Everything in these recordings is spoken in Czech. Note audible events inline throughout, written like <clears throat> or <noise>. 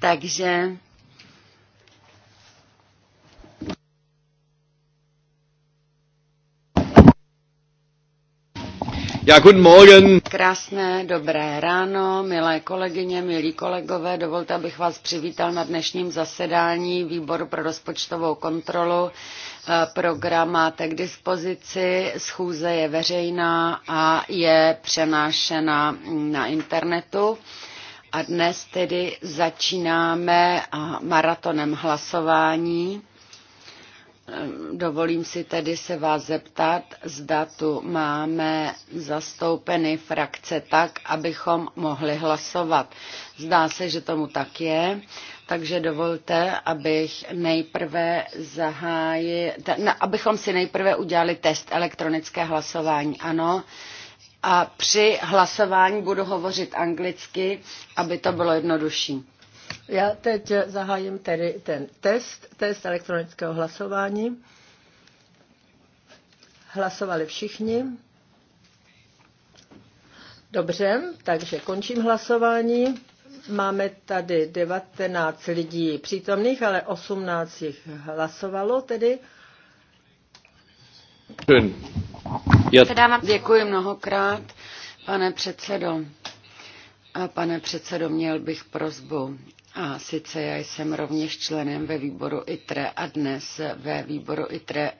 Takže Ja, guten Morgen. Krásné dobré ráno, milé kolegyně, milí kolegové. Dovolte, abych vás přivítal na dnešním zasedání Výboru pro rozpočtovou kontrolu. Eh, program máte k dispozici, schůze je veřejná a je přenášena na internetu. A dnes tedy začínáme maratonem hlasování. Dovolím si tedy se vás zeptat, zda tu máme zastoupeny frakce tak, abychom mohli hlasovat. Zdá se, že tomu tak je, takže dovolte, abych nejprve zahájil, abychom si nejprve udělali test elektronické hlasování. Ano, a při hlasování budu hovořit anglicky, aby to bylo jednodušší. Já teď zahájím tedy ten test, test elektronického hlasování. Hlasovali všichni. Dobře, takže končím hlasování. Máme tady 19 lidí přítomných, ale 18 jich hlasovalo tedy. Děkuji mnohokrát, pane předsedo. A pane předsedo, měl bych prozbu. A sice já jsem rovněž členem ve výboru ITRE a dnes ve výboru ITRE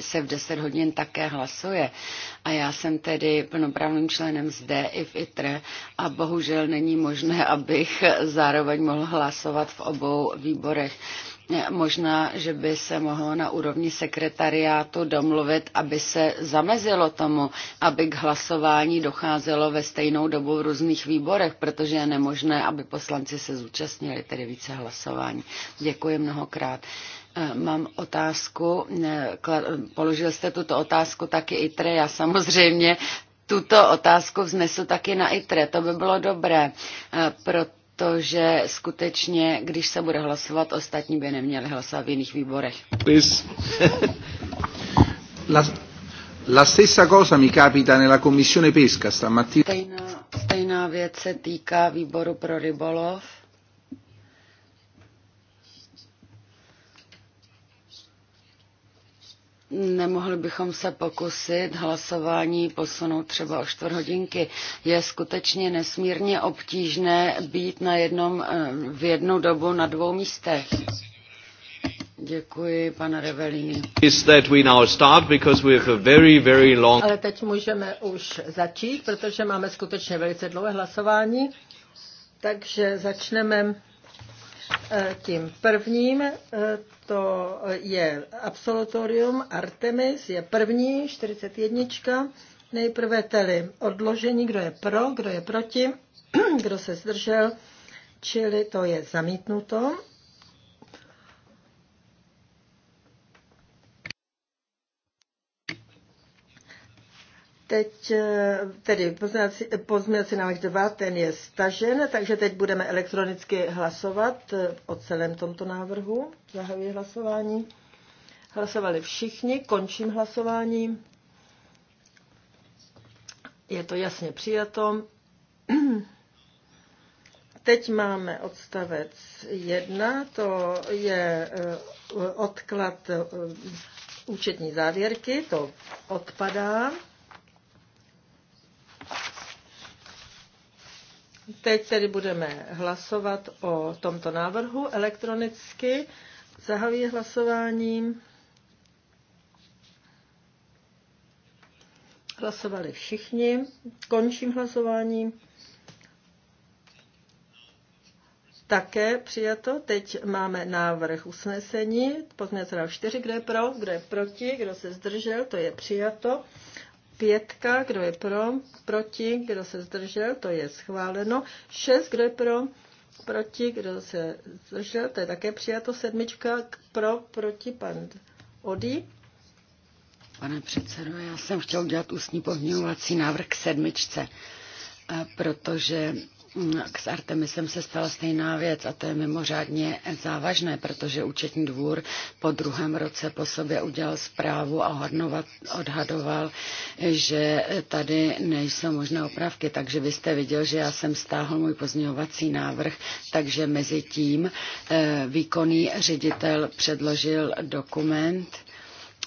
se v 10 hodin také hlasuje. A já jsem tedy plnoprávným členem zde i v ITRE a bohužel není možné, <laughs> abych zároveň mohl hlasovat v obou výborech. Možná, že by se mohlo na úrovni sekretariátu domluvit, aby se zamezilo tomu, aby k hlasování docházelo ve stejnou dobu v různých výborech, protože je nemožné, aby poslanci se zúčastnili tedy více hlasování. Děkuji mnohokrát. Eh, mám otázku, položil jste tuto otázku taky ITRE, já samozřejmě tuto otázku vznesu taky na ITRE, to by bylo dobré, eh, proto to, že skutečně, když se bude hlasovat, ostatní by neměli hlasovat v jiných výborech. <laughs> la, la stessa cosa mi capita nella commissione pesca stamattina. Stejná, stejná věc se týká výboru pro rybolov. Nemohli bychom se pokusit hlasování posunout třeba o čtvrt hodinky. Je skutečně nesmírně obtížné být na jednom, eh, v jednu dobu na dvou místech. Děkuji, pane Revelini. Ale teď můžeme už začít, protože máme skutečně velice dlouhé hlasování. Takže začneme E, tím prvním e, to je absolutorium Artemis, je první, 41. Nejprve tedy odložení, kdo je pro, kdo je proti, <clears throat> kdo se zdržel, čili to je zamítnuto. teď eh, tedy pozměňovací návrh 2, ten je stažen, takže teď budeme elektronicky hlasovat eh, o celém tomto návrhu. Zahajuji hlasování. Hlasovali všichni, končím hlasování. Je to jasně přijato. <clears throat> Teď máme odstavec 1, to je eh, odklad účetní závěrky, to odpadá. Teď tedy budeme hlasovat o tomto návrhu elektronicky. Zahajuji hlasováním. Hlasovali všichni. Končím hlasování. Také přijato. Teď máme návrh usnesení. Pozměňovací návrh 4. Kdo je pro? Kdo je proti? Kdo se zdržel? To je přijato. Pětka, kdo je pro, proti, kdo se zdržel, to je schváleno. Šest, kdo je pro, proti, kdo se zdržel, to je také přijato. Sedmička, pro, proti, pan Odi. Pane předsedo, já jsem chtěl udělat ústní pozměňovací návrh k sedmičce, protože k s Artemisem se stala stejná věc a to je mimořádně závažné, protože účetní dvůr po druhém roce po sobě udělal zprávu a odhadoval, že tady nejsou možné opravky. Takže vy jste viděl, že já jsem stáhl můj pozměňovací návrh, takže mezi tím eh, výkonný ředitel předložil dokument,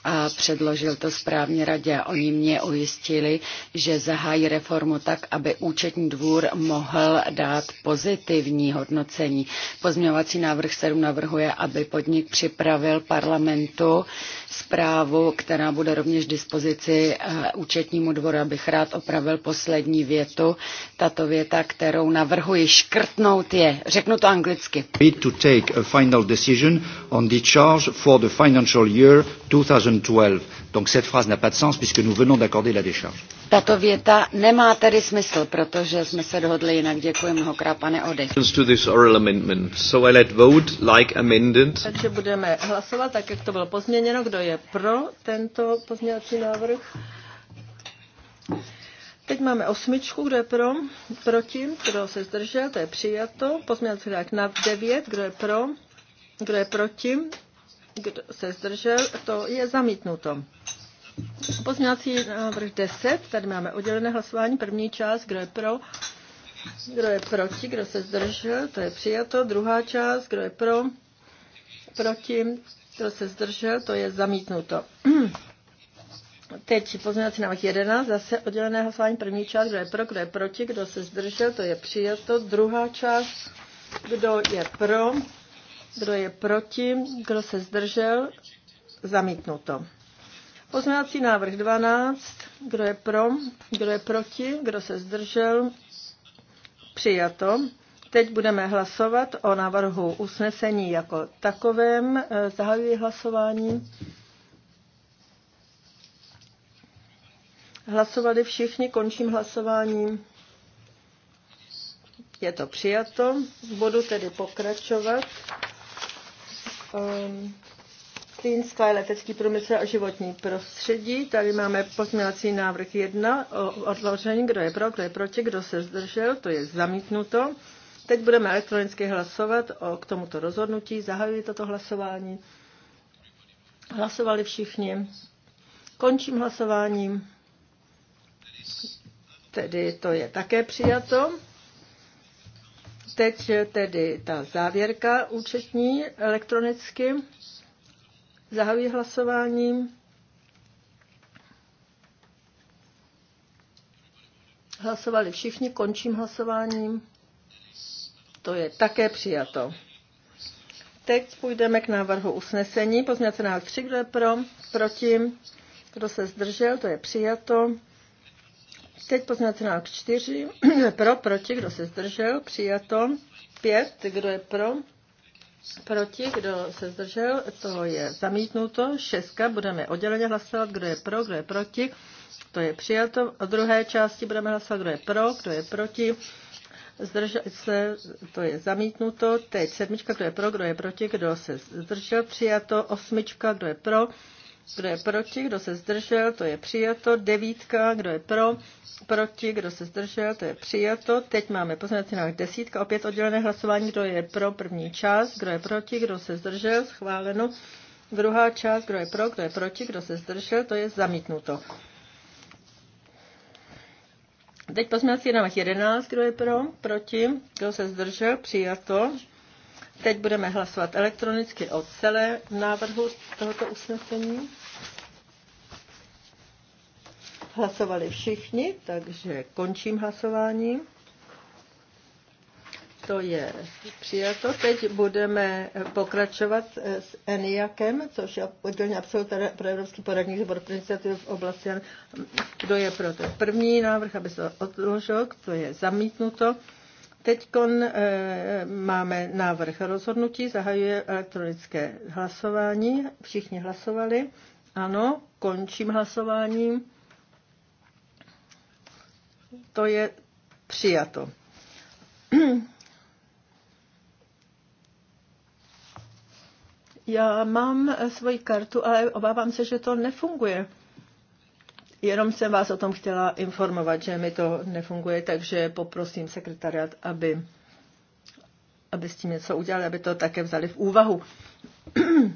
a předložil to správně radě. Oni mě ujistili, že zahájí reformu tak, aby účetní dvůr mohl dát pozitivní hodnocení. Pozměňovací návrh 7 navrhuje, aby podnik připravil parlamentu zprávu, která bude rovněž dispozici eh, účetnímu dvoru, abych rád opravil poslední větu. Tato věta, kterou navrhuji škrtnout je, řeknu to anglicky. To take a final decision on the charge for the financial year 2000 tato věta nemá tedy smysl, protože jsme se dohodli jinak. Děkuji mnohokrát, pane Ody. Takže budeme hlasovat tak, jak to bylo pozměněno. Kdo je pro tento pozměňovací návrh? Teď máme osmičku, kdo je pro, proti, kdo se zdržel, to je přijato. Pozměňovací návrh na devět, kdo je pro, kdo je proti, kdo se zdržel? To je zamítnuto. Pozměňovací návrh 10. Tady máme oddělené hlasování. První část, kdo je pro? Kdo je proti? Kdo se zdržel? To je přijato. Druhá část, kdo je pro? Proti? Kdo se zdržel? To je zamítnuto. <clears throat> Teď pozměňovací návrh 11, zase oddělené hlasování první část, kdo je pro, kdo je proti, kdo se zdržel, to je přijato. Druhá část, kdo je pro, kdo je proti? Kdo se zdržel? Zamítnuto. Pozměňovací návrh 12. Kdo je pro? Kdo je proti? Kdo se zdržel? Přijato. Teď budeme hlasovat o návrhu usnesení jako takovém. Zahajuji hlasování. Hlasovali všichni, končím hlasování. Je to přijato. Budu tedy pokračovat um, Clean Sky, letecký průmysl a životní prostředí. Tady máme pozměňovací návrh 1 o odložení, kdo je pro, kdo je proti, kdo se zdržel, to je zamítnuto. Teď budeme elektronicky hlasovat o, k tomuto rozhodnutí. Zahajuji toto hlasování. Hlasovali všichni. Končím hlasováním. Tedy to je také přijato. Teď tedy ta závěrka účetní elektronicky. Zahajuji hlasování. Hlasovali všichni, končím hlasováním. To je také přijato. Teď půjdeme k návrhu usnesení. Pozměňovací návrh 3, kdo je pro, proti, kdo se zdržel, to je přijato. Teď poznáte návrh 4, kdo je pro, proti, kdo se zdržel, přijato. 5, kdo je pro, proti, kdo se zdržel, to je zamítnuto. 6, budeme odděleně hlasovat, kdo je pro, kdo je proti, to je přijato. O druhé části budeme hlasovat, kdo je pro, kdo je proti, zdržel se, to je zamítnuto. Teď sedmička, kdo je pro, kdo je proti, kdo se zdržel, přijato. Osmička, kdo je pro, kdo je proti, kdo se zdržel, to je přijato. Devítka, kdo je pro, proti, kdo se zdržel, to je přijato. Teď máme pozměnací návrh desítka, opět oddělené hlasování, kdo je pro první část, kdo je proti, kdo se zdržel, schváleno. Druhá část, kdo je pro, kdo je proti, kdo se zdržel, to je zamítnuto. Teď pozměnací návrh 11, kdo je pro, proti, kdo se zdržel, přijato. Teď budeme hlasovat elektronicky o celé návrhu tohoto usnesení. Hlasovali všichni, takže končím hlasování. To je přijato. Teď budeme pokračovat s ENIAKem, což je oddělení absoluta pro Evropský poradní zbor pro iniciativu v oblasti. Kdo je pro to? První návrh, aby se odložil, to je zamítnuto. Teď eh, máme návrh rozhodnutí, zahajuje elektronické hlasování. Všichni hlasovali. Ano, končím hlasování. To je přijato. Já mám svoji kartu, ale obávám se, že to nefunguje. Jenom jsem vás o tom chtěla informovat, že mi to nefunguje, takže poprosím sekretariat, aby, aby s tím něco udělali, aby to také vzali v úvahu. <clears throat>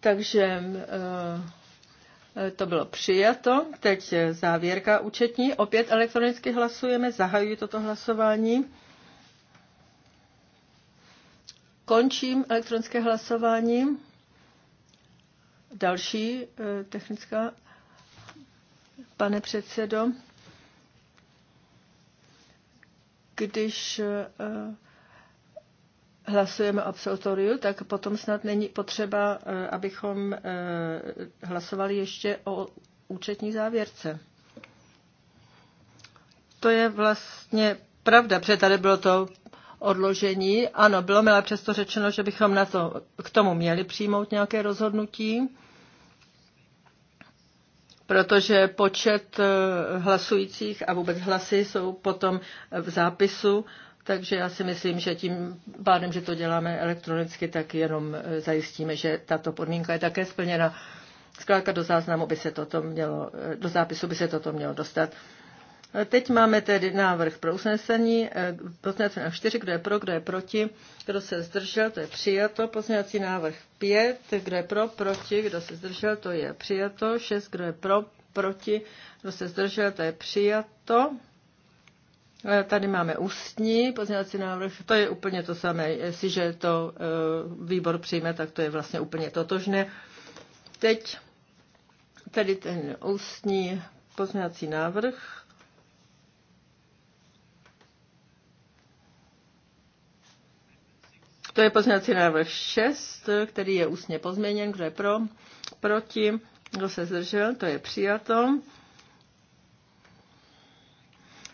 takže eh, to bylo přijato. Teď závěrka účetní. Opět elektronicky hlasujeme. Zahajuji toto hlasování. Končím elektronické hlasování. Další eh, technická, pane předsedo, když eh, hlasujeme o absolutoriu, tak potom snad není potřeba, eh, abychom hlasovali ještě o účetní závěrce. To je vlastně pravda, protože tady bylo to odložení. Ano, bylo mi ale přesto řečeno, že bychom na to, k tomu měli přijmout nějaké rozhodnutí protože počet eh, hlasujících a vůbec hlasy jsou potom v zápisu, takže já si myslím, že tím pádem, že to děláme elektronicky, tak jenom eh, zajistíme, že tato podmínka je také splněna. Zkrátka do záznamu by se toto mělo, eh, do zápisu by se toto mělo dostat. Teď máme tedy návrh pro usnesení. E, pozměňovací návrh 4, kdo je pro, kdo je proti, kdo se zdržel, to je přijato. Pozměňovací návrh 5, kdo je pro, proti, kdo se zdržel, to je přijato. 6, kdo je pro, proti, kdo se zdržel, to je přijato. E, tady máme ústní pozměňovací návrh, to je úplně to samé. Jestliže to e, výbor přijme, tak to je vlastně úplně totožné. Teď tedy ten ústní pozměňovací návrh To je pozměňovací návrh 6, který je ústně pozměněn. Kdo je pro? Proti? Kdo se zdržel? To je přijato.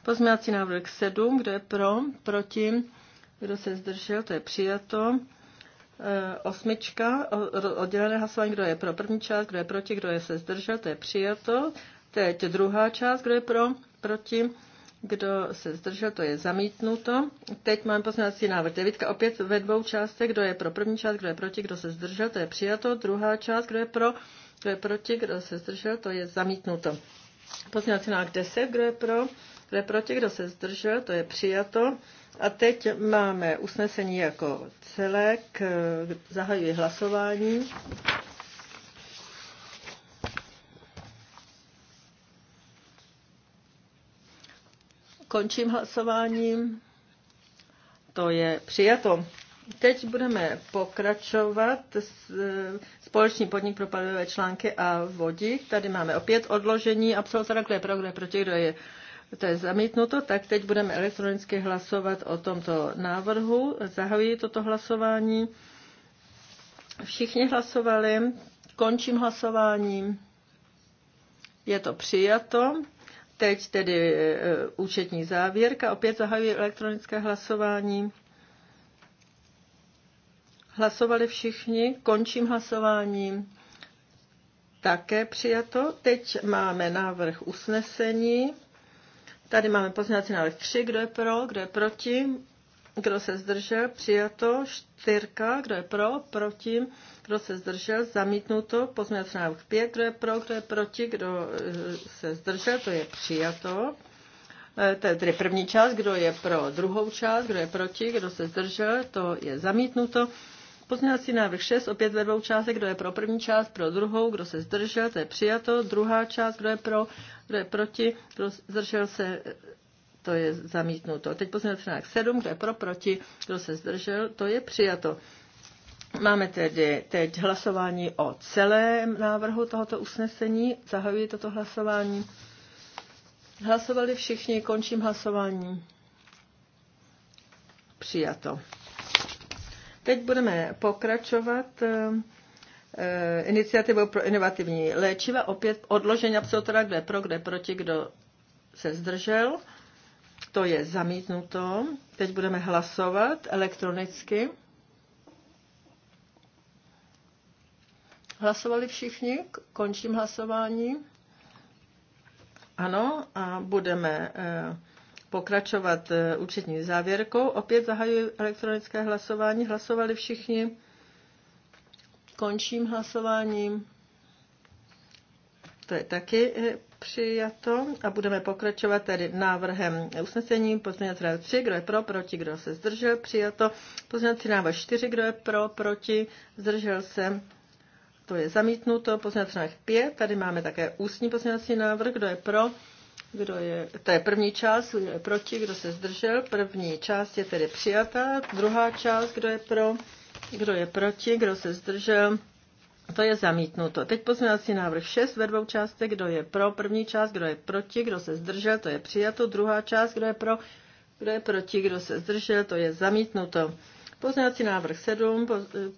Pozměňovací návrh 7, kdo je pro? Proti? Kdo se zdržel? To je přijato. E, osmička, oddělené hlasování, kdo je pro první část, kdo je proti, kdo je se zdržel, to je přijato. Teď druhá část, kdo je pro, proti, kdo se zdržel, to je zamítnuto. Teď mám poslanecký návrh devítka, opět ve dvou částech. Kdo je pro první část, kdo je proti, kdo se zdržel, to je přijato. Druhá část, kdo je pro, kdo je proti, kdo se zdržel, to je zamítnuto. Poslanecký návrh 10, kdo je pro, kdo je proti, kdo se zdržel, to je přijato. A teď máme usnesení jako celek. Zahajuji hlasování. Končím hlasováním. To je přijato. Teď budeme pokračovat s eh, společný podnik pro palivové články a vodík. Tady máme opět odložení absolutora, kdo je pro, kdo je proti, kdo je to je zamítnuto, tak teď budeme elektronicky hlasovat o tomto návrhu. Zahajuji toto hlasování. Všichni hlasovali, končím hlasováním. Je to přijato. Teď tedy e, účetní závěrka. Opět zahajuji elektronické hlasování. Hlasovali všichni, končím hlasování. Také přijato. Teď máme návrh usnesení. Tady máme pozměňovací návrh 3. Kdo je pro, kdo je proti? Kdo se zdržel? Přijato. Čtyřka. Kdo je pro? Proti. Kdo se zdržel? Zamítnuto. Pozměňovací návrh pět. Kdo je pro? Kdo je proti? Kdo eh, se zdržel? To je přijato. Eh, to je tedy první část. Kdo je pro druhou část? Kdo je proti? Kdo se zdržel? To je zamítnuto. Pozměňovací návrh 6, opět ve dvou částech, kdo je pro první část, pro druhou, kdo se zdržel, to je přijato, druhá část, kdo je pro, kdo je proti, kdo zdržel se, to je zamítnuto. Teď pozměňovací návrh 7, kdo je pro, proti, kdo se zdržel, to je přijato. Máme tedy teď hlasování o celém návrhu tohoto usnesení. Zahajuji toto hlasování. Hlasovali všichni, končím hlasování. Přijato. Teď budeme pokračovat eh, eh, iniciativou pro inovativní léčiva. Opět odložení absolutora, kde pro, kde proti, kdo se zdržel to je zamítnuto. Teď budeme hlasovat elektronicky. Hlasovali všichni? Končím hlasování. Ano, a budeme eh, pokračovat eh, účetní závěrkou. Opět zahajuji elektronické hlasování. Hlasovali všichni? Končím hlasováním. To je taky eh, přijato a budeme pokračovat tedy návrhem usnesení pozměňovací návrh 3, kdo je pro, proti, kdo se zdržel, přijato. Pozměňovací návrh 4, kdo je pro, proti, zdržel se, to je zamítnuto. Pozměňovací návrh 5, tady máme také ústní pozměňovací návrh, kdo je pro, kdo je, to je první část, kdo je proti, kdo se zdržel, první část je tedy přijata, druhá část, kdo je pro, kdo je proti, kdo se zdržel, to je zamítnuto. Teď pozměňovací návrh 6 ve dvou částech. Kdo je pro první část, kdo je proti, kdo se zdržel, to je přijato. Druhá část, kdo je pro, kdo je proti, kdo se zdržel, to je zamítnuto. Pozměňovací návrh 7,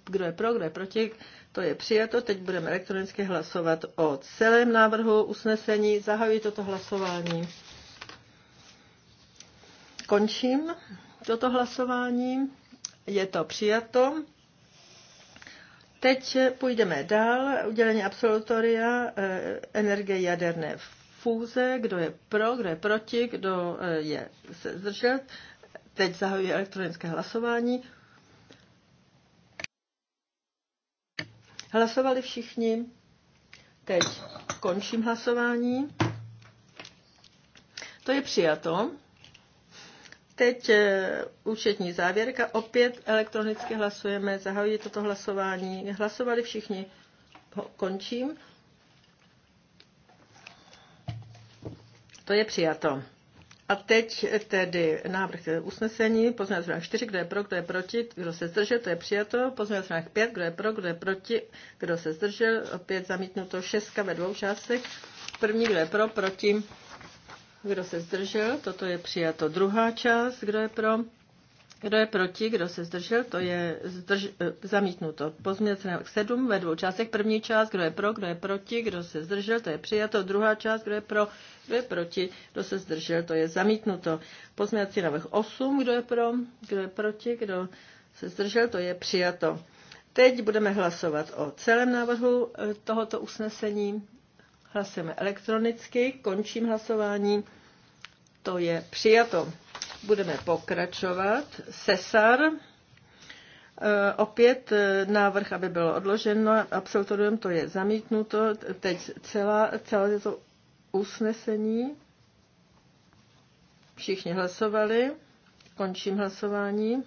kdo je pro, kdo je proti, to je přijato. Teď budeme elektronicky hlasovat o celém návrhu usnesení. Zahajuji toto hlasování. Končím toto hlasování. Je to přijato. Teď půjdeme dál. Udělení absolutoria eh, energie jaderné fúze. Kdo je pro, kdo je proti, kdo eh, je se zdržel. Teď zahajuji elektronické hlasování. Hlasovali všichni. Teď končím hlasování. To je přijato. Teď eh, účetní závěrka. Opět elektronicky hlasujeme. Zahajuji toto hlasování. Hlasovali všichni. Ho končím. To je přijato. A teď tedy návrh usnesení, pozměňovací návrh 4, kdo je pro, kdo je proti, kdo se zdržel, to je přijato, pozměňovací návrh 5, kdo je pro, kdo je proti, kdo se zdržel, opět zamítnuto 6 ve dvou částech, první, kdo je pro, proti, kdo se zdržel? Toto je přijato. Druhá část. Kdo je pro? Kdo je proti? Kdo se zdržel? To je zdrž... Eh, zamítnuto. Pozměňovací návrh 7 ve dvou částech. První část. Kdo je pro? Kdo je proti? Kdo se zdržel? To je přijato. Druhá část. Kdo je pro? Kdo je proti? Kdo se zdržel? To je zamítnuto. Pozměňovací návrh 8. Kdo je pro? Kdo je proti? Kdo se zdržel? To je přijato. Teď budeme hlasovat o celém návrhu eh, tohoto usnesení. Hlasujeme elektronicky, končím hlasování. To je přijato. Budeme pokračovat. Sesar. Eh, opět eh, návrh, aby bylo odloženo absolutorium, to je zamítnuto. Teď celá, celé to usnesení. Všichni hlasovali. Končím hlasování.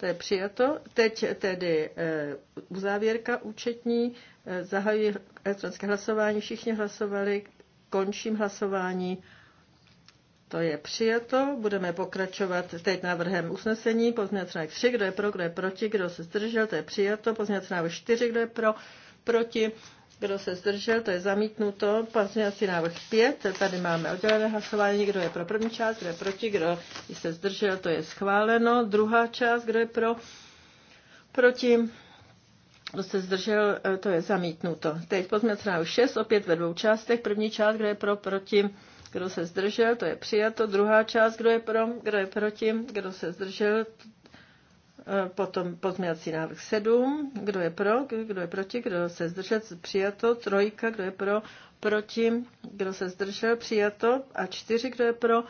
To je přijato. Teď tedy eh, uzávěrka účetní. Eh, zahajuji elektronické hlasování. Všichni hlasovali. Končím hlasování. To je přijato. Budeme pokračovat teď návrhem usnesení. Pozměňovací návrh 3, kdo je pro, kdo je proti, kdo se zdržel, to je přijato. Pozměňovací návrh 4, kdo je pro, proti, kdo se zdržel, to je zamítnuto. Pozměňovací návrh 5, tady máme oddělené hlasování, kdo je pro první část, kdo je proti, kdo se zdržel, to je schváleno. Druhá část, kdo je pro, proti, kdo se zdržel, eh, to je zamítnuto. Teď pozměňovací návrh 6, opět ve dvou částech. První část, kdo je pro, proti, kdo se zdržel, to je přijato. Druhá část, kdo je pro, kdo je proti, kdo se zdržel, Potom pozměňovací návrh 7. Kdo je pro, kdo je proti, kdo se zdržel, přijato. Trojka, kdo je pro, proti, kdo se zdržel, přijato. A čtyři, kdo je pro,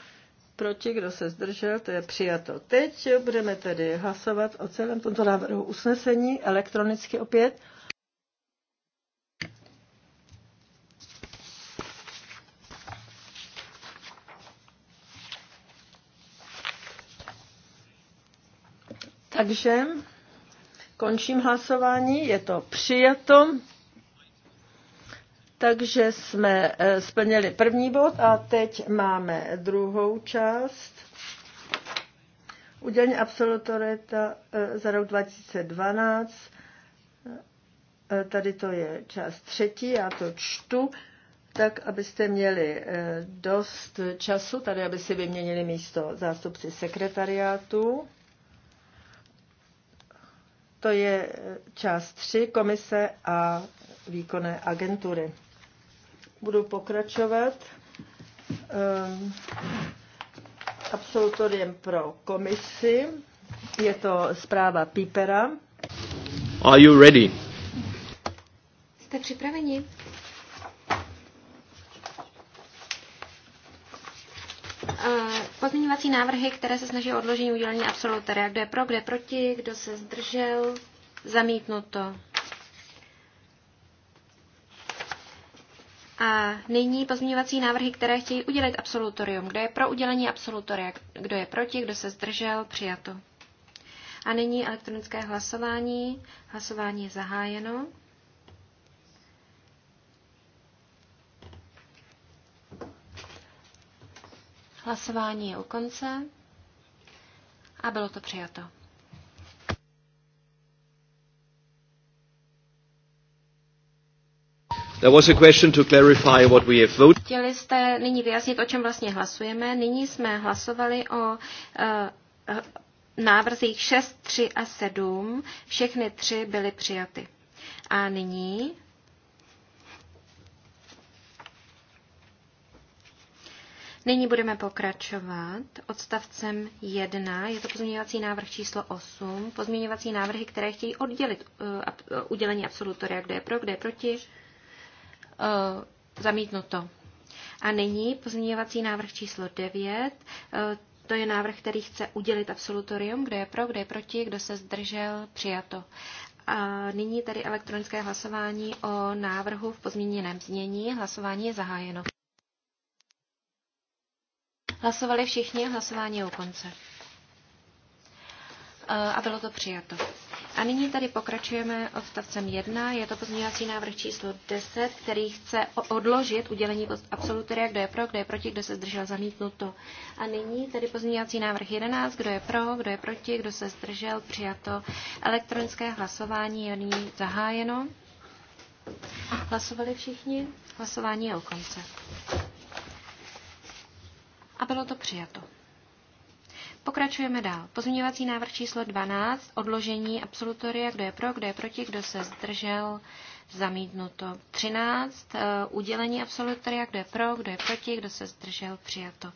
proti, kdo se zdržel, to je přijato. Teď budeme tedy hlasovat o celém tomto návrhu usnesení elektronicky opět. Takže končím hlasování, je to přijato. Takže jsme eh, splnili první bod a teď máme druhou část. Udělení absolutoreta eh, za rok 2012. Eh, tady to je část třetí, já to čtu, tak abyste měli dost času, tady aby si vyměnili místo zástupci sekretariátu. To je část 3 komise a výkonné agentury. Budu pokračovat um, absolutoriem pro komisi. Je to zpráva Pípera. Are you ready? Jste připraveni? Eh, pozměňovací návrhy, které se snaží odložení udělení absolutoria. Kdo je pro, kdo je proti, kdo se zdržel, zamítnuto. A nyní pozměňovací návrhy, které chtějí udělit absolutorium. Kdo je pro udělení absolutoria, kdo je proti, kdo se zdržel, přijato. A nyní elektronické hlasování. Hlasování je zahájeno. Hlasování je u konce a bylo to přijato. There was a question to clarify what we have voted. Chtěli jste nyní vyjasnit, o čem vlastně hlasujeme. Nyní jsme hlasovali o uh, návrzích 6, 3 a 7. Všechny tři byly přijaty. A nyní Nyní budeme pokračovat odstavcem 1. Je to pozměňovací návrh číslo 8. Pozměňovací návrhy, které chtějí oddělit uh, udělení absolutoria, kdo je pro, kdo je proti. Uh, zamítnuto. A nyní pozměňovací návrh číslo 9. Uh, to je návrh, který chce udělit absolutorium, kdo je pro, kdo je proti, kdo se zdržel, přijato. A nyní tedy elektronické hlasování o návrhu v pozměněném znění. Hlasování je zahájeno. Hlasovali všichni, hlasování je u konce. E, a bylo to přijato. A nyní tady pokračujeme odstavcem 1. Je to pozměňovací návrh číslo 10, který chce odložit udělení absolutoria, kdo je pro, kdo je proti, kdo se zdržel zamítnuto. A nyní tady pozměňovací návrh 11, kdo je pro, kdo je proti, kdo se zdržel přijato. Elektronické hlasování je nyní zahájeno. Hlasovali všichni? Hlasování je u konce a bylo to přijato. Pokračujeme dál. Pozměňovací návrh číslo 12, odložení absolutoria, kdo je pro, kdo je proti, kdo se zdržel, zamítnuto. 13, eh, udělení absolutoria, kdo je pro, kdo je proti, kdo se zdržel, přijato.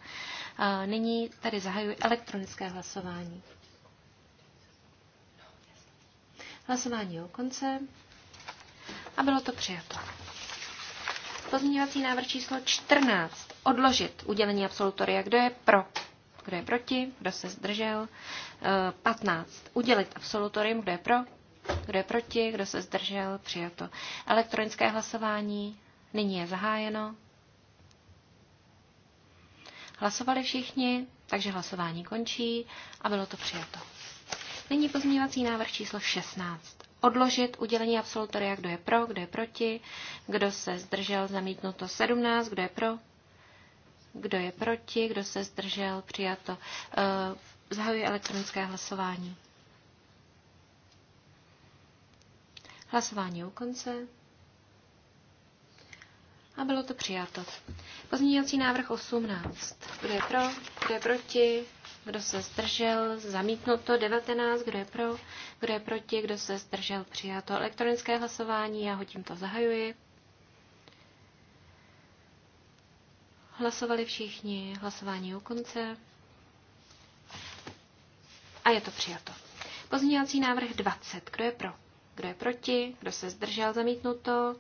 Eh, nyní tady zahajuji elektronické hlasování. Hlasování o konce a bylo to přijato. Pozměňovací návrh číslo 14 odložit udělení absolutoria. Kdo je pro? Kdo je proti? Kdo se zdržel? 15. Eh, Udělit absolutorium. Kdo je pro? Kdo je proti? Kdo se zdržel? Přijato. Elektronické hlasování nyní je zahájeno. Hlasovali všichni, takže hlasování končí a bylo to přijato. Nyní pozměňovací návrh číslo 16. Odložit udělení absolutoria, kdo je pro, kdo je proti, kdo se zdržel, zamítnuto 17, kdo je pro, kdo je proti? Kdo se zdržel? Přijato. Eh, zahajuji elektronické hlasování. Hlasování u konce. A bylo to přijato. Pozměňovací návrh 18. Kdo je pro? Kdo je proti? Kdo se zdržel? Zamítnuto 19. Kdo je pro? Kdo je proti? Kdo se zdržel? Přijato. Elektronické hlasování. Já ho tímto zahajuji. Hlasovali všichni, hlasování u konce. A je to přijato. Pozměňovací návrh 20. Kdo je pro? Kdo je proti? Kdo se zdržel zamítnuto?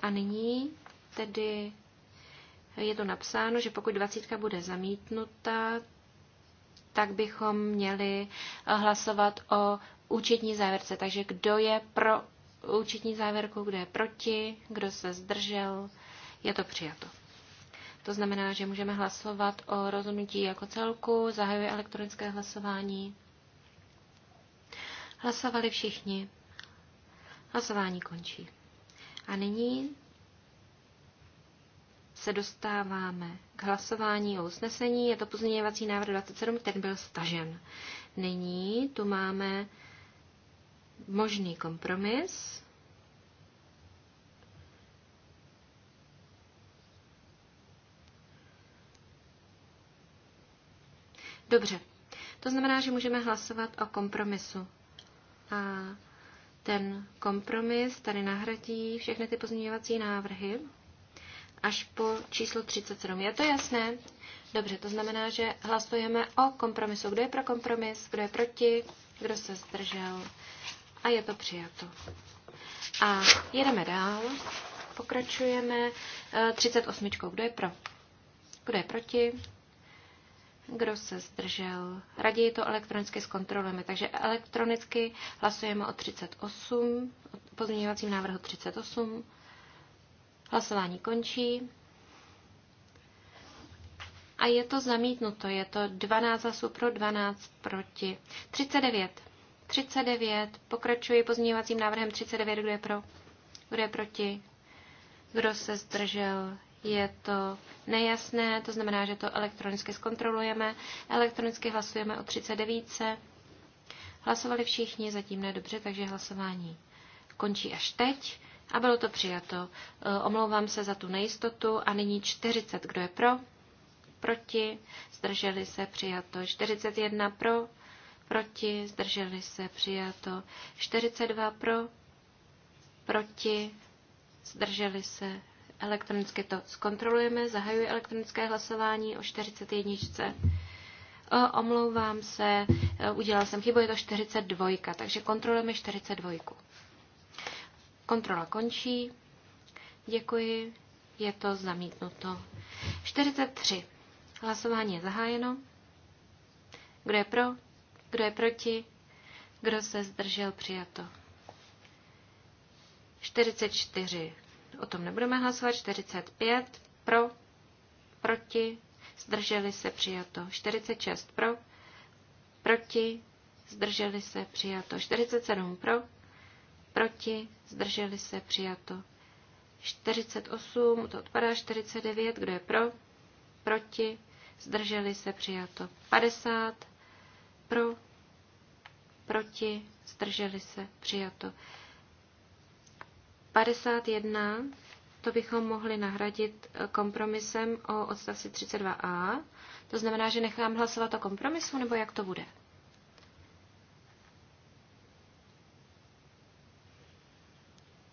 A nyní tedy je to napsáno, že pokud 20 bude zamítnuta, tak bychom měli hlasovat o účetní závěrce. Takže kdo je pro účetní závěrku, kdo je proti, kdo se zdržel, je to přijato. To znamená, že můžeme hlasovat o rozhodnutí jako celku, zahajuje elektronické hlasování. Hlasovali všichni. Hlasování končí. A nyní se dostáváme k hlasování o usnesení. Je to pozměňovací návrh 27, ten byl stažen. Nyní tu máme možný kompromis. Dobře, to znamená, že můžeme hlasovat o kompromisu. A ten kompromis tady nahradí všechny ty pozměňovací návrhy až po číslo 37. Je to jasné? Dobře, to znamená, že hlasujeme o kompromisu. Kdo je pro kompromis, kdo je proti, kdo se zdržel a je to přijato. A jedeme dál. Pokračujeme 38. Eh, Kdo je pro? Kdo je proti? Kdo se zdržel? Raději to elektronicky zkontrolujeme. Takže elektronicky hlasujeme o 38, o pozměňovacím návrhu 38. Hlasování končí. A je to zamítnuto. Je to 12 hlasů pro, 12 proti. 39. 39. Pokračuji pozměňovacím návrhem 39. Kdo je pro? Kdo je proti? Kdo se zdržel? Je to nejasné, to znamená, že to elektronicky zkontrolujeme. Elektronicky hlasujeme o 39. Hlasovali všichni, zatím ne dobře, takže hlasování končí až teď. A bylo to přijato. E, omlouvám se za tu nejistotu. A nyní 40. Kdo je pro? Proti? Zdrželi se přijato. 41 pro? proti, zdrželi se, přijato. 42 pro, proti, zdrželi se, elektronicky to zkontrolujeme, zahajuji elektronické hlasování o 41. O, omlouvám se, e, udělal jsem chybu, je to 42, takže kontrolujeme 42. Kontrola končí, děkuji, je to zamítnuto. 43. Hlasování je zahájeno. Kdo je pro? Kdo je proti? Kdo se zdržel? Přijato. 44. O tom nebudeme hlasovat. 45. Pro. Proti. Zdrželi se. Přijato. 46. Pro. Proti. Zdrželi se. Přijato. 47. Pro. Proti. Zdrželi se. Přijato. 48. To odpadá. 49. Kdo je pro? Proti. Zdrželi se. Přijato. 50 pro, proti, zdrželi se, přijato. 51, to bychom mohli nahradit eh, kompromisem o odstavci 32a. To znamená, že nechám hlasovat o kompromisu, nebo jak to bude?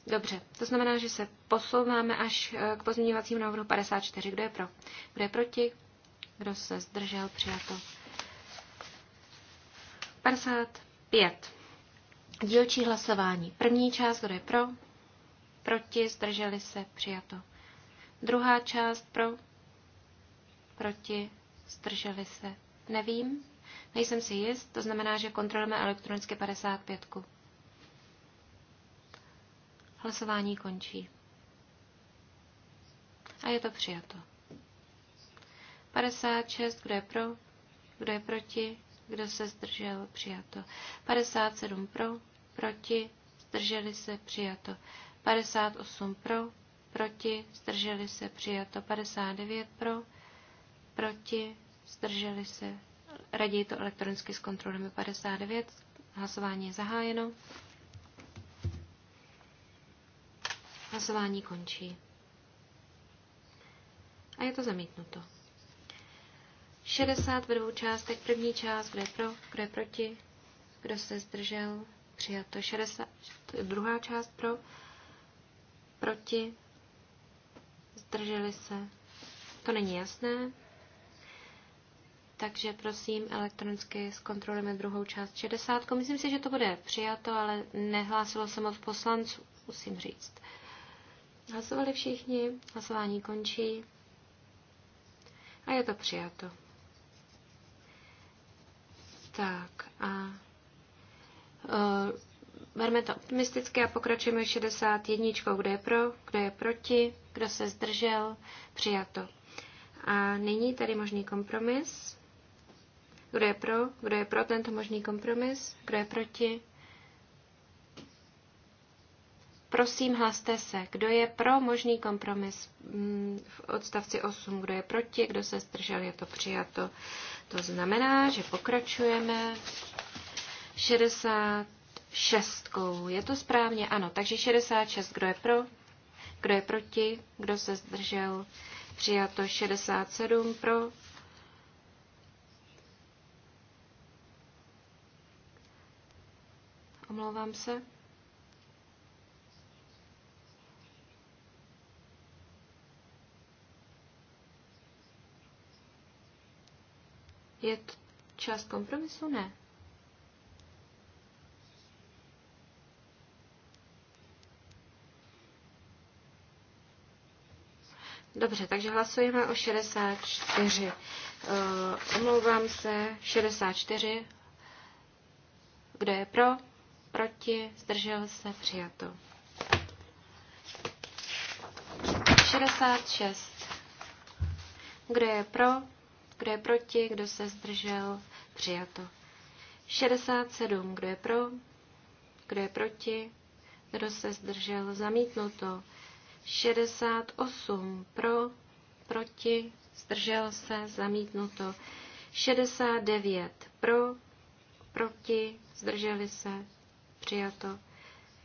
Dobře, to znamená, že se posouváme až eh, k pozměňovacímu návrhu 54. Kdo je pro? Kdo je proti? Kdo se zdržel? Přijato. 55. Dílčí hlasování. První část, kdo je pro? Proti, zdrželi se, přijato. Druhá část pro? Proti, zdrželi se. Nevím, nejsem si jist, to znamená, že kontrolujeme elektronicky 55. Hlasování končí. A je to přijato. 56, kdo je pro, kdo je proti, kdo se zdržel, přijato. 57 pro, proti, zdrželi se, přijato. 58 pro, proti, zdrželi se, přijato. 59 pro, proti, zdrželi se. Raději to elektronicky zkontrolujeme. 59, hlasování je zahájeno. Hlasování končí. A je to zamítnuto. 60 ve dvou částech. První část, kdo je pro, kdo je proti, kdo se zdržel, přijato. 60, druhá část pro, proti, zdrželi se. To není jasné. Takže prosím, elektronicky zkontrolujeme druhou část 60. Myslím si, že to bude přijato, ale nehlásilo se moc poslanců, musím říct. Hlasovali všichni, hlasování končí a je to přijato. Tak a eh, Berme to optimisticky a pokračujeme 61, kde je pro, kde je proti, kdo se zdržel, přijato. A nyní tady možný kompromis. Kdo je pro, kdo je pro tento možný kompromis, kdo je proti. Prosím, hlaste se, kdo je pro možný kompromis mm, v odstavci 8, kdo je proti, kdo se zdržel, je to přijato. To znamená, že pokračujeme 66. Je to správně? Ano. Takže 66. Kdo je pro? Kdo je proti? Kdo se zdržel? Přijato 67 pro. Omlouvám se. Je to část kompromisu? Ne. Dobře, takže hlasujeme o 64. Uh, eh, omlouvám se, 64. Kdo je pro? Proti? Zdržel se? Přijato. 66. Kdo je pro? Kdo je proti? Kdo se zdržel? Přijato. 67. Kdo je pro? Kdo je proti? Kdo se zdržel? Zamítnuto. 68. Pro? Proti? Zdržel se? Zamítnuto. 69. Pro? Proti? Zdrželi se? Přijato.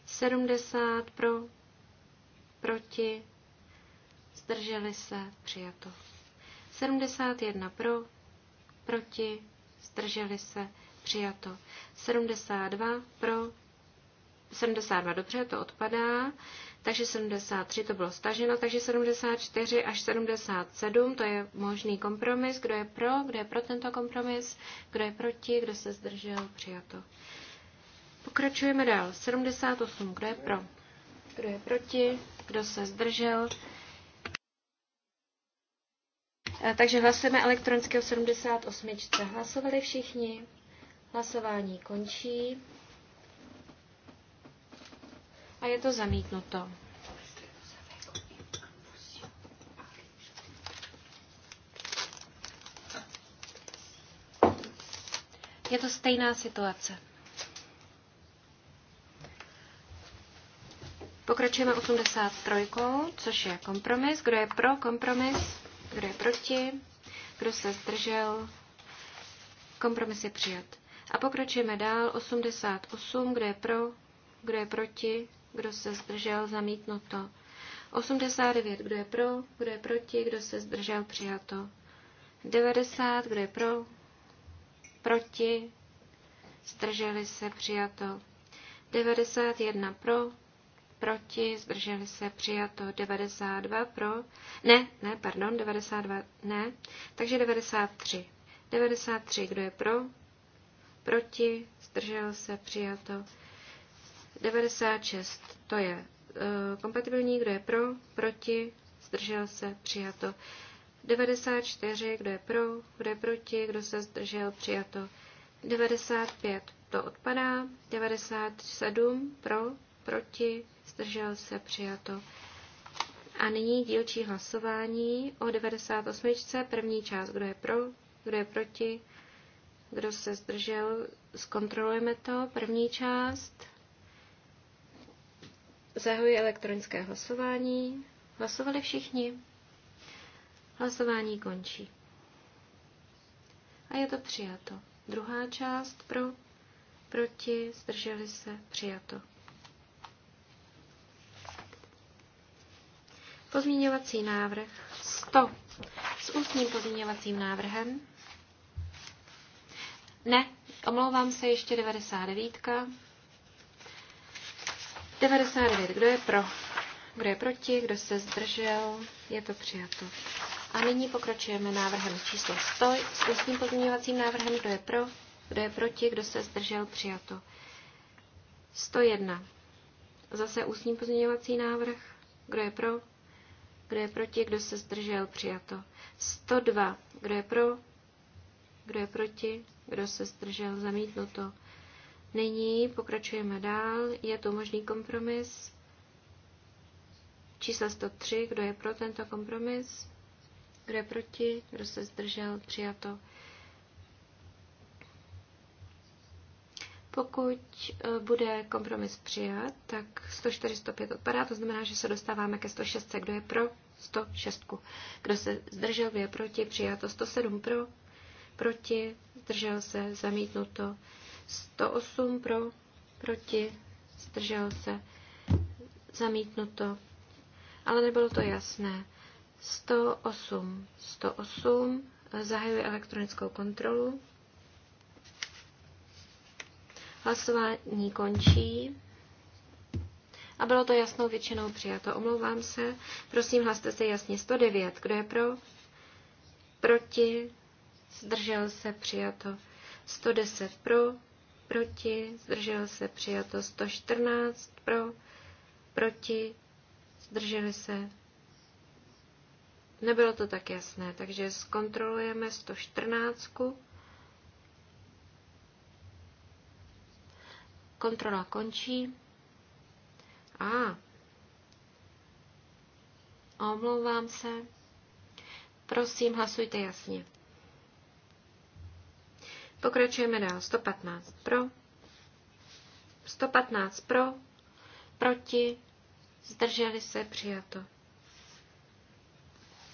70. Pro? Proti? Zdrželi se? Přijato. 71 pro, proti, zdrželi se, přijato. 72 pro, 72 dobře, to odpadá, takže 73 to bylo staženo, takže 74 až 77, to je možný kompromis, kdo je pro, kdo je pro tento kompromis, kdo je proti, kdo se zdržel, přijato. Pokračujeme dál. 78, kdo je pro, kdo je proti, kdo se zdržel, Eh, takže hlasujeme elektronicky o 78. Hlasovali všichni. Hlasování končí. A je to zamítnuto. Je to stejná situace. Pokračujeme 83, což je kompromis. Kdo je pro kompromis? Kdo je proti? Kdo se zdržel? Kompromis je přijat. A pokročíme dál. 88. Kdo je pro? Kdo je proti? Kdo se zdržel? Zamítnuto. 89. Kdo je pro? Kdo je proti? Kdo se zdržel? Přijato. 90. Kdo je pro? Proti? Zdrželi se? Přijato. 91 pro, proti, zdrželi se, přijato 92 pro, ne, ne, pardon, 92 ne, takže 93. 93, kdo je pro, proti, zdrželo se, přijato 96, to je e, kompatibilní, kdo je pro, proti, zdržel se, přijato 94, kdo je pro, kdo je proti, kdo se zdržel, přijato 95, to odpadá, 97 pro, proti, zdržel se, přijato. A nyní dílčí hlasování o 98. První část, kdo je pro, kdo je proti, kdo se zdržel, zkontrolujeme to. První část. Zahuji elektronické hlasování. Hlasovali všichni. Hlasování končí. A je to přijato. Druhá část pro, proti, zdrželi se, přijato. Pozměňovací návrh 100 s ústním pozměňovacím návrhem. Ne, omlouvám se, ještě 99. 99. Kdo je pro? Kdo je proti? Kdo se zdržel? Je to přijato. A nyní pokračujeme návrhem číslo 100 s ústním pozměňovacím návrhem. Kdo je pro? Kdo je proti? Kdo se zdržel? Přijato. 101. Zase ústní pozměňovací návrh. Kdo je pro? kdo je proti, kdo se zdržel, přijato. 102, kdo je pro, kdo je proti, kdo se zdržel, zamítnuto. Nyní pokračujeme dál, je tu možný kompromis. Číslo 103, kdo je pro tento kompromis, kdo je proti, kdo se zdržel, přijato. Pokud e, bude kompromis přijat, tak 104, 105 odpadá, to znamená, že se dostáváme ke 106, kdo je pro, 106. Kdo se zdržel, je proti, přijato 107 pro, proti, zdržel se, zamítnuto 108 pro, proti, zdržel se, zamítnuto, ale nebylo to jasné. 108, 108, zahajuji elektronickou kontrolu. Hlasování končí a bylo to jasnou většinou přijato. Omlouvám se. Prosím, hlaste se jasně. 109. Kdo je pro? Proti? Zdržel se přijato. 110 pro, proti, zdržel se přijato 114 pro, proti, zdrželi se. Nebylo to tak jasné, takže zkontrolujeme 114. Kontrola končí. A. Omlouvám se. Prosím, hlasujte jasně. Pokračujeme dál. 115 pro. 115 pro. Proti. Zdrželi se přijato.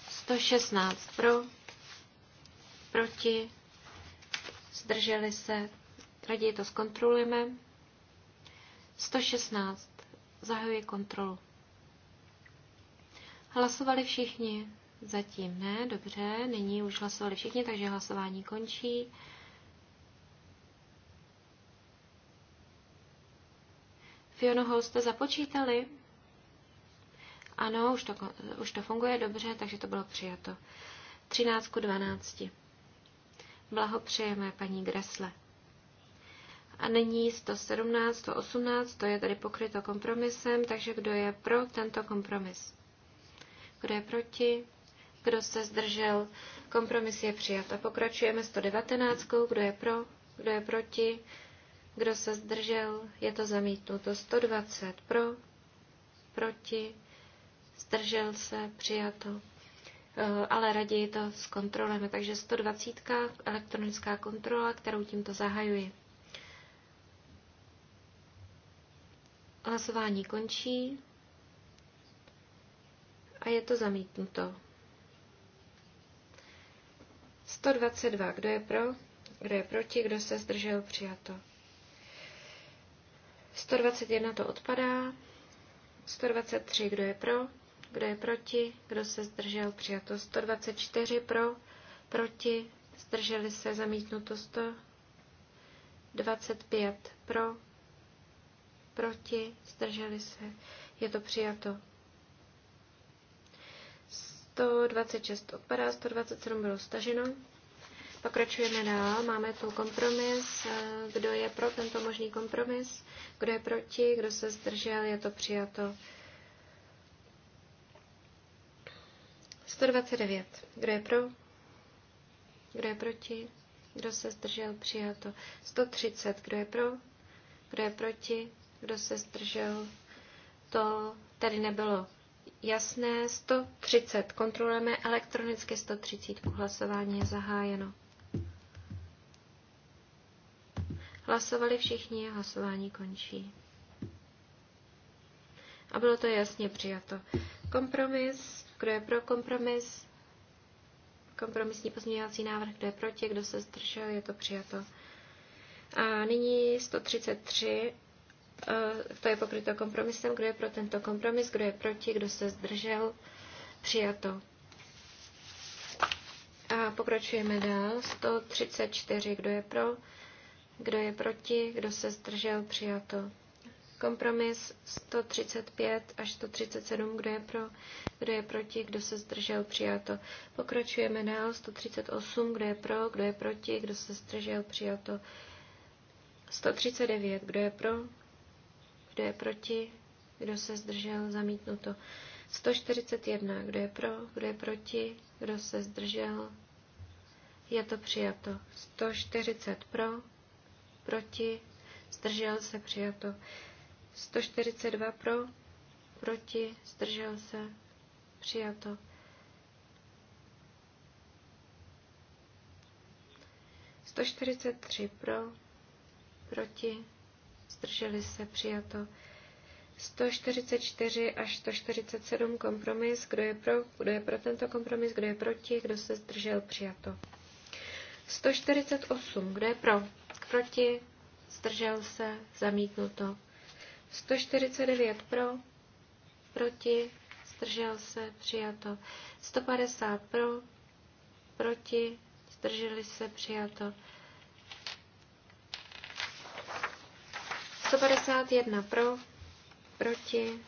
116 pro. Proti. Zdrželi se. Raději to zkontrolujeme. 116. Zahajuji kontrolu. Hlasovali všichni? Zatím ne, dobře, nyní už hlasovali všichni, takže hlasování končí. Fiona Hall jste započítali? Ano, už to, už to funguje dobře, takže to bylo přijato. 13 k 12. Blahopřejeme paní Gresle. A nyní 117, 118, to je tady pokryto kompromisem, takže kdo je pro tento kompromis? Kdo je proti? Kdo se zdržel? Kompromis je přijat. A pokračujeme 119, kdo je pro? Kdo je proti? Kdo se zdržel? Je to zamítnuto. 120 pro, proti, zdržel se, přijato. Eh, ale raději to zkontrolujeme. Takže 120 elektronická kontrola, kterou tímto zahajuji. Hlasování končí a je to zamítnuto. 122. Kdo je pro? Kdo je proti? Kdo se zdržel? Přijato. 121 to odpadá. 123. Kdo je pro? Kdo je proti? Kdo se zdržel? Přijato. 124 pro, proti, zdrželi se, zamítnuto 125 pro, proti, zdrželi se, je to přijato. 126 odpadá, 127 bylo staženo. Pokračujeme dál, máme tu kompromis, kdo je pro tento možný kompromis, kdo je proti, kdo se zdržel, je to přijato. 129. Kdo je pro? Kdo je proti? Kdo se zdržel? Přijato. 130. Kdo je pro? Kdo je proti? kdo se zdržel, to tady nebylo jasné. 130, kontrolujeme elektronicky 130, hlasování je zahájeno. Hlasovali všichni, hlasování končí. A bylo to jasně přijato. Kompromis, kdo je pro kompromis? Kompromisní pozměňovací návrh, kdo je proti, kdo se zdržel, je to přijato. A nyní 133 to je pokryto kompromisem, kdo je pro tento kompromis, kdo je proti, kdo se zdržel, přijato. A pokračujeme dál. 134, kdo je pro, kdo je proti, kdo se zdržel, přijato. Kompromis 135 až 137, kdo je pro, kdo je proti, kdo se zdržel, přijato. Pokračujeme dál. 138, kdo je pro, kdo je proti, kdo se zdržel, přijato. 139, kdo je pro, kdo je proti, kdo se zdržel, zamítnuto. 141, kdo je pro, kdo je proti, kdo se zdržel, je to přijato. 140 pro, proti, zdržel se, přijato. 142 pro, proti, zdržel se, přijato. Sto čtyřicet tři pro, proti, zdrželi se, přijato. 144 až 147 kompromis, kdo je pro, kdo je pro tento kompromis, kdo je proti, kdo se zdržel, přijato. 148, kdo je pro, proti, zdržel se, zamítnuto. 149 pro, proti, zdržel se, přijato. 150 pro, proti, zdrželi se, přijato. 151 pro, proti,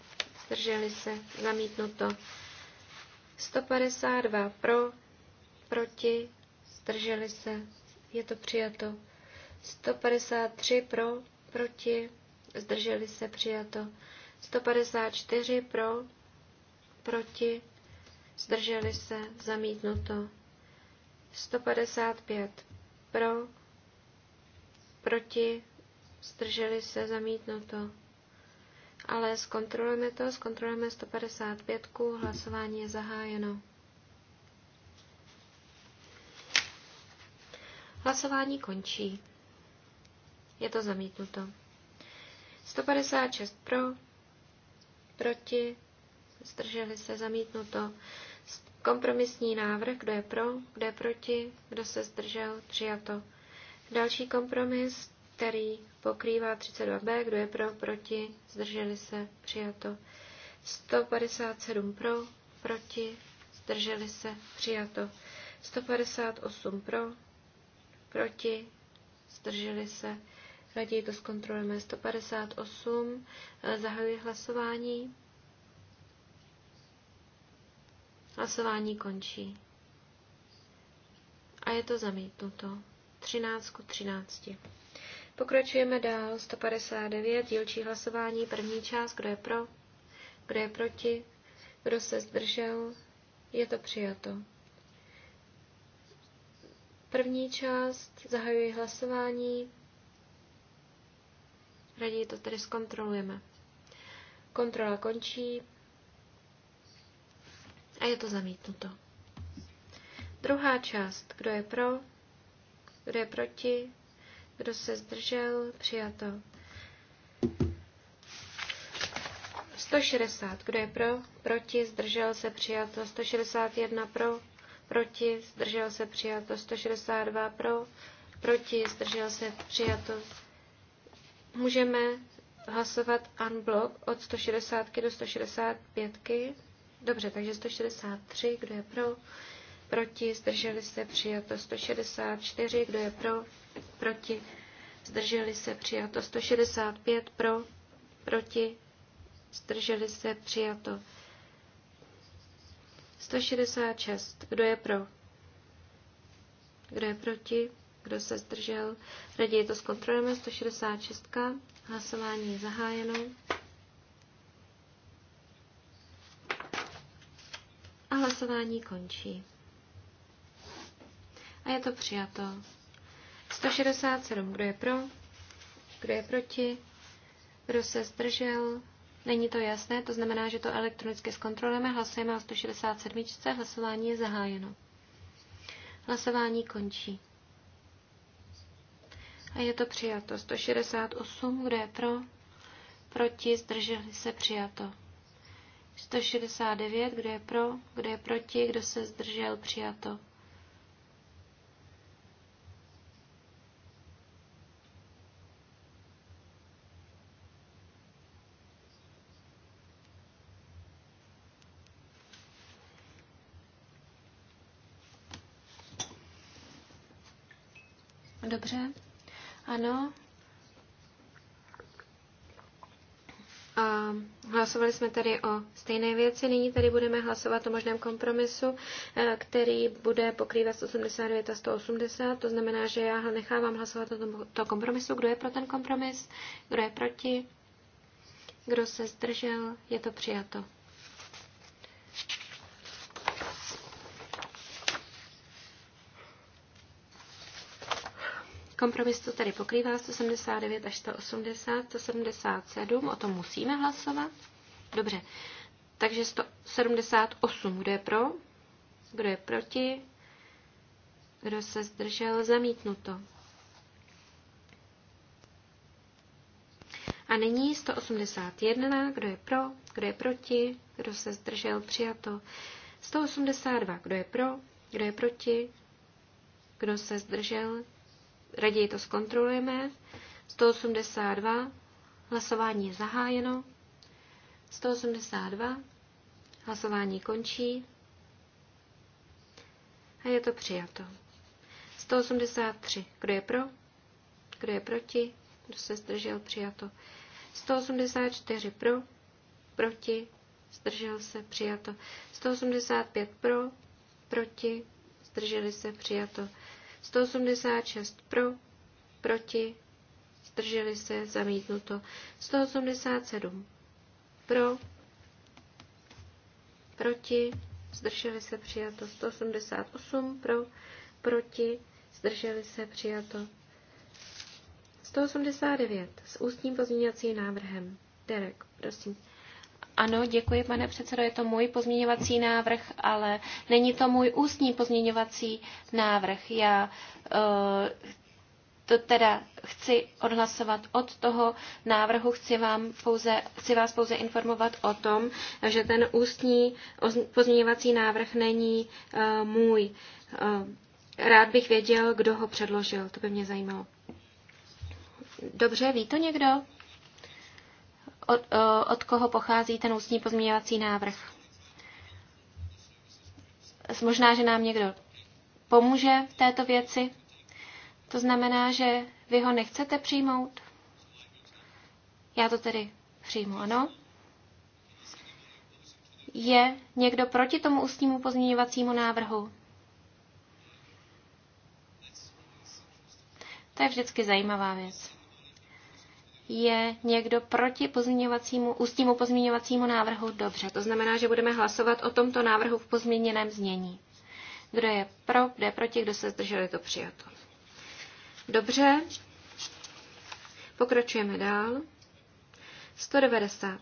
zdrželi se, zamítnuto. 152 pro, proti, zdrželi se, je to přijato. 153 pro, proti, zdrželi se, přijato. 154 pro, proti, zdrželi se, zamítnuto. 155 pro, proti, zdrželi se, zamítnuto. Ale zkontrolujeme to, zkontrolujeme 155, hlasování je zahájeno. Hlasování končí. Je to zamítnuto. 156 pro, proti, zdrželi se, zamítnuto. Kompromisní návrh, kdo je pro, kdo je proti, kdo se zdržel, přijato. Další kompromis, který pokrývá 32b. Kdo je pro, proti, zdrželi se, přijato. 157 pro, proti, zdrželi se, přijato. 158 pro, proti, zdrželi se. Raději to zkontrolujeme. 158, zahajuji hlasování. Hlasování končí. A je to zamítnuto. 13 ku 13. Pokračujeme dál. 159. Dílčí hlasování. První část. Kdo je pro? Kdo je proti? Kdo se zdržel? Je to přijato. První část. Zahajuji hlasování. Raději to tedy zkontrolujeme. Kontrola končí a je to zamítnuto. Druhá část. Kdo je pro? Kdo je proti? Kdo se zdržel? Přijato. 160. Kdo je pro? Proti? Zdržel se? Přijato. 161 pro? Proti? Zdržel se? Přijato. 162 pro? Proti? Zdržel se? Přijato. Můžeme hlasovat unblock od 160 do 165. Dobře, takže 163. Kdo je pro? proti, zdrželi se, přijato 164, kdo je pro, proti, zdrželi se, přijato 165, pro, proti, zdrželi se, přijato 166, kdo je pro, kdo je proti, kdo se zdržel, raději to zkontrolujeme, 166, hlasování je zahájeno. hlasování končí a je to přijato. 167, kdo je pro, kdo je proti, kdo se zdržel, není to jasné, to znamená, že to elektronicky zkontrolujeme, hlasujeme o 167, hlasování je zahájeno. Hlasování končí. A je to přijato. 168, kdo je pro, proti, zdrželi se přijato. 169, kdo je pro, kdo je proti, kdo se zdržel, přijato. dobře. Ano. A hlasovali jsme tady o stejné věci. Nyní tady budeme hlasovat o možném kompromisu, eh, který bude pokrývat 189 a 180. To znamená, že já nechávám hlasovat o tomto kompromisu. Kdo je pro ten kompromis? Kdo je proti? Kdo se zdržel? Je to přijato. Kompromis to tady pokrývá 179 až 180, 177, o tom musíme hlasovat. Dobře, takže 178, kdo je pro, kdo je proti, kdo se zdržel, zamítnuto. A nyní 181, kdo je pro, kdo je proti, kdo se zdržel, přijato. 182, kdo je pro, kdo je proti, kdo se zdržel, raději to zkontrolujeme. 182, hlasování je zahájeno. 182, hlasování končí. A je to přijato. 183, kdo je pro? Kdo je proti? Kdo se zdržel? Přijato. 184 pro, proti, zdržel se, přijato. 185 pro, proti, zdrželi se, přijato. 186 pro, proti, zdrželi se, zamítnuto. 187 pro, proti, zdrželi se, přijato. 188 pro, proti, zdrželi se, přijato. 189 s ústním pozměňovacím návrhem. Derek, prosím. Ano, děkuji, pane předsedo, je to můj pozměňovací návrh, ale není to můj ústní pozměňovací návrh. Já uh, to teda chci odhlasovat od toho návrhu, chci, vám pouze, chci vás pouze informovat o tom, že ten ústní pozměňovací návrh není uh, můj. Uh, rád bych věděl, kdo ho předložil, to by mě zajímalo. Dobře, ví to někdo? od, od koho pochází ten ústní pozměňovací návrh. Možná, že nám někdo pomůže v této věci. To znamená, že vy ho nechcete přijmout? Já to tedy přijmu, ano? Je někdo proti tomu ústnímu pozměňovacímu návrhu? To je vždycky zajímavá věc. Je někdo proti pozměňovacímu, ústnímu pozměňovacímu návrhu? Dobře, to znamená, že budeme hlasovat o tomto návrhu v pozměněném znění. Kdo je pro, kdo je proti, kdo se zdržel, je to přijato. Dobře, pokračujeme dál. 190.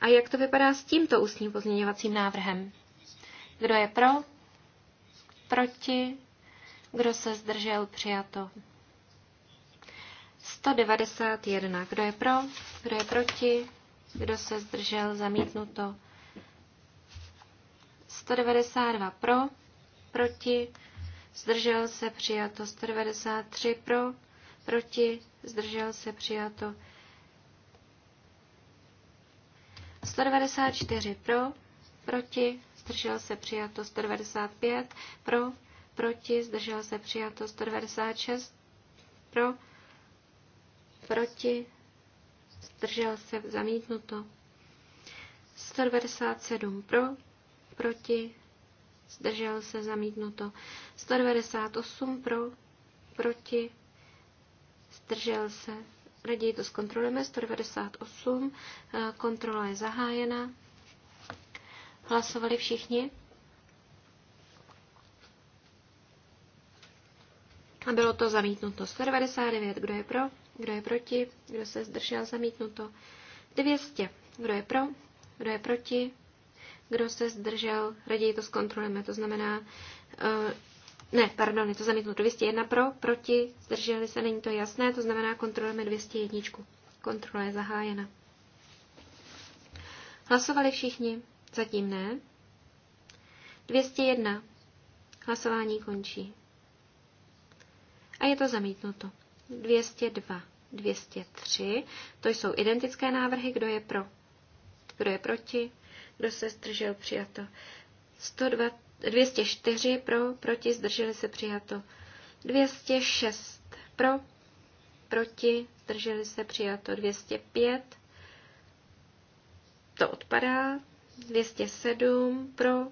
A jak to vypadá s tímto ústním pozměňovacím návrhem? Kdo je pro? Proti? Kdo se zdržel? Přijato. 191. Kdo je pro? Kdo je proti? Kdo se zdržel? Zamítnuto. 192 pro, proti, zdržel se přijato. 193 pro, proti, zdržel se přijato. 194 pro, proti, zdržel se přijato. 195 pro, proti, zdržel se přijato. 196 pro, proti, zdržel se, zamítnuto. 197 pro, proti, zdržel se, zamítnuto. 198 pro, proti, zdržel se. Raději to zkontrolujeme, 198, eh, kontrola je zahájena. Hlasovali všichni? A bylo to zamítnuto 199. Kdo je pro? Kdo je proti? Kdo se zdržel? Zamítnuto. 200. Kdo je pro? Kdo je proti? Kdo se zdržel? Raději to zkontrolujeme. To znamená, eh, ne, pardon, je to zamítnuto. 201 pro, proti, zdrželi se, není to jasné, to znamená, kontrolujeme 201. Kontrola je zahájena. Hlasovali všichni? Zatím ne. 201. Hlasování končí. A je to zamítnuto. 202, 203. To jsou identické návrhy, kdo je pro, kdo je proti, kdo se zdržel přijato. 102, 204 pro, proti, zdrželi se přijato. 206 pro, proti, zdrželi se přijato. 205, to odpadá. 207 pro,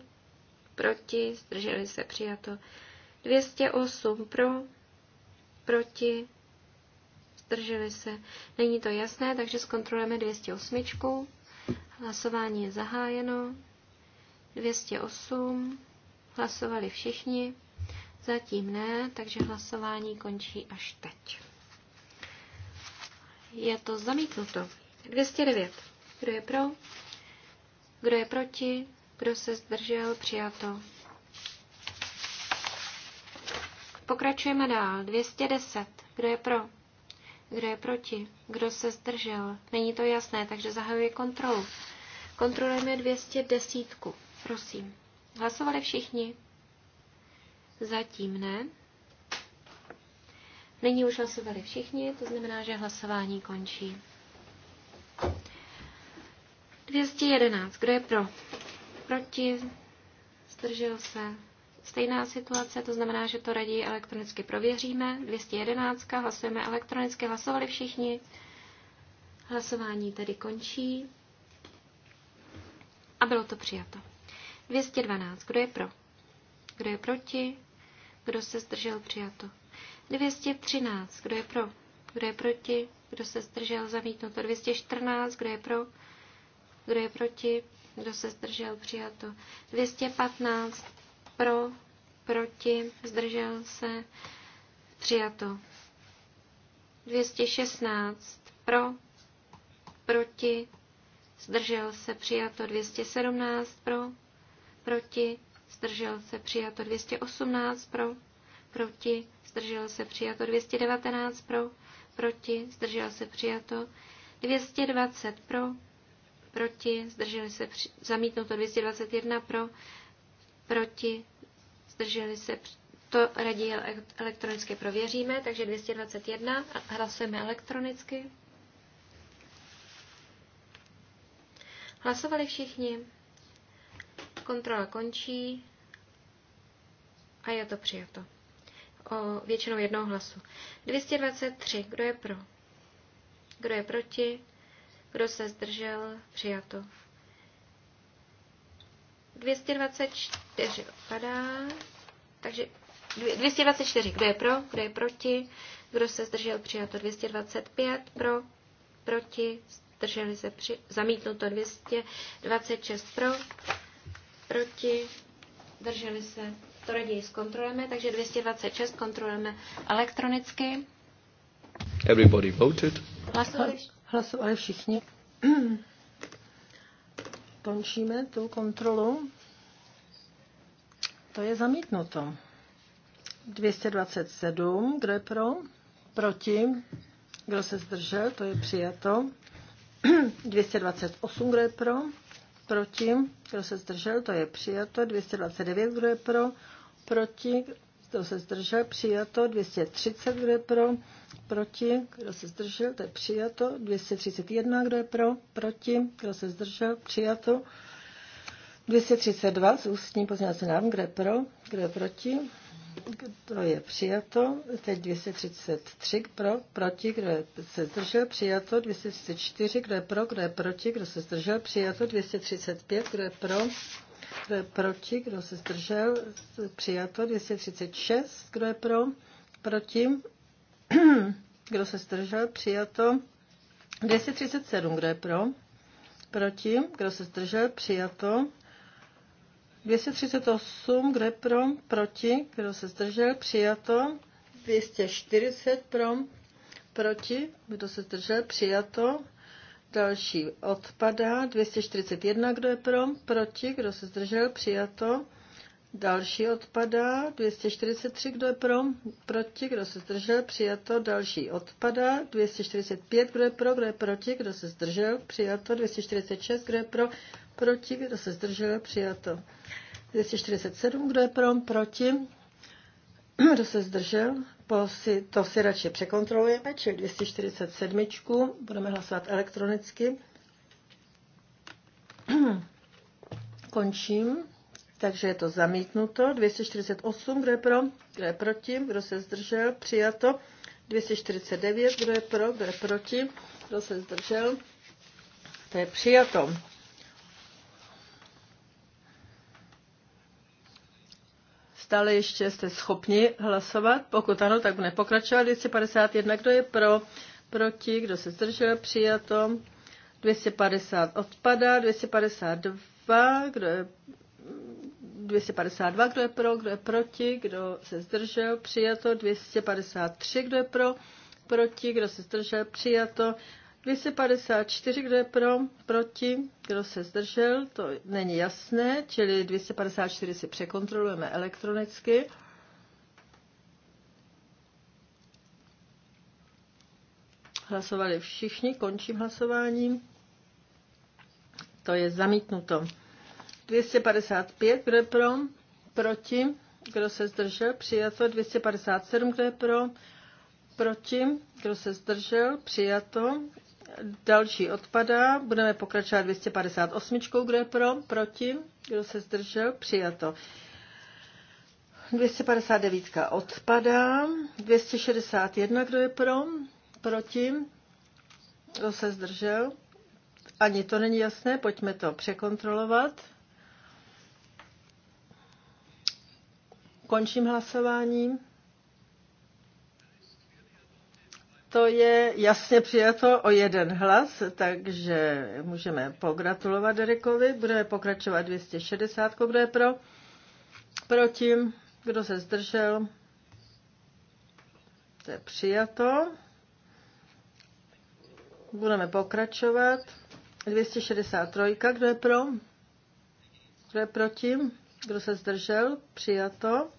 proti, zdrželi se přijato. 208 pro, proti, zdrželi se. Není to jasné, takže zkontrolujeme 208. Hlasování je zahájeno. 208. Hlasovali všichni. Zatím ne, takže hlasování končí až teď. Je to zamítnuto. 209. Kdo je pro? Kdo je proti? Kdo se zdržel? Přijato. Pokračujeme dál. 210. Kdo je pro? Kdo je proti? Kdo se zdržel? Není to jasné, takže zahajuji kontrolu. Kontrolujeme 210. Prosím. Hlasovali všichni? Zatím ne. Nyní už hlasovali všichni, to znamená, že hlasování končí. 211. Kdo je pro? Proti? Zdržel se? Stejná situace, to znamená, že to raději elektronicky prověříme. 211, hlasujeme elektronicky, hlasovali všichni. Hlasování tedy končí. A bylo to přijato. 212. Kdo je pro? Kdo je proti? Kdo se zdržel přijato? 213. Kdo je pro? Kdo je proti? Kdo se zdržel zamítnuto? 214. Kdo je pro? Kdo je proti? Kdo se zdržel přijato? 215 pro, proti, zdržel se, přijato. 216 pro, proti, zdržel se, přijato. 217 pro, proti, zdržel se, přijato. 218 pro, proti, zdržel se, přijato. 219 pro, proti, zdržel se, přijato. 220 pro, proti, zdrželi se při, zamítnuto 221 pro, proti, zdrželi se, to raději elektronicky prověříme, takže 221, hlasujeme elektronicky. Hlasovali všichni, kontrola končí a je to přijato. O většinou jednoho hlasu. 223, kdo je pro? Kdo je proti? Kdo se zdržel? Přijato. 224 odpadá, takže 224, kdo je pro, kdo je proti, kdo se zdržel přijato 225, pro, proti, zdrželi se při, zamítnuto 226 pro, proti, zdrželi se, to raději zkontrolujeme, takže 226 kontrolujeme elektronicky. Everybody voted. Hlasovali, hlasovali všichni. Končíme tu kontrolu. To je zamítnuto. 227, kdo je pro? Proti? Kdo se zdržel? To je přijato. 228, <clears throat> kdo je pro? Proti? Kdo se zdržel? To je přijato. 229, kdo je pro? Proti? kdo se zdržel, přijato, 230, kdo je pro, proti, kdo se zdržel, to je přijato, 231, kdo je pro, proti, kdo se zdržel, přijato, 232 s ústním pozměňovacím návrhem, kdo je pro, kdo je proti, kdo je přijato, teď 233 pro, proti, kdo se zdržel, přijato, 234, kdo je pro, kdo je proti, kdo se zdržel, přijato, 235, kdo je pro, kdo je proti? Kdo se zdržel? Přijato. 236. <clears throat> Kdo je pro? Proti? Kdo se zdržel? Přijato. 237. Kdo je pro? Proti? Kdo se zdržel? Přijato. 238. Kdo je pro? Proti? Kdo se zdržel? Přijato. 240 pro? Proti? Kdo se zdržel? Přijato. Další odpadá. 241, kdo je pro? Proti, kdo se zdržel? Přijato. Další odpadá. 243, kdo je pro? Proti, kdo se zdržel? Přijato. Další odpadá. 245, kdo je pro? Kdo je proti? Kdo se zdržel? Přijato. 246, kdo je pro? Proti, kdo se zdržel? Přijato. 247, kdo je pro? Proti, <clears throat> Kdo se zdržel? Po si, to si radši překontrolujeme, čili 247. Budeme hlasovat elektronicky. <clears throat> Končím. Takže je to zamítnuto. 248, kdo je pro, kdo je proti, kdo se zdržel, přijato. 249, kdo je pro, kdo je proti, kdo se zdržel, to je přijato. stále ještě jste schopni hlasovat. Pokud ano, tak bude pokračovat. 251, kdo je pro, proti, kdo se zdržel, přijato. 250 odpadá, 252, kdo je 252, kdo je pro, kdo je proti, kdo se zdržel, přijato, 253, kdo je pro, proti, kdo se zdržel, přijato, 254, kdo je pro, proti, kdo se zdržel, to není jasné, čili 254 si překontrolujeme elektronicky. Hlasovali všichni, končím hlasováním. To je zamítnuto. 255, kdo je pro, proti, kdo se zdržel, přijato. 257, kdo je pro, proti, kdo se zdržel, přijato. Další odpadá. Budeme pokračovat 258. Kdo je pro? Proti? Kdo se zdržel? Přijato. 259. odpadá. 261. Kdo je pro? Proti? Kdo se zdržel? Ani to není jasné, pojďme to překontrolovat. Končím hlasováním. to je jasně přijato o jeden hlas, takže můžeme pogratulovat Derekovi. Budeme pokračovat 260, kdo je pro, proti, kdo se zdržel. To je přijato. Budeme pokračovat. 263, kdo je pro, kdo je proti, kdo se zdržel, přijato.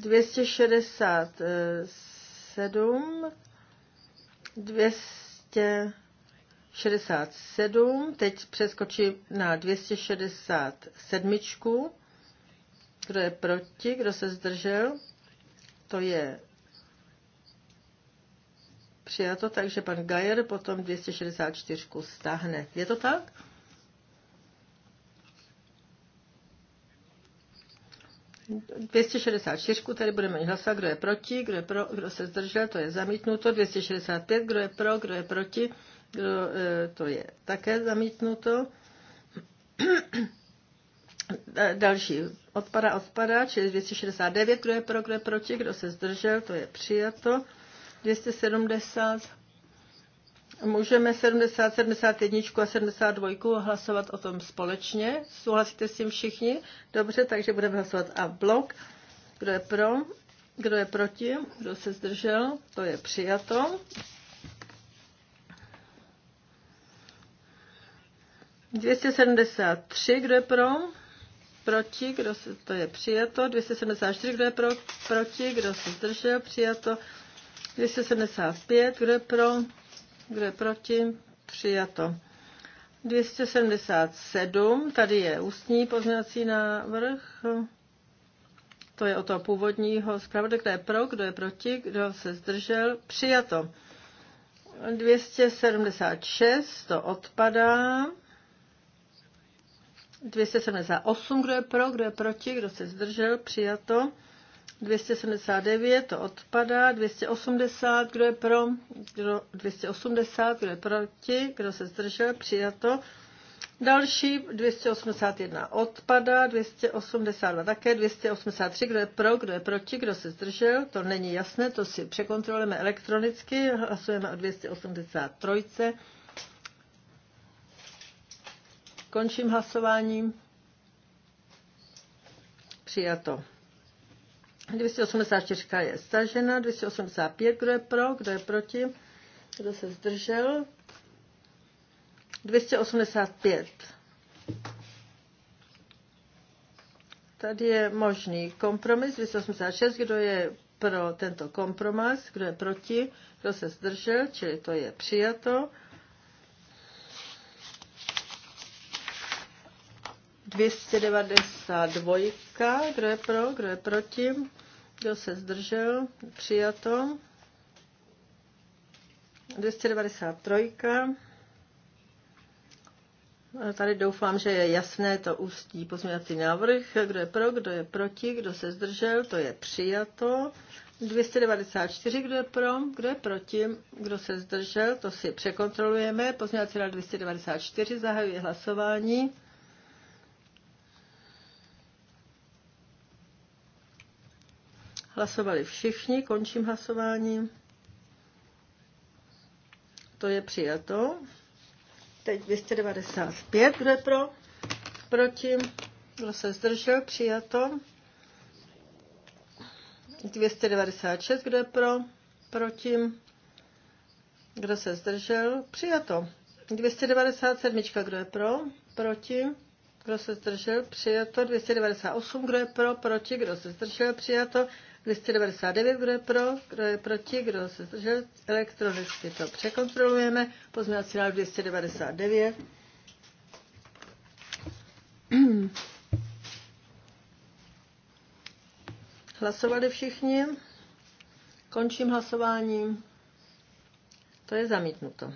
267, 267, teď přeskočím na 267. Kdo je proti, kdo se zdržel, to je přijato, takže pan Gajer potom 264 stáhne. Je to tak? 264, tady budeme hlasovat, kdo je proti, kdo, je pro, kdo se zdržel, to je zamítnuto. 265, kdo je pro, kdo je proti, kdo, e, to je také zamítnuto. <clears throat> E, další odpada, odpada, čili 269, kdo je pro, kdo je proti, kdo se zdržel, to je přijato. 270 Můžeme 70, 71 a 72 hlasovat o tom společně. Souhlasíte s tím všichni? Dobře, takže budeme hlasovat a blok. Kdo je pro? Kdo je proti? Kdo se zdržel? To je přijato. Dvěstě tři, kdo je pro? Proti, kdo se, to je přijato. 274, kdo je pro? Proti, kdo se zdržel? Přijato. 275, kdo je pro? Kdo je proti? Přijato. 277, tady je ústní pozměňovací návrh. To je o toho původního zpravodaje, kdo je pro, kdo je proti, kdo se zdržel. Přijato. 276, to odpadá. 278, kdo je pro, kdo je proti, kdo se zdržel, přijato. 279, to odpadá. 280, kdo je pro? Kdo, 280, kdo je proti? Kdo se zdržel? Přijato. Další 281 odpadá, 282 také, 283, kdo je pro, kdo je proti, kdo se zdržel, to není jasné, to si překontrolujeme elektronicky, hlasujeme o 283. Končím hlasováním. Přijato. 284 je stažena, 285, kdo je pro, kdo je proti, kdo se zdržel. 285. Tady je možný kompromis 286, kdo je pro tento kompromis, kdo je proti, kdo se zdržel, čili to je přijato. 292. Kdo je pro, kdo je proti? Kdo se zdržel? Přijato. 293. Tady doufám, že je jasné to ústí pozměňovací návrh. Kdo je pro, kdo je proti, kdo se zdržel, to je přijato. 294, kdo je pro, kdo je proti, kdo se zdržel, to si překontrolujeme. Pozměňovací návrh 294, zahajuji hlasování. Hlasovali všichni, končím hlasování. To je přijato. Teď 295, kdo je pro? Proti? Kdo se zdržel? Přijato. 296, kdo je pro? Proti? Kdo se zdržel? Přijato. 297, kdo je pro? Proti? Kdo se zdržel? Přijato. 298, kdo je pro? Proti? Kdo se zdržel? Přijato. 299, kdo je pro, kdo je proti, kdo se zdržel, elektronicky to překontrolujeme. Pozměňovací návrh 299. <clears throat> Hlasovali všichni. Končím hlasováním. To je zamítnuto.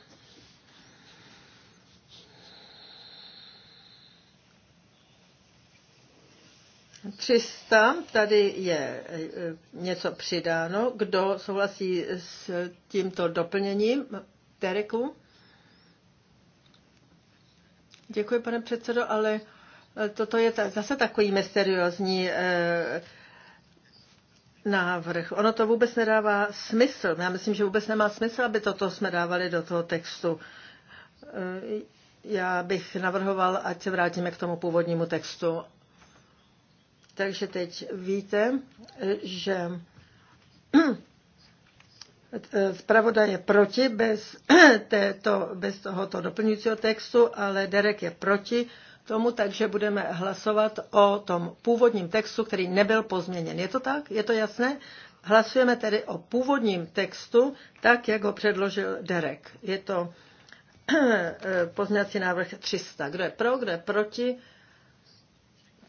300, tady je eh, něco přidáno. Kdo souhlasí s tímto doplněním? Tereku? Děkuji, pane předsedo, ale eh, toto je zase takový mysteriózní eh, návrh. Ono to vůbec nedává smysl. Já myslím, že vůbec nemá smysl, aby toto jsme dávali do toho textu. já bych navrhoval, ať se vrátíme k tomu původnímu textu takže teď víte, že <clears throat> zpravodaj je proti bez, <clears throat> této, bez tohoto doplňujícího textu, ale Derek je proti tomu, takže budeme hlasovat o tom původním textu, který nebyl pozměněn. Je to tak? Je to jasné? Hlasujeme tedy o původním textu, tak jak ho předložil Derek. Je to <clears throat> eh, pozměňovací návrh 300. Kdo je pro, kdo je proti?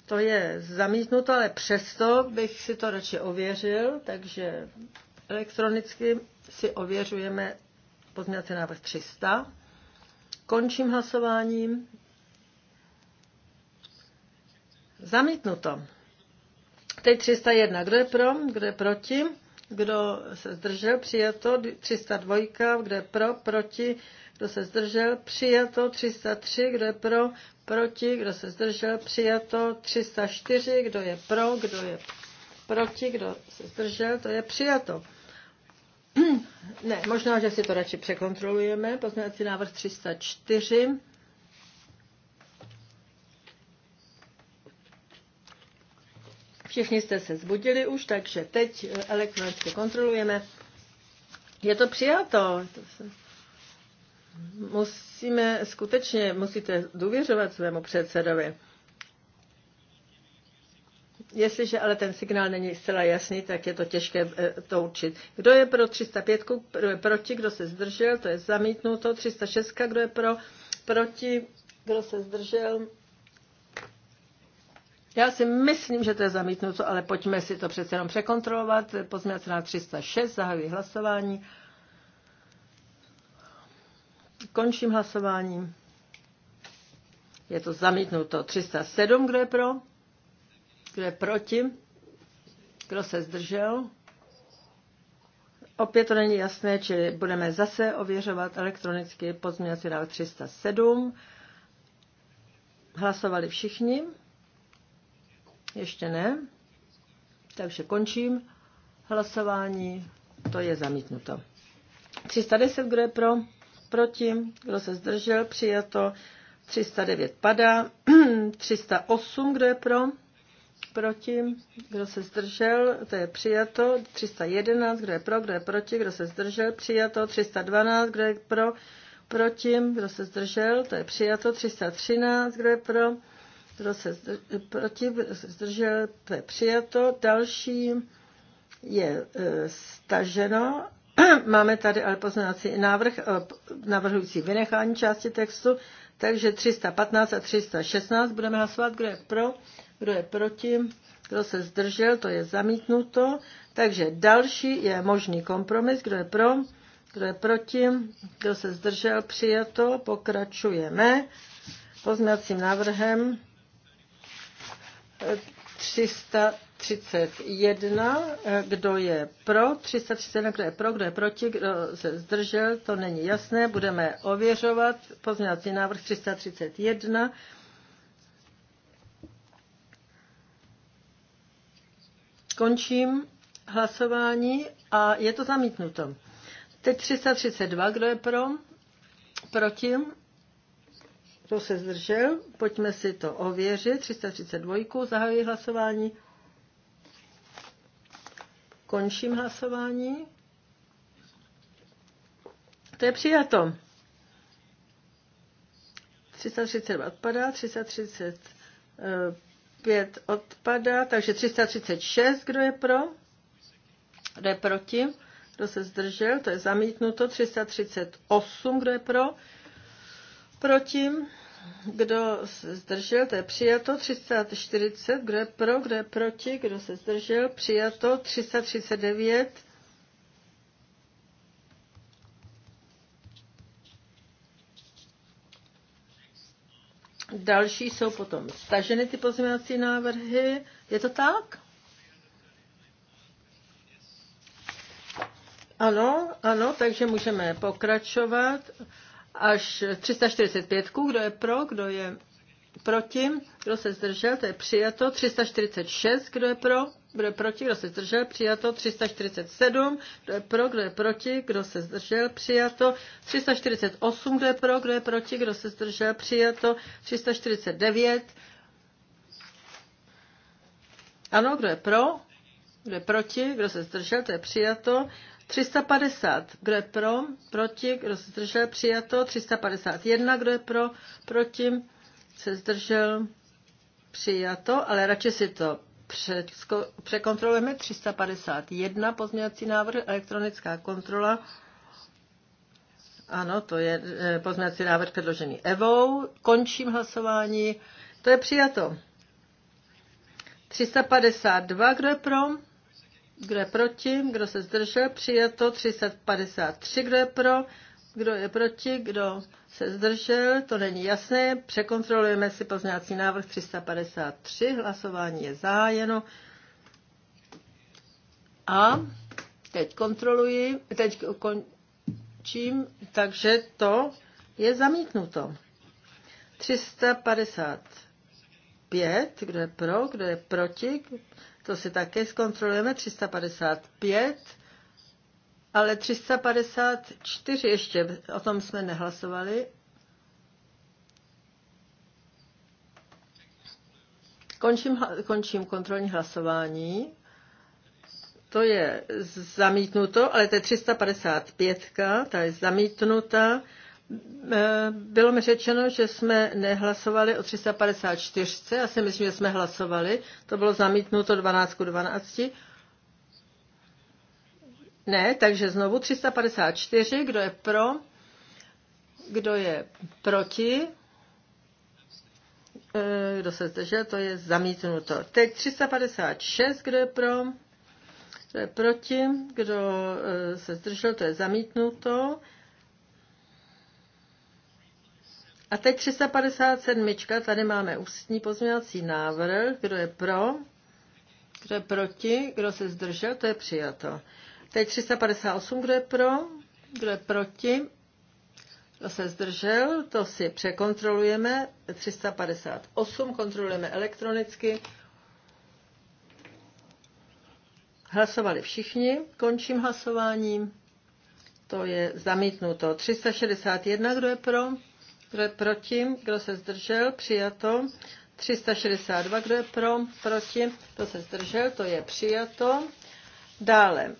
to je zamítnuto, ale přesto bych si to radši ověřil, takže elektronicky si ověřujeme pozměňovací návrh 300. Končím hlasováním. Zamítnuto. Teď 301. Kdo je pro? Kdo je proti? Kdo se zdržel, přijato 302, kdo je pro, proti, kdo se zdržel, přijato 303, kdo je pro, proti, kdo se zdržel, přijato 304, kdo je pro, kdo je proti, kdo se zdržel, to je přijato. ne, možná, že si to radši překontrolujeme. Poznávací návrh 304. Všichni jste se zbudili už, takže teď eh, elektronicky kontrolujeme. Je to přijato. Musíme skutečně, musíte důvěřovat svému předsedovi. Jestliže ale ten signál není zcela jasný, tak je to těžké eh, to určit. Kdo je pro 305, kdo je proti, kdo se zdržel, to je zamítnuto. 306, kdo je pro, proti, kdo se zdržel, já si myslím, že to je zamítnuto, ale pojďme si to přece jenom překontrolovat. Pozměňovací na 306, zahajuji hlasování. Končím hlasování. Je to zamítnuto. 307, kdo je pro? Kdo je proti? Kdo se zdržel? Opět to není jasné, či budeme zase ověřovat elektronicky pozměňovací návrh 307. Hlasovali všichni. Ještě ne. Takže končím hlasování. To je zamítnuto. 310, kdo je pro? Proti? Kdo se zdržel? Přijato. 309 padá. 308, <clears throat> kdo je pro? Proti? Kdo se zdržel? To je přijato. 311, kdo je pro? Kdo je proti? Kdo se zdržel? Přijato. 312, kdo je pro? Proti? Kdo se zdržel? To je přijato. 313, kdo je pro? kdo se proti, zdržel, to je přijato. Další je e, staženo. <clears throat> Máme tady ale pozměňovací návrh e, navrhující vynechání části textu, takže 315 a 316 budeme hlasovat, kdo je pro, kdo je proti, kdo se zdržel, to je zamítnuto. Takže další je možný kompromis, kdo je pro, kdo je proti, kdo se zdržel, přijato, pokračujeme poznacím návrhem 331, kdo je pro, 331, kdo je pro, kdo je proti, kdo se zdržel, to není jasné, budeme ověřovat. Pozměňovací návrh 331. Končím hlasování a je to zamítnuto. Teď 332, kdo je pro, proti, kdo se zdržel? Pojďme si to ověřit. 332. Zahajuji hlasování. Končím hlasování. To je přijato. 332 odpadá, 335 odpadá, takže 336, kdo je pro? Kdo je proti? Kdo se zdržel? To je zamítnuto. 338, kdo je pro? Proti? kdo se zdržel, to je přijato, 340, kdo je pro, kdo je proti, kdo se zdržel, přijato, 339, Další jsou potom staženy ty pozměňovací návrhy. Je to tak? Ano, ano, takže můžeme pokračovat až 345, kdo je pro, kdo je proti, kdo se zdržel, to je přijato, 346, kdo je pro, kdo je proti, kdo se zdržel, přijato, 347, kdo je pro, kdo je proti, kdo se zdržel, přijato, 348, kdo je pro, kdo je proti, kdo se zdržel, přijato, 349, ano, kdo je pro, kdo je proti, kdo se zdržel, to je přijato, 350, kdo je pro, proti, kdo se zdržel, přijato. 351, kdo je pro, proti, se zdržel, přijato, ale radši si to překontrolujeme. 351 pozměňovací návrh, elektronická kontrola. Ano, to je e, pozměňovací návrh předložený Evou. Končím hlasování. To je přijato. 352, kdo je pro? Kdo je proti? Kdo se zdržel? Přijato 353. Kdo je pro? Kdo je proti? Kdo se zdržel? To není jasné. Překontrolujeme si pozměňovací návrh 353. Hlasování je zájeno. A teď kontroluji, teď končím, takže to je zamítnuto. 355, kdo je pro, kdo je proti, to si také zkontrolujeme. 355. Ale 354 ještě, o tom jsme nehlasovali. Končím, končím kontrolní hlasování. To je zamítnuto, ale to je 355, ta je zamítnuta bylo mi řečeno, že jsme nehlasovali o 354. Já si myslím, že jsme hlasovali. To bylo zamítnuto 12 12. Ne, takže znovu 354. Eh, kdo je pro? Kdo je proti? Kdo eh, se zdržel, to je zamítnuto. Teď 356. Kdo je pro? Kdo je proti? Kdo se zdržel, to je zamítnuto. A teď 357. Tady máme ústní pozměňovací návrh. Kdo je pro? Kdo je proti? Kdo se zdržel? To je přijato. Teď 358. Kdo je pro? Kdo je proti? Kdo se zdržel? To si překontrolujeme. 358 kontrolujeme elektronicky. Hlasovali všichni. Končím hlasováním. To je zamítnuto. 361. Kdo je pro? Kdo je proti? Kdo se zdržel? Přijato. 362. Kdo je pro? Proti? Kdo se zdržel? To je přijato. Dále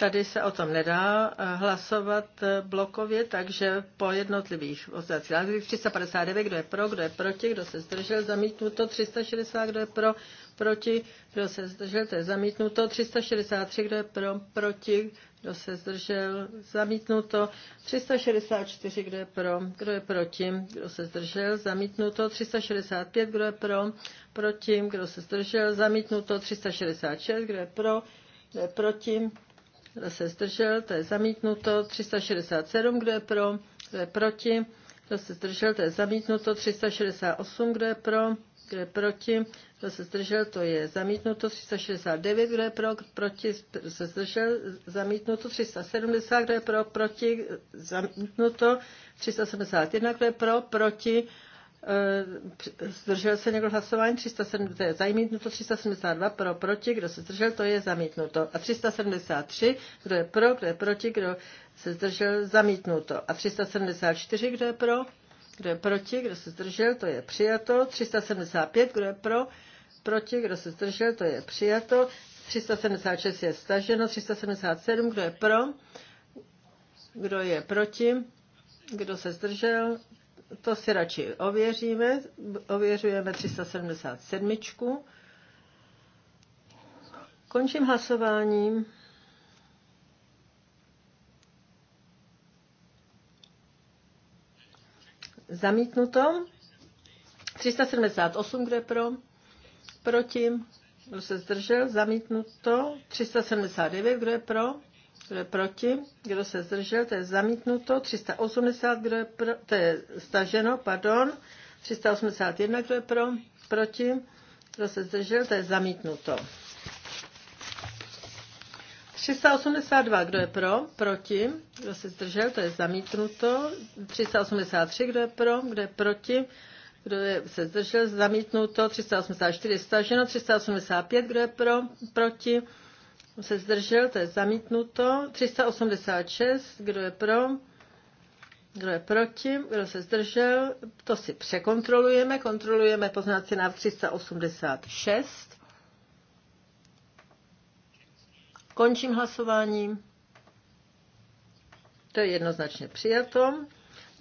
Tady se o tom nedá eh, hlasovat eh, blokově, takže po jednotlivých odstavcích. 359, kdo je pro, kdo je proti, kdo se zdržel, zamítnuto. 360, kdo je pro, proti, kdo se zdržel, to je zamítnuto. 363, kdo je pro, proti, kdo se zdržel, zamítnuto. 364, kdo je pro, kdo je proti, kdo se zdržel, zamítnuto. 365, kdo je pro, proti, kdo se zdržel, zamítnuto. 366, kdo je pro, kdo je proti, kdo se zdržel, to je zamítnuto, 367, kdo je pro, kdo je proti, kdo se zdržel, to je zamítnuto, 368, kdo je pro, kdo je proti, kdo se zdržel, to je zamítnuto, 369, kdo je pro, proti, kdo se zdržel, zamítnuto, 370, kdo je pro, proti, zamítnuto, 371, kdo je pro, proti, Eh, zdržel se někdo hlasování, 370, to zamítnuto, 372 pro, proti, kdo se zdržel, to je zamítnuto. A 373, kdo je pro, kdo je proti, kdo se zdržel, zamítnuto. A 374, kdo je pro, kdo je proti, kdo se zdržel, to je přijato. 375, kdo je pro, proti, kdo se zdržel, to je přijato. 376 je staženo, 377, kdo je pro, kdo je proti, kdo se zdržel, to si radši ověříme. Ověřujeme 377. Končím hlasováním. Zamítnuto. 378, kdo je pro? Proti? Kdo se zdržel? Zamítnuto. 379, kdo je pro? Kdo je proti? Kdo se zdržel? To je zamítnuto. 380, kdo je pro, to je staženo, pardon. 381, kdo je pro? Proti? Kdo se zdržel? To je zamítnuto. 382, kdo je pro? Proti? Kdo se zdržel? To je zamítnuto. 383, kdo je pro? Kdo je proti? Kdo je, se zdržel? Zamítnuto. 384 staženo. 385, kdo je pro? Proti? se zdržel, to je zamítnuto. 386, kdo je pro, kdo je proti, kdo se zdržel, to si překontrolujeme. Kontrolujeme poznáci návrh 386. Končím hlasování. To je jednoznačně přijato.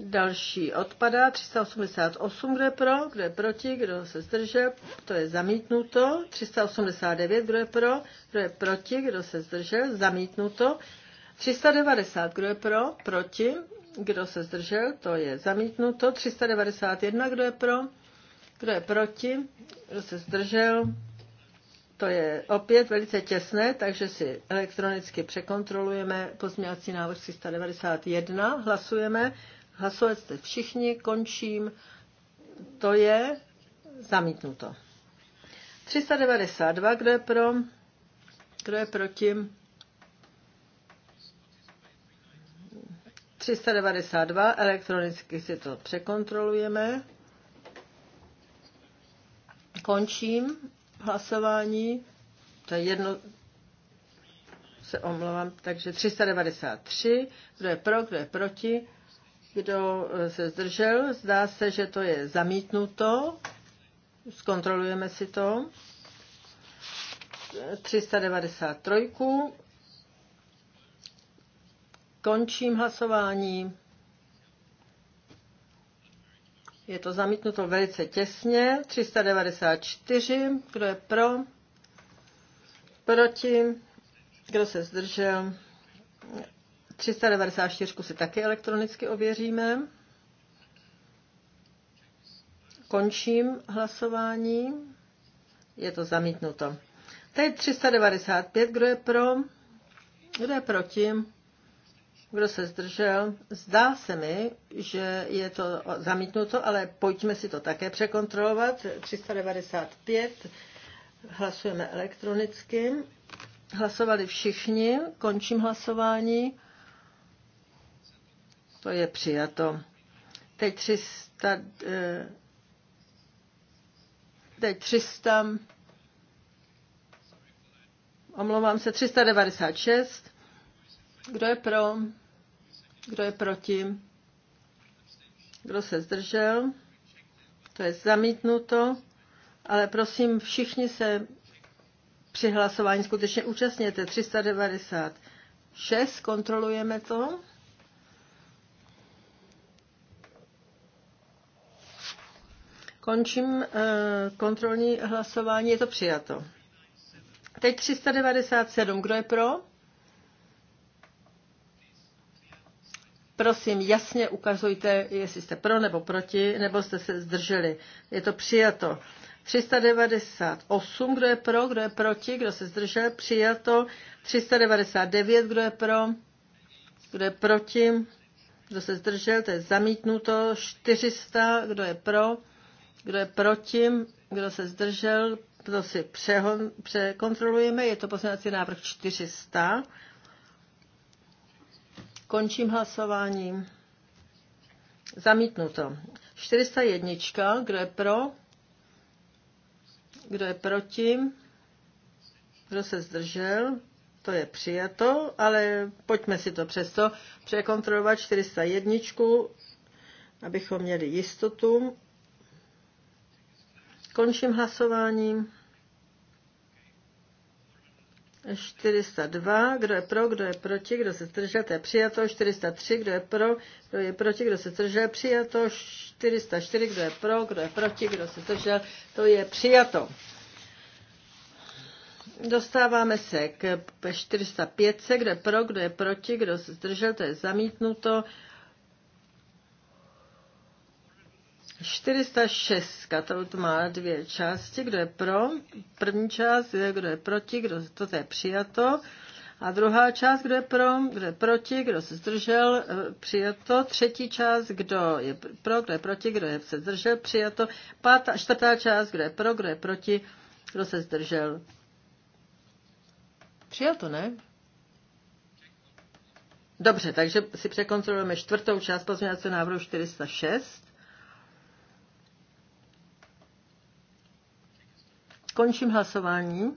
Další odpadá 388, kdo je pro, kdo je proti, kdo se zdržel, to je zamítnuto. 389, kdo je pro, kdo je proti, kdo se zdržel, zamítnuto. 390, kdo je pro, proti, kdo se zdržel, to je zamítnuto. 391, kdo je pro, kdo je proti, kdo se zdržel, to je opět velice těsné, takže si elektronicky překontrolujeme pozměňovací návrh 391, hlasujeme. Hlasovat jste všichni, končím. To je zamítnuto. 392, kdo je pro? Kdo je proti? 392, elektronicky si to překontrolujeme. Končím hlasování. To je jedno, se omlouvám, takže 393, kdo je pro, kdo je proti. Kdo eh, se zdržel? Zdá se, že to je zamítnuto. Zkontrolujeme si to. 393. Končím hlasování. Je to zamítnuto velice těsně. 394. Kdo je pro? Proti? Kdo se zdržel? 394 si taky elektronicky ověříme. Končím hlasování. Je to zamítnuto. Teď 395. Kdo je pro? Kdo je proti? Kdo se zdržel? Zdá se mi, že je to zamítnuto, ale pojďme si to také překontrolovat. 395. Hlasujeme elektronicky. Hlasovali všichni. Končím hlasování. To je přijato. Teď 300, eh, teď 300, omlouvám se, 396. Kdo je pro? Kdo je proti? Kdo se zdržel? To je zamítnuto, ale prosím, všichni se při hlasování skutečně účastněte. 396, kontrolujeme to. Končím eh, kontrolní hlasování. Je to přijato. Teď 397. Kdo je pro? Prosím, jasně ukazujte, jestli jste pro nebo proti, nebo jste se zdrželi. Je to přijato. 398, kdo je pro, kdo je proti, kdo se zdržel, přijato. 399, kdo je pro, kdo je proti, kdo se zdržel, to je zamítnuto. 400, kdo je pro, kdo je proti? Kdo se zdržel? To si přehon, překontrolujeme. Je to poslanecí návrh 400. Končím hlasování. Zamítnuto. 401. Kdo je pro? Kdo je proti? Kdo se zdržel? To je přijato, ale pojďme si to přesto překontrolovat 401, abychom měli jistotu. Končím hlasováním. 402, kdo je pro, kdo je proti, kdo se zdržel, to je přijato. 403, kdo je pro, kdo je proti, kdo se zdržel, přijato. 404, kdo je pro, kdo je proti, kdo se zdržel, to je přijato. Dostáváme se k 405, kdo je pro, kdo je proti, kdo se zdržel, to je zamítnuto. 406. To má dvě části. Kdo je pro? První část, kdo je proti, kdo to je přijato. A druhá část, kdo je pro, kdo je proti, kdo se zdržel, e, přijato. Třetí část, kdo je pro, kdo je proti, kdo je se zdržel, přijato. Pátá, čtvrtá část, kdo je pro, kdo je proti, kdo se zdržel. Přijato, ne? Dobře, takže si překontrolujeme čtvrtou část pozměňovacího návrhu 406. skončím hlasování.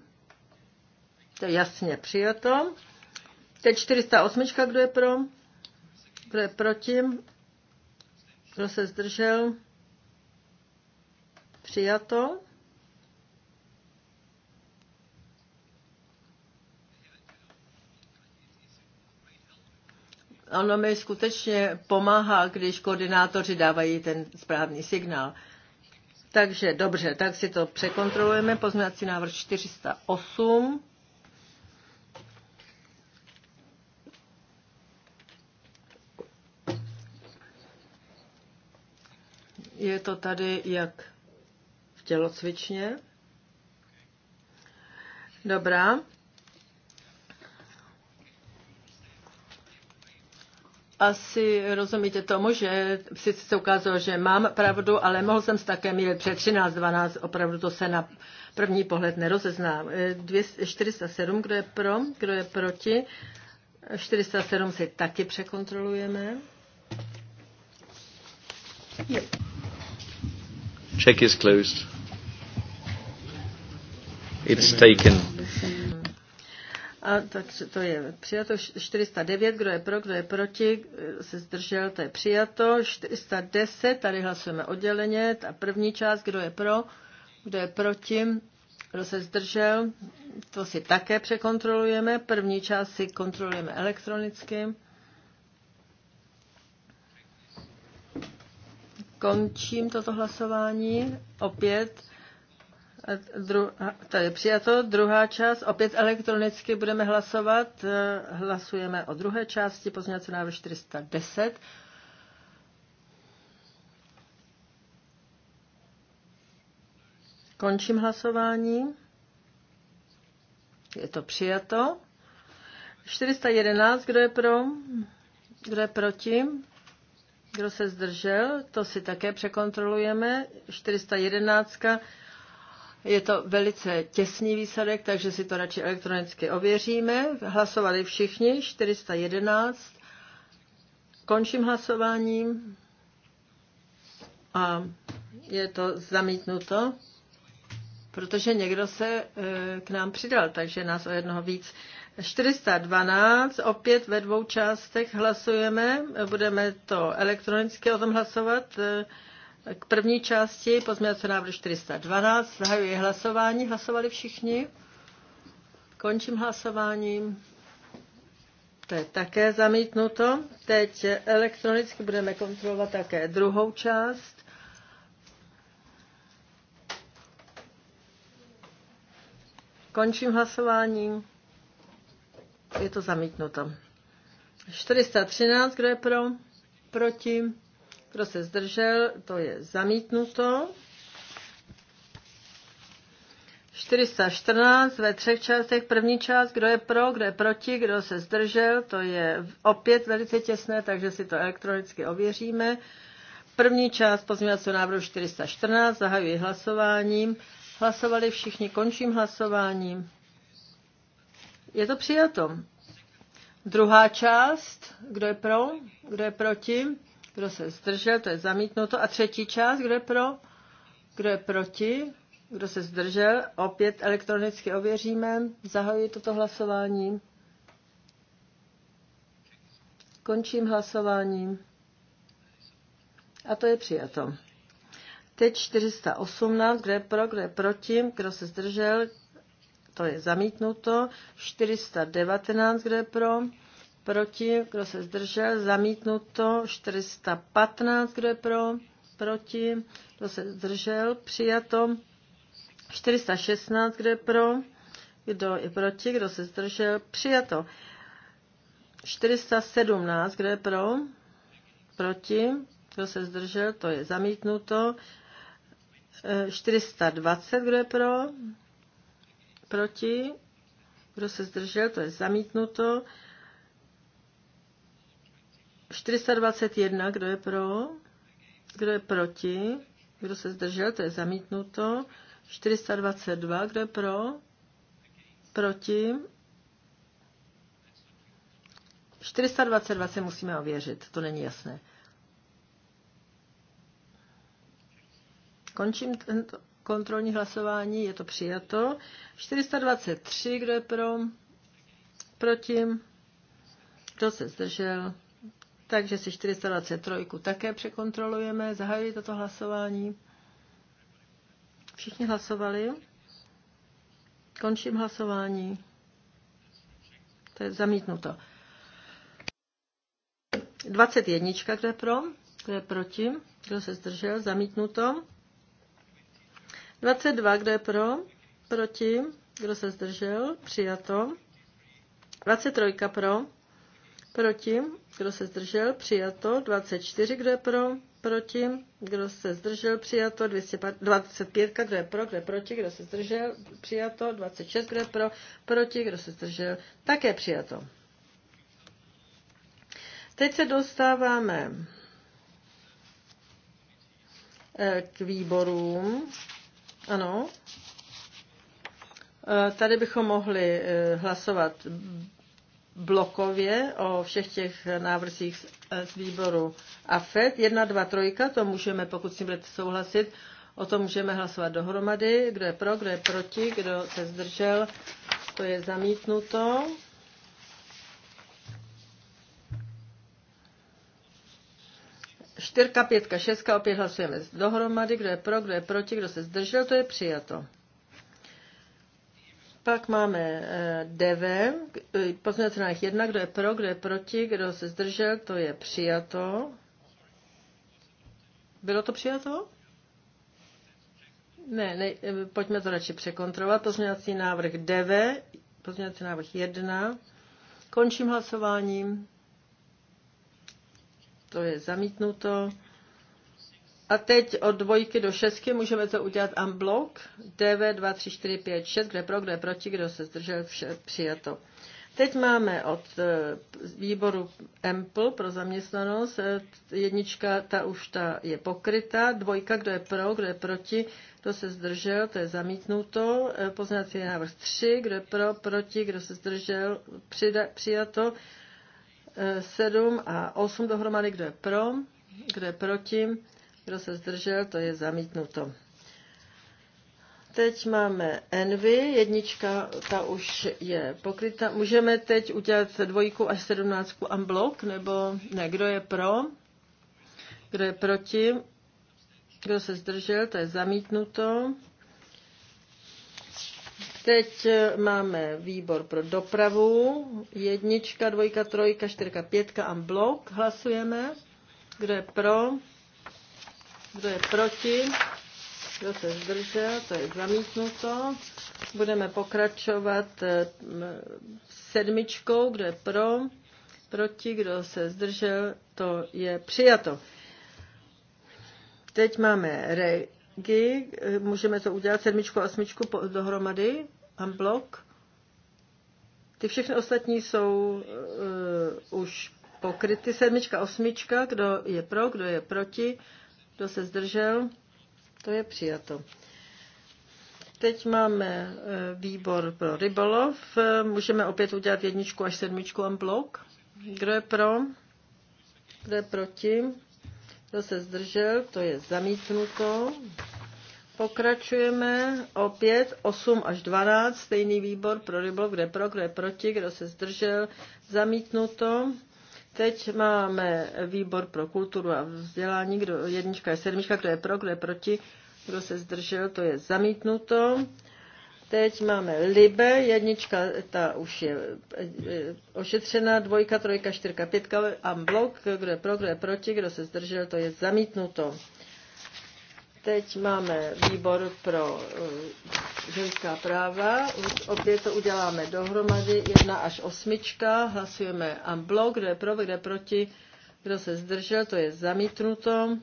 To je jasně přijato. Teď 408, kdo je pro? Kdo je proti? Kdo se zdržel? Přijato. Ano, mi skutečně pomáhá, když koordinátoři dávají ten správný signál. Takže dobře, tak si to překontrolujeme. Pozměňovací návrh 408. Je to tady jak v tělocvičně. Dobrá, asi rozumíte tomu, že sice se ukázalo, že mám pravdu, ale mohl jsem s také mít před 13, 12, opravdu to se na první pohled nerozezná. 407, kdo je pro, kdo je proti. 407 si taky překontrolujeme. Check is closed. It's taken. A tak to je přijato 409, kdo je pro, kdo je proti, e, se zdržel, to je přijato. 410, tady hlasujeme odděleně, ta první část, kdo je pro, kdo je proti, kdo se zdržel, to si také překontrolujeme. První část si kontrolujeme elektronicky. Končím toto hlasování. Opět to je přijato. Druhá část. Opět elektronicky budeme hlasovat. Eh, hlasujeme o druhé části pozměňovací návrh 410. Končím hlasování. Je to přijato. 411, kdo je pro? Kdo je proti? Kdo se zdržel? To si také překontrolujeme. 411 je to velice těsný výsledek, takže si to radši elektronicky ověříme. Hlasovali všichni, 411. Končím hlasováním a je to zamítnuto, protože někdo se e, k nám přidal, takže nás o jednoho víc. 412, opět ve dvou částech hlasujeme, budeme to elektronicky o tom hlasovat. E, k první části pozměňovací návrh 412. Zahajuji hlasování. Hlasovali všichni? Končím hlasováním. To je také zamítnuto. Teď elektronicky budeme kontrolovat také druhou část. Končím hlasování. Je to zamítnuto. 413, kdo je pro? Proti? Kdo se zdržel, to je zamítnuto. 414 ve třech částech. První část, kdo je pro, kdo je proti, kdo se zdržel, to je opět velice těsné, takže si to elektronicky ověříme. První část pozměňovacího návrhu 414 zahajuji hlasováním. Hlasovali všichni, končím hlasováním. Je to přijato. Druhá část, kdo je pro, kdo je proti, kdo se zdržel, to je zamítnuto. A třetí část, kdo je pro? Kdo je proti? Kdo se zdržel? Opět elektronicky ověříme. Zahajuji toto hlasování. Končím hlasování. A to je přijato. Teď 418, kdo je pro, kdo je proti, kdo se zdržel, to je zamítnuto. 419, kdo je pro, proti, kdo se zdržel, zamítnuto 415, kdo je pro, proti, kdo se zdržel, přijato 416, kdo je pro, kdo je proti, kdo se zdržel, přijato 417, kdo je pro, proti, kdo se zdržel, to je zamítnuto 420, kdo je pro, proti, kdo se zdržel, to je zamítnuto 421, kdo je pro, kdo je proti, kdo se zdržel, to je zamítnuto. 422, kdo je pro, proti. 422 se musíme ověřit, to není jasné. Končím tento kontrolní hlasování, je to přijato. 423, kdo je pro, proti, kdo se zdržel, takže si 423 také překontrolujeme. Zahajuji toto hlasování. Všichni hlasovali. Končím hlasování. To je zamítnuto. 21, kdo je pro, kdo je proti, kdo se zdržel, zamítnuto. 22, kdo je pro, proti, kdo se zdržel, přijato. 23 pro, proti, kdo se zdržel, přijato, 24, kdo je pro, proti, kdo se zdržel, přijato, 25, kdo je pro, kdo je proti, kdo se zdržel, přijato, 26, kdo je pro, proti, kdo se zdržel, také přijato. Teď se dostáváme eh, k výborům. Ano. Eh, tady bychom mohli eh, hlasovat blokově o všech těch návrzích z e, výboru AFED. jedna dva trojka to můžeme, pokud s tím budete souhlasit, o tom můžeme hlasovat dohromady. Kdo je pro, kdo je proti, kdo se zdržel, to je zamítnuto. Čtyřka, pětka, šestka, opět hlasujeme dohromady. Kdo je pro, kdo je proti, kdo se zdržel, to je přijato. Pak máme eh, DV, eh, pozměňovací návrh 1, kdo je pro, kdo je proti, kdo se zdržel, to je přijato. Bylo to přijato? Ne, ne eh, pojďme to radši překontrolovat. Pozměňovací návrh 9, pozměňovací návrh 1. Končím hlasováním. To je zamítnuto. A teď od dvojky do šestky můžeme to udělat en bloc. DV 2, 3, 4, 5, 6, kde pro, kde proti, kdo se zdržel, vše přijato. Teď máme od eh, výboru EMPL pro zaměstnanost, eh, jednička, ta už ta je pokryta, dvojka, kdo je pro, kdo je proti, kdo se zdržel, to je zamítnuto, eh, poznací návrh 3, kdo je pro, proti, kdo se zdržel, přida, přijato, 7 a 8 dohromady, kdo je pro, kdo je proti, kdo se zdržel, to je zamítnuto. Teď máme Envy, jednička, ta už je pokryta. Můžeme teď udělat dvojku až sedmnáctku unblock, nebo ne, kdo je pro, kdo je proti, kdo se zdržel, to je zamítnuto. Teď máme výbor pro dopravu, jednička, dvojka, trojka, čtyřka, pětka unblock, hlasujeme. Kdo je pro? Kdo je proti? Kdo se zdržel? To je zamítnuto. Budeme pokračovat eh, sedmičkou. Kdo je pro? Proti? Kdo se zdržel? To je přijato. Teď máme regi. Můžeme to udělat sedmičku a osmičku dohromady. Amblok. Ty všechny ostatní jsou uh, už pokryty. Sedmička, osmička, kdo je pro, kdo je proti, kdo se zdržel? To je přijato. Teď máme e, výbor pro rybolov. E, můžeme opět udělat jedničku až sedmičku en blok. Kdo je pro? Kdo je proti? Kdo se zdržel? To je zamítnuto. Pokračujeme opět 8 až 12, stejný výbor pro rybolov, kde pro, kde proti, kdo se zdržel, zamítnuto. Teď máme výbor pro kulturu a vzdělání, kdo jednička je sedmička, kdo je pro, kdo je proti, kdo se zdržel, to je zamítnuto. Teď máme Libe, jednička, ta už je e, e, ošetřena, dvojka, trojka, čtyřka, pětka a blok, kdo je pro, kdo je proti, kdo se zdržel, to je zamítnuto. Teď máme výbor pro eh, ženská práva. Opět to uděláme dohromady. Jedna až osmička. Hlasujeme amblo, kdo je pro, kdo je proti, kdo se zdržel, to je zamítnuto.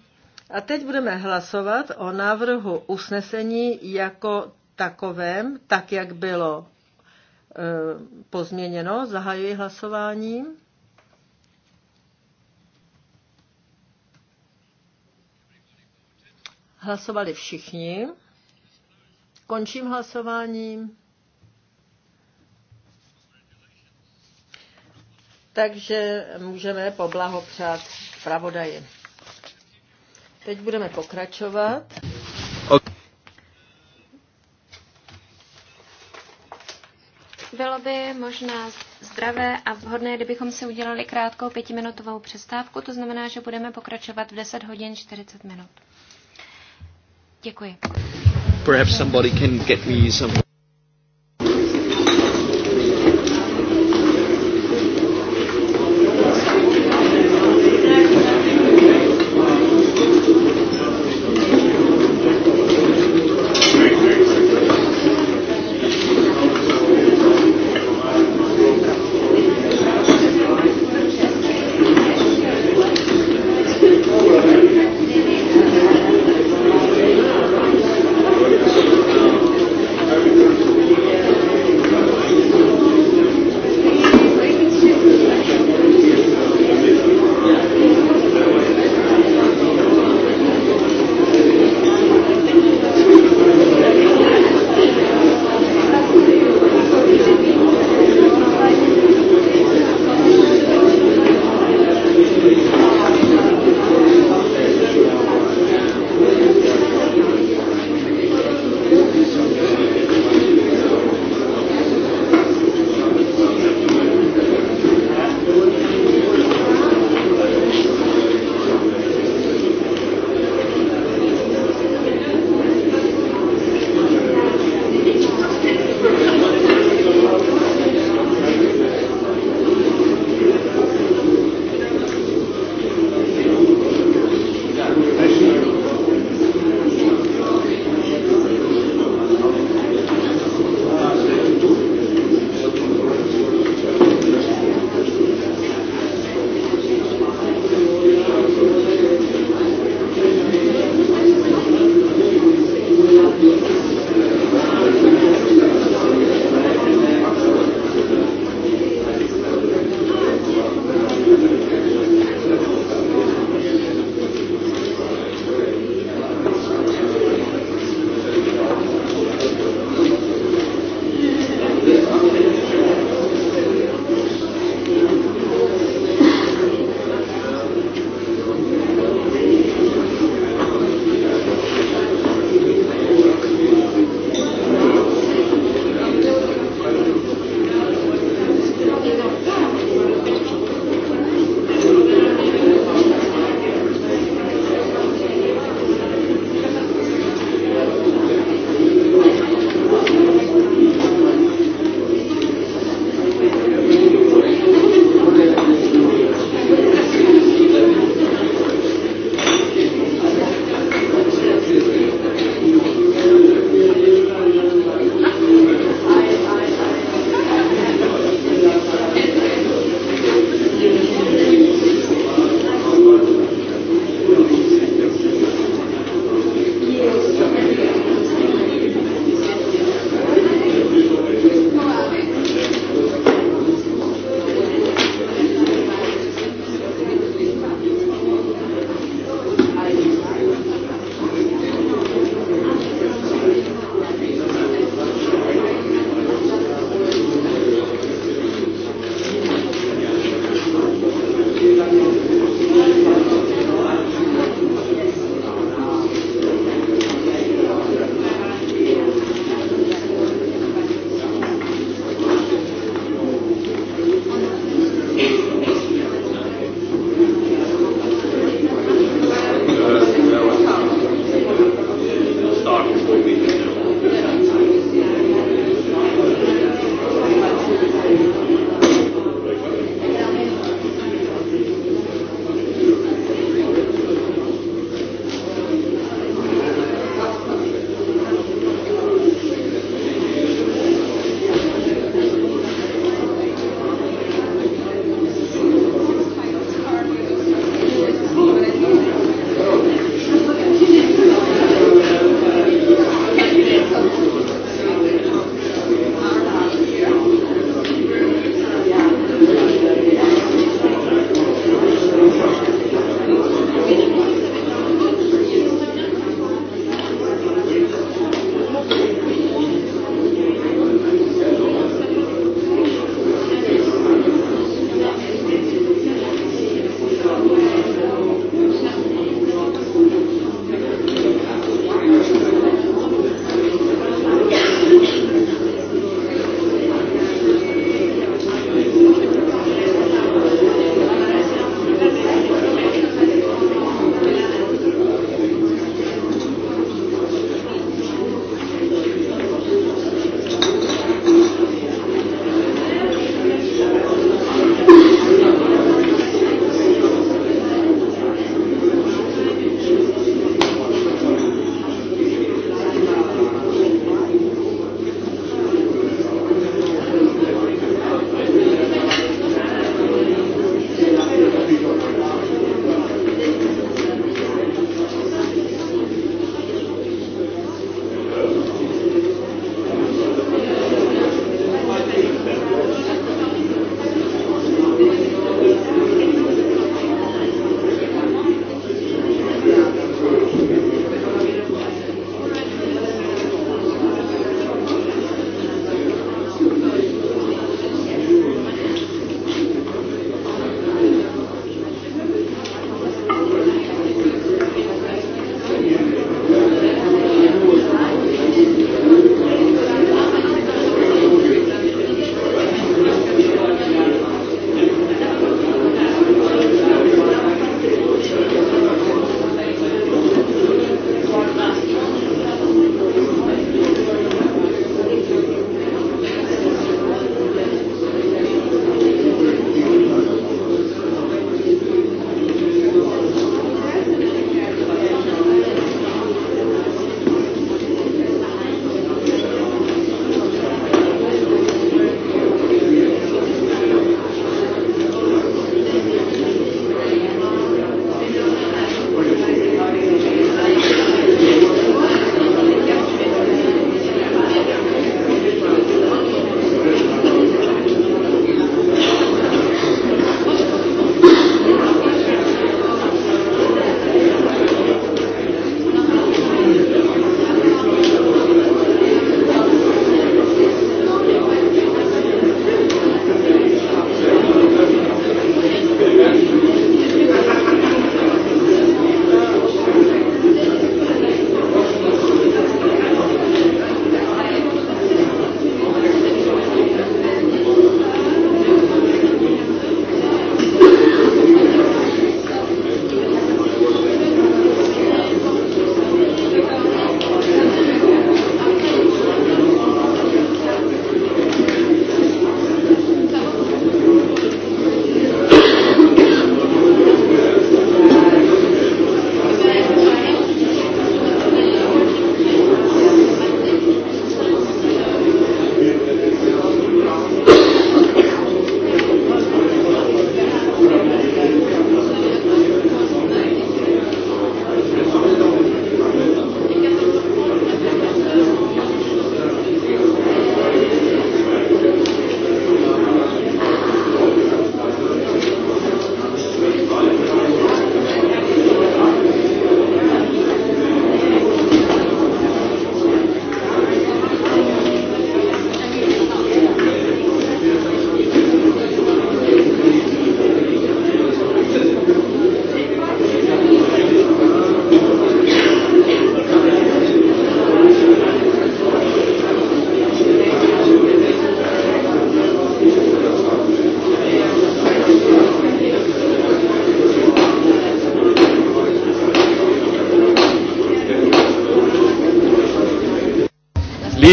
A teď budeme hlasovat o návrhu usnesení jako takovém, tak jak bylo eh, pozměněno. Zahajuji hlasování. Hlasovali všichni. Končím hlasování. Takže můžeme poblahopřát pravodaji. Teď budeme pokračovat. Bylo by možná zdravé a vhodné, kdybychom si udělali krátkou pětiminutovou přestávku, to znamená, že budeme pokračovat v 10 hodin 40 minut. Děkuji. Perhaps somebody can get me some...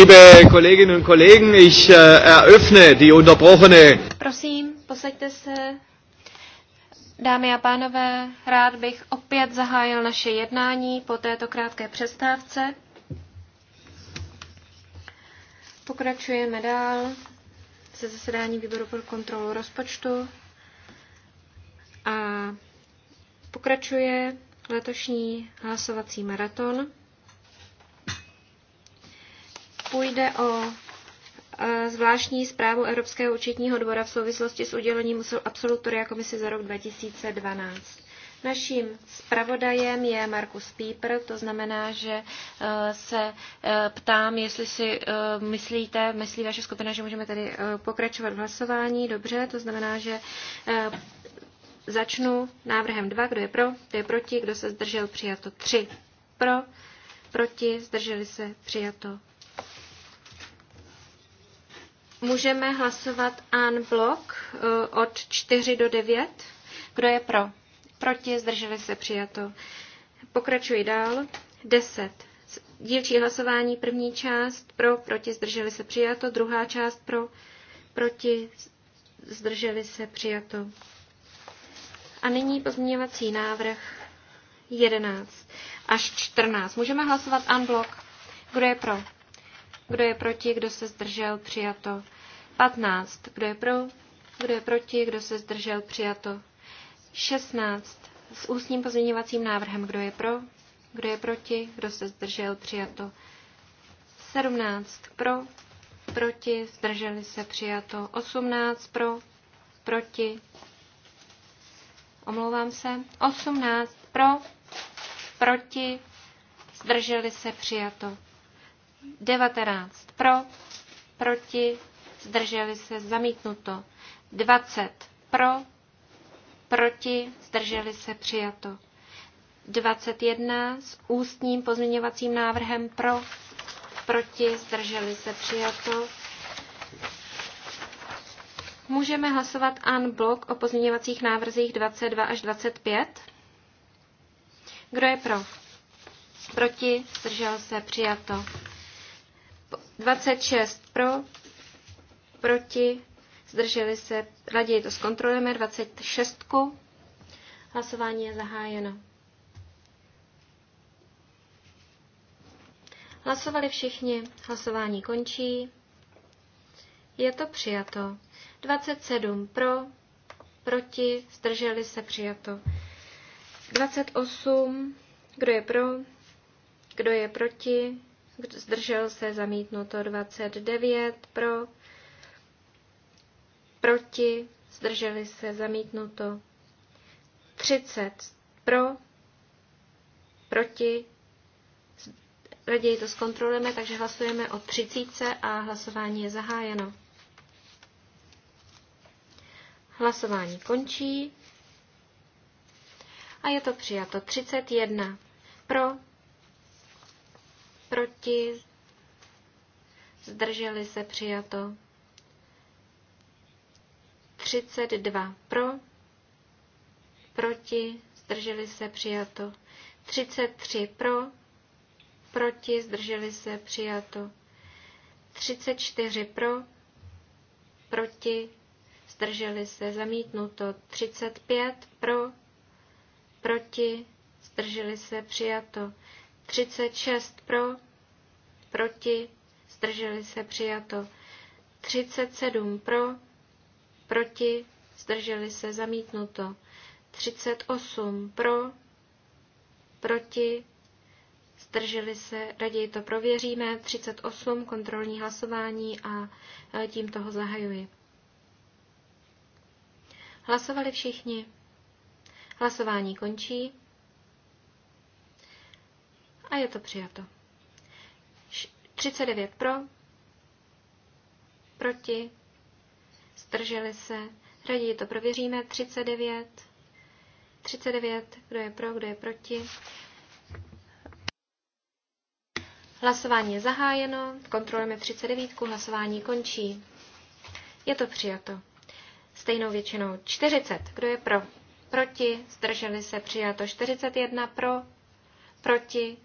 Liebe Kolleginnen und Kollegen, ich äh, eröffne die unterbrochene. Prosím, posaďte se. Dámy a pánové, rád bych opět zahájil naše jednání po této krátké přestávce. Pokračujeme dál se zasedání výboru pro kontrolu rozpočtu a pokračuje letošní hlasovací maraton půjde o e, zvláštní zprávu Evropského účetního dvora v souvislosti s udělením absolutoria komisi za rok 2012. Naším zpravodajem je Markus Pieper, to znamená, že e, se e, ptám, jestli si myslíte, myslí vaše skupina, že můžeme tady pokračovat v hlasování. Dobře, to znamená, že začnu návrhem 2, kdo je pro, kdo je proti, kdo se zdržel, přijato 3. Pro, proti, zdrželi se, přijato Můžeme hlasovat an blok eh, od 4 do 9. Kdo je pro? Proti, zdrželi se, přijato. Pokračuji dál. 10. Dílčí hlasování, první část pro, proti, zdrželi se, přijato. Druhá část pro, proti, zdrželi se, přijato. A nyní pozměňovací návrh 11 až 14. Můžeme hlasovat an blok. Kdo je pro? Kdo je proti? Kdo se zdržel? Přijato. 15. Kdo je pro? Kdo je proti? Kdo se zdržel? Přijato. 16. S ústním pozměňovacím návrhem. Kdo je pro? Kdo je proti? Kdo se zdržel? Přijato. 17. Pro? Proti? Zdrželi se? Přijato. 18. Pro? Proti? Omlouvám se. 18. Pro? Proti? Zdrželi se? Přijato. 19 pro, proti, zdrželi se, zamítnuto. 20 pro, proti, zdrželi se, přijato. 21 s ústním pozměňovacím návrhem pro, proti, zdrželi se, přijato. Můžeme hlasovat an blok o pozměňovacích návrzích 22 až 25. Kdo je pro? Proti, zdržel se, přijato. 26 pro, proti, zdrželi se, raději to zkontrolujeme, 26. Hlasování je zahájeno. Hlasovali všichni, hlasování končí. Je to přijato. 27 pro, proti, zdrželi se přijato. 28, kdo je pro, kdo je proti, zdržel se, zamítnuto 29 pro, proti, zdrželi se, zamítnuto 30 pro, proti, raději to zkontrolujeme, takže hlasujeme o 30 a hlasování je zahájeno. Hlasování končí a je to přijato 31 pro, proti, zdrželi se přijato. 32 pro, proti, zdrželi se přijato. 33 pro, proti, zdrželi se přijato. 34 pro, proti, zdrželi se zamítnuto. 35 pro, proti, zdrželi se přijato. 36 pro, proti, zdrželi se přijato. 37 pro, proti, zdrželi se zamítnuto. 38 pro, proti, zdrželi se, raději to prověříme. 38 kontrolní hlasování a e, tím toho zahajuji. Hlasovali všichni. Hlasování končí. A je to přijato. 39 pro, proti, strželi se, raději to prověříme, 39, 39, kdo je pro, kdo je proti. Hlasování je zahájeno, kontrolujeme 39, hlasování končí. Je to přijato. Stejnou většinou 40, kdo je pro, proti, strželi se, přijato 41 pro, proti,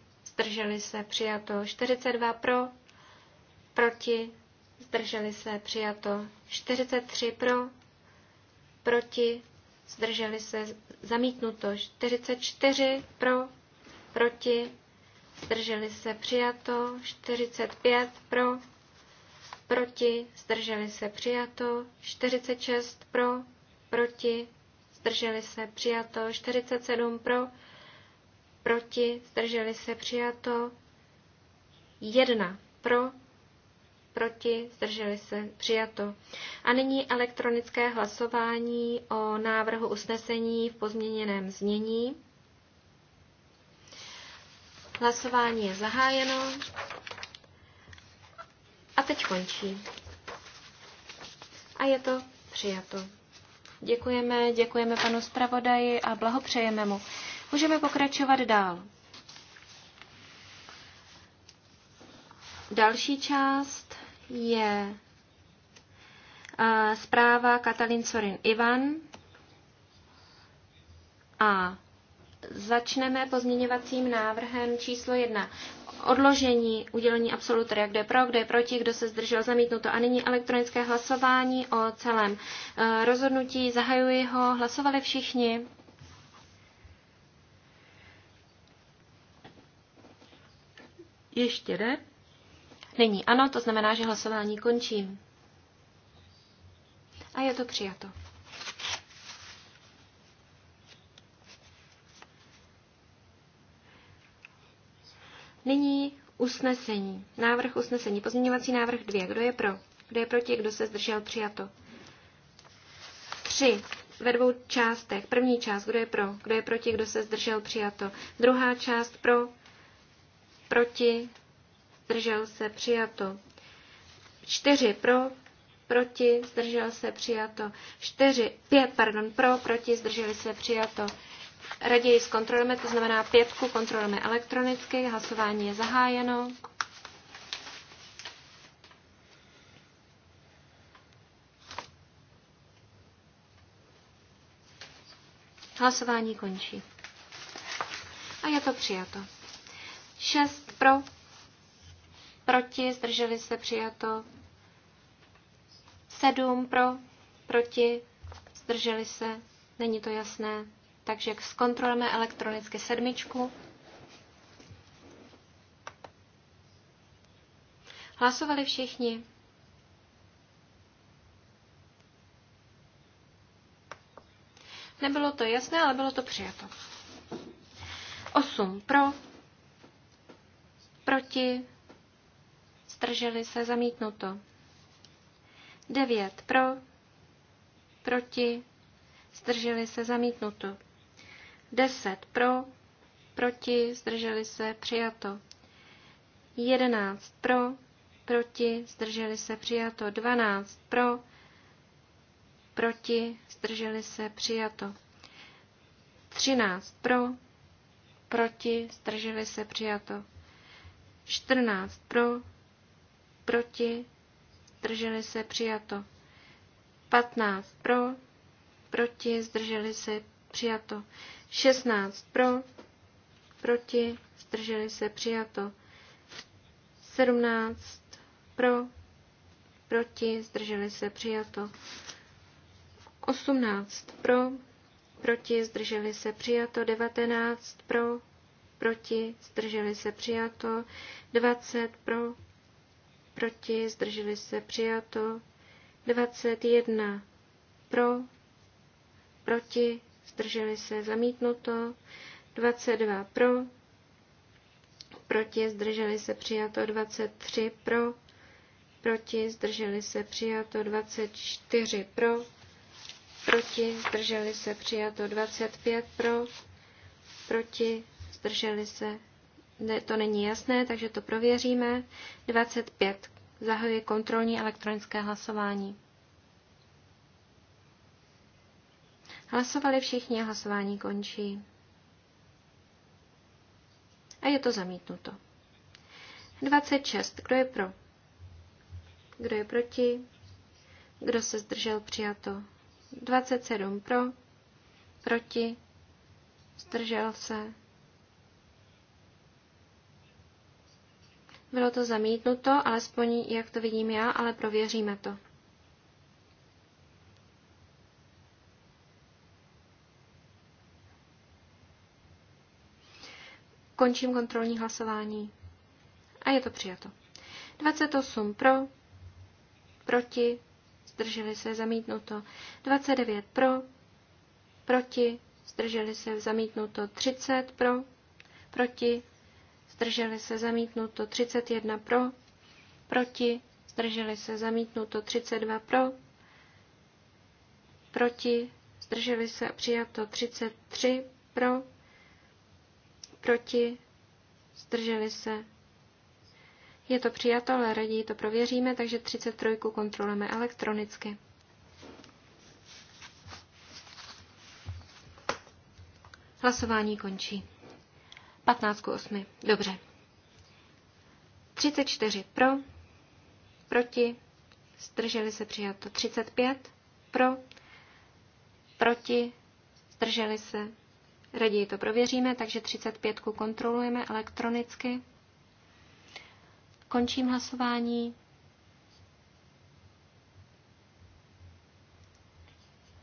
zdrželi se, přijato 42 pro, proti, zdrželi se, přijato 43 pro, proti, zdrželi se, zamítnuto 44 pro, proti, zdrželi se, přijato 45 pro, proti, zdrželi se, přijato 46 pro, proti, zdrželi se, přijato 47 pro, proti, zdrželi se přijato. Jedna pro, proti, zdrželi se přijato. A nyní elektronické hlasování o návrhu usnesení v pozměněném znění. Hlasování je zahájeno. A teď končí. A je to přijato. Děkujeme, děkujeme panu zpravodaji a blahopřejeme mu. Můžeme pokračovat dál. Další část je zpráva Katalin Sorin Ivan a začneme pozměňovacím návrhem číslo jedna. Odložení udělení absolutoria, kde je pro, kde je proti, kdo se zdržel zamítnuto. A nyní elektronické hlasování o celém e, rozhodnutí. Zahajuji ho. Hlasovali všichni. Ještě ne. Není ano, to znamená, že hlasování končím. A je to přijato. Nyní usnesení. Návrh usnesení. Pozměňovací návrh 2. Kdo je pro? Kdo je proti? Kdo se zdržel? Přijato. 3. Ve dvou částech. První část. Kdo je pro? Kdo je proti? Kdo se zdržel? Přijato. Druhá část. Pro? proti, zdržel se, přijato. Čtyři pro, proti, zdržel se, přijato. Čtyři pět, pardon, pro, proti, zdrželi se, přijato. Raději zkontrolujeme, to znamená pětku, kontrolujeme elektronicky, hlasování je zahájeno. Hlasování končí. A je to přijato. 6 pro, proti, zdrželi se přijato. 7 pro, proti, zdrželi se, není to jasné. Takže zkontrolujeme elektronicky sedmičku. Hlasovali všichni. Nebylo to jasné, ale bylo to přijato. 8 pro, proti, zdrželi se, zamítnuto. 9 pro, proti, zdrželi se, zamítnuto. 10 pro, proti, zdrželi se, přijato. 11 pro, proti, zdrželi se, přijato. 12 pro, proti, zdrželi se, přijato. 13 pro, proti, zdrželi se, přijato. 14 pro, proti, zdrželi se, přijato. 15 pro, proti, zdrželi se, přijato. 16 pro, proti, zdrželi se, přijato. 17 pro, proti, zdrželi se, přijato. 18 pro, proti, zdrželi se, přijato. 19 pro, proti, zdrželi se přijato, 20 pro, proti, zdrželi se přijato, 21 pro, proti, zdrželi se zamítnuto, 22 pro, proti, zdrželi se přijato, 23 pro, proti, zdrželi se přijato, 24 pro, proti, zdrželi se přijato, 25 pro, proti, zdrželi se, ne, to není jasné, takže to prověříme. 25. Zahajuji kontrolní elektronické hlasování. Hlasovali všichni a hlasování končí. A je to zamítnuto. 26. Kdo je pro? Kdo je proti? Kdo se zdržel přijato? 27 pro, proti, zdržel se, Bylo to zamítnuto, alespoň jak to vidím já, ale prověříme to. Končím kontrolní hlasování. A je to přijato. 28 pro, proti, zdrželi se, zamítnuto. 29 pro, proti, zdrželi se, zamítnuto. 30 pro, proti, zdrželi se zamítnuto 31 pro, proti, zdrželi se zamítnuto 32 pro, proti, zdrželi se přijato 33 pro, proti, zdrželi se. Je to přijato, ale raději to prověříme, takže 33 kontrolujeme elektronicky. Hlasování končí. 15 k 8. Dobře. 34 pro, proti, zdrželi se přijato. 35 pro, proti, zdrželi se. Raději to prověříme, takže 35 kontrolujeme elektronicky. Končím hlasování.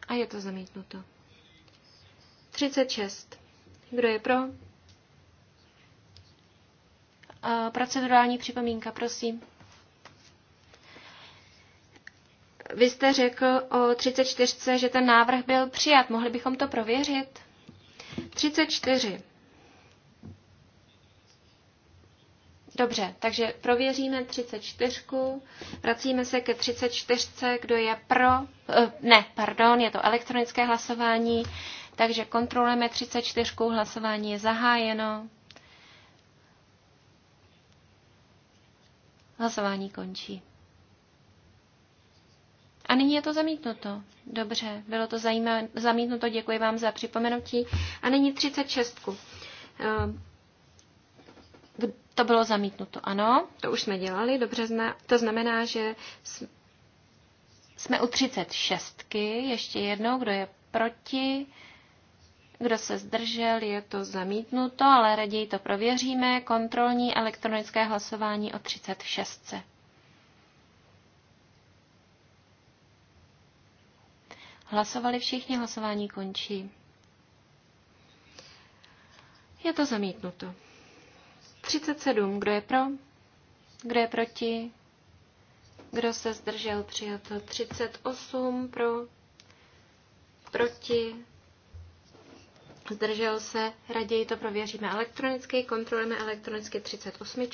A je to zamítnuto. 36. Kdo je pro? procedurální připomínka, prosím. Vy jste řekl o 34, že ten návrh byl přijat. Mohli bychom to prověřit? 34. Dobře, takže prověříme 34. Vracíme se ke 34. Kdo je pro? Eh, ne, pardon, je to elektronické hlasování. Takže kontrolujeme 34. Hlasování je zahájeno. Hlasování končí. A nyní je to zamítnuto. Dobře, bylo to zajímá... zamítnuto, děkuji vám za připomenutí. A nyní 36. Eh, to bylo zamítnuto, ano, to už jsme dělali, dobře, zna, to znamená, že jsme u 36. Ještě jednou, kdo je proti, kdo se zdržel, je to zamítnuto, ale raději to prověříme. Kontrolní elektronické hlasování o 36. Hlasovali všichni, hlasování končí. Je to zamítnuto. 37. Kdo je pro? Kdo je proti? Kdo se zdržel? Přijato. 38. Pro? Proti? Zdržel se, raději to prověříme elektronicky, kontrolujeme elektronicky 38.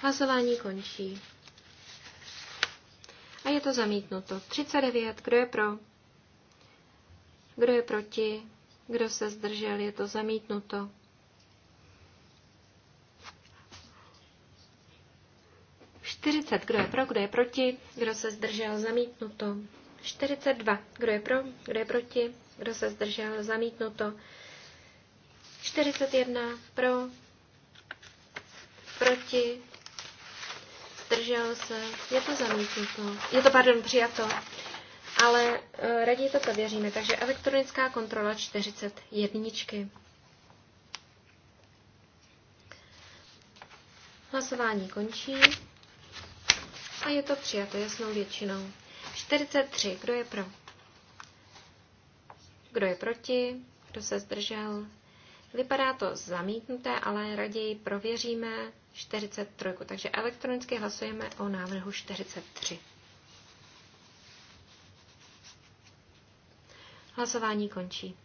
Hlasování končí. A je to zamítnuto. 39, kdo je pro? Kdo je proti? Kdo se zdržel? Je to zamítnuto. kdo je pro, kdo je proti, kdo se zdržel, zamítnuto. 42. Kdo je pro, kdo je proti, kdo se zdržel, zamítnuto. 41. Pro, proti, zdržel se, je to zamítnuto. Je to, pardon, přijato. Ale e, raději to věříme. Takže elektronická kontrola 41. Hlasování končí a je to přijato jasnou většinou. 43. Kdo je pro? Kdo je proti? Kdo se zdržel? Vypadá to zamítnuté, ale raději prověříme 43. Takže elektronicky hlasujeme o návrhu 43. Hlasování končí.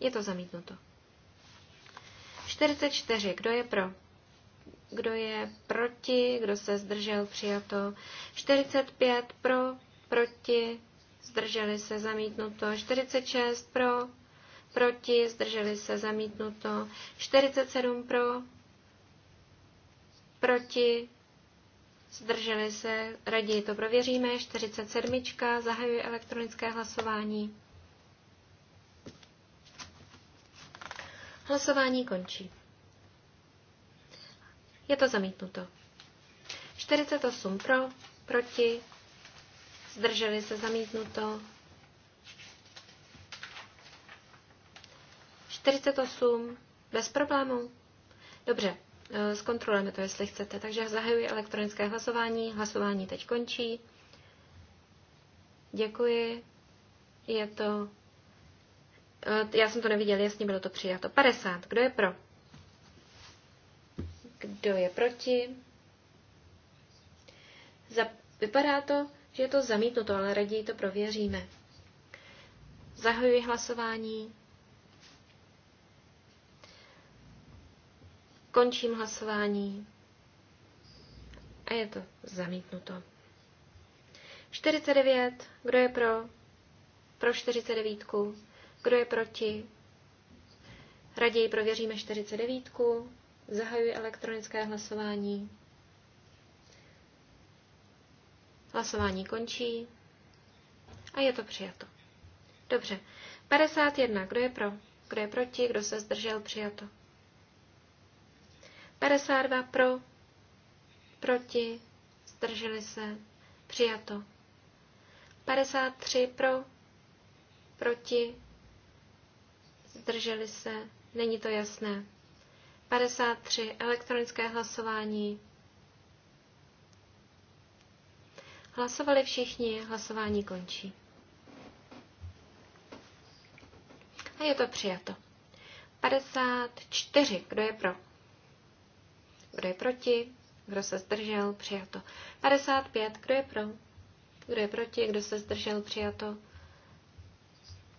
Je to zamítnuto. 44. Kdo je pro? kdo je proti, kdo se zdržel, přijato. 45 pro, proti, zdrželi se, zamítnuto. 46 pro, proti, zdrželi se, zamítnuto. 47 pro, proti, zdrželi se, raději to prověříme. 47. Zahajuji elektronické hlasování. Hlasování končí. Je to zamítnuto. 48 pro, proti, zdrželi se zamítnuto. 48 bez problémů. Dobře, e, zkontrolujeme to, jestli chcete. Takže zahajuji elektronické hlasování. Hlasování teď končí. Děkuji. Je to... E, já jsem to neviděl, jasně bylo to přijato. 50. Kdo je pro? Kdo je proti? Za, vypadá to, že je to zamítnuto, ale raději to prověříme. Zahajuji hlasování. Končím hlasování. A je to zamítnuto. 49. Kdo je pro? Pro 49. Kdo je proti? Raději prověříme 49. Zahajuji elektronické hlasování. Hlasování končí a je to přijato. Dobře. 51. Kdo je pro? Kdo je proti? Kdo se zdržel? Přijato. 52. Pro? Proti? Zdrželi se? Přijato. 53. Pro? Proti? Zdrželi se? Není to jasné. 53. Elektronické hlasování. Hlasovali všichni, hlasování končí. A je to přijato. 54. Kdo je pro? Kdo je proti? Kdo se zdržel? Přijato. 55. Kdo je pro? Kdo je proti? Kdo se zdržel? Přijato.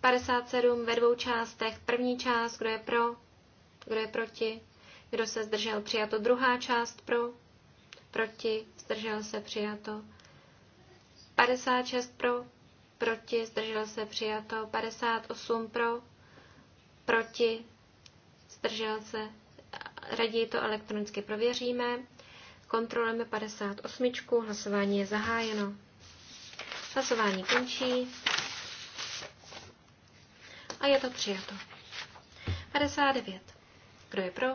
57 ve dvou částech. První část, kdo je pro, kdo je proti, kdo se zdržel přijato? Druhá část pro, proti, zdržel se přijato. 56 pro, proti, zdržel se přijato. 58 pro, proti, zdržel se. Raději to elektronicky prověříme. Kontrolujeme 58. Hlasování je zahájeno. Hlasování končí. A je to přijato. 59. Kdo je pro?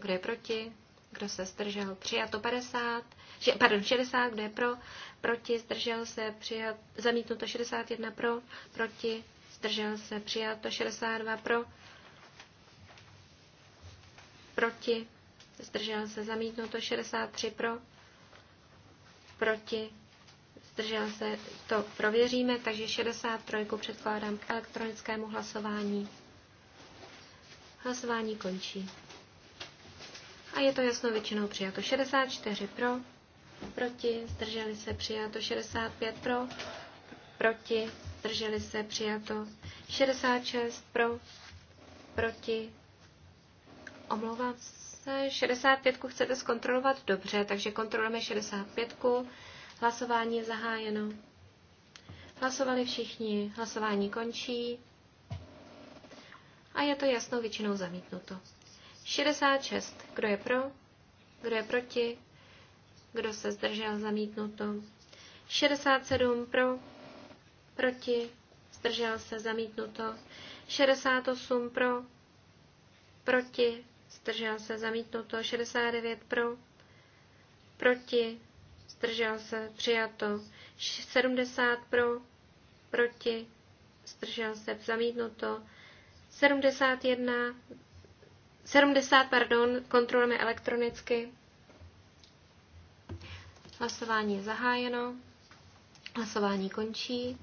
kdo je proti, kdo se zdržel, přijato 50, že, pardon, 60, kdo je pro, proti, zdržel se, přijat, zamítnuto 61 pro, proti, zdržel se, přijato 62 pro, proti, zdržel se, zamítnuto 63 pro, proti, zdržel se, to prověříme, takže 63 předkládám k elektronickému hlasování. Hlasování končí. A je to jasno většinou přijato 64 pro, proti, zdrželi se přijato 65 pro, proti, zdrželi se přijato 66 pro, proti, omlouvám se, 65 chcete zkontrolovat dobře, takže kontrolujeme 65. Hlasování je zahájeno. Hlasovali všichni, hlasování končí a je to jasnou většinou zamítnuto. 66. Kdo je pro? Kdo je proti? Kdo se zdržel? Zamítnuto. 67. Pro? Proti? Zdržel se? Zamítnuto. 68. Pro? Proti? Zdržel se? Zamítnuto. 69. Pro? Proti? Zdržel se? Přijato. 70. Pro? Proti? Zdržel se? Zamítnuto. 71 70, pardon, kontrolujeme elektronicky. Hlasování je zahájeno. Hlasování končí.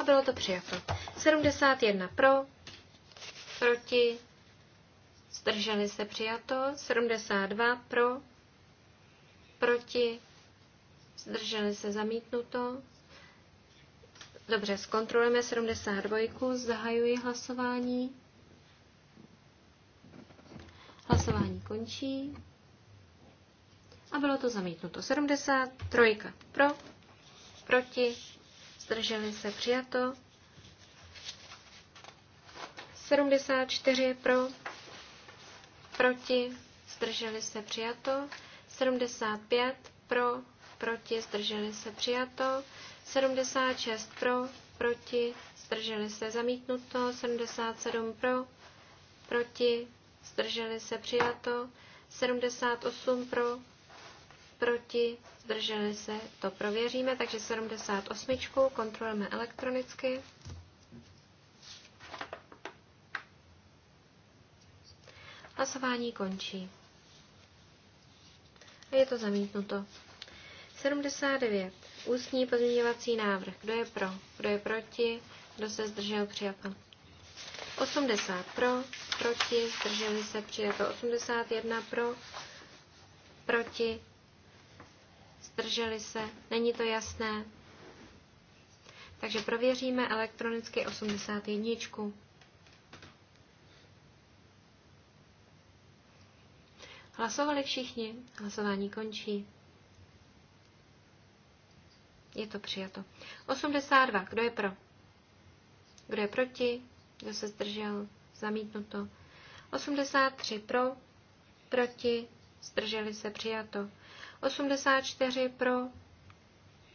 A bylo to přijato. 71 pro, proti, zdrželi se přijato. 72 pro, proti, zdrželi se zamítnuto. Dobře, zkontrolujeme 72. Zahajuji hlasování. Hlasování končí. A bylo to zamítnuto. 73 pro, proti, zdrželi se přijato. 74 pro, proti, zdrželi se přijato. 75 pro, proti, zdrželi se přijato. 76 pro, proti, zdrželi se zamítnuto. 77 pro, proti, zdrželi se přijato, 78 pro, proti, zdrželi se, to prověříme, takže 78 kontrolujeme elektronicky. Hlasování končí. A je to zamítnuto. 79. Ústní pozměňovací návrh. Kdo je pro? Kdo je proti? Kdo se zdržel? Přijato. 80 pro, proti, zdrželi se přijato 81 pro, proti, zdrželi se, není to jasné. Takže prověříme elektronicky 81. Hlasovali všichni, hlasování končí. Je to přijato. 82. Kdo je pro? Kdo je proti? Kdo se zdržel? zamítnuto. 83 pro, proti, zdrželi se přijato. 84 pro,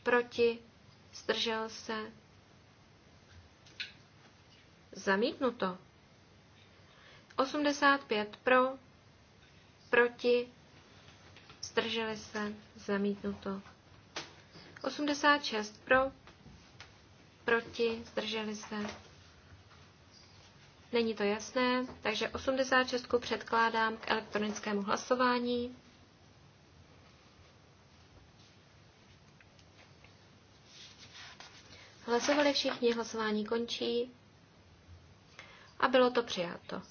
proti, zdržel se, zamítnuto. 85 pro, proti, zdrželi se, zamítnuto. 86 pro, proti, zdrželi se, Není to jasné, takže 86 předkládám k elektronickému hlasování. Hlasovali všichni, hlasování končí a bylo to přijato.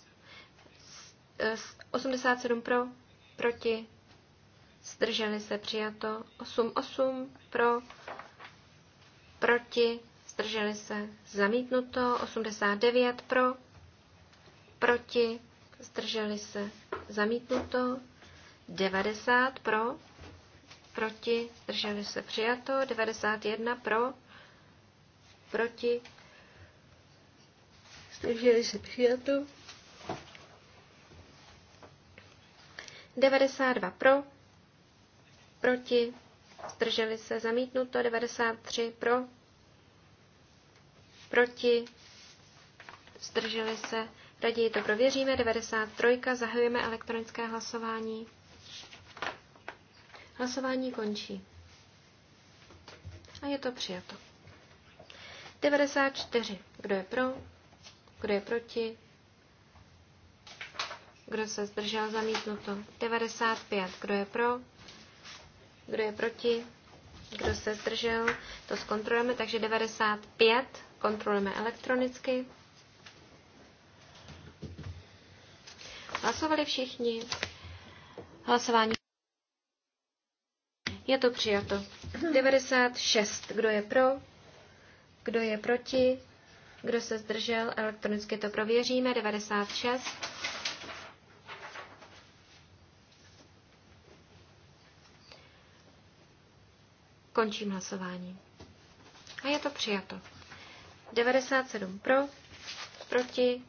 87 pro, proti, zdrželi se přijato, 8, 8 pro, proti, zdrželi se zamítnuto, 89 pro, proti, zdrželi se, zamítnuto, 90 pro, proti, zdrželi se, přijato, 91 pro, proti, zdrželi se, přijato, 92 pro, proti, zdrželi se, zamítnuto, 93 pro, proti, zdrželi se, Raději to prověříme. 93. Zahajujeme elektronické hlasování. Hlasování končí. A je to přijato. 94. Kdo je pro? Kdo je proti? Kdo se zdržel zamítnuto? 95. Kdo je pro? Kdo je proti? Kdo se zdržel? To zkontrolujeme, takže 95 kontrolujeme elektronicky. Hlasovali všichni. Hlasování. Je to přijato. 96. Kdo je pro? Kdo je proti? Kdo se zdržel? Elektronicky to prověříme. 96. Končím hlasování. A je to přijato. 97 pro, proti,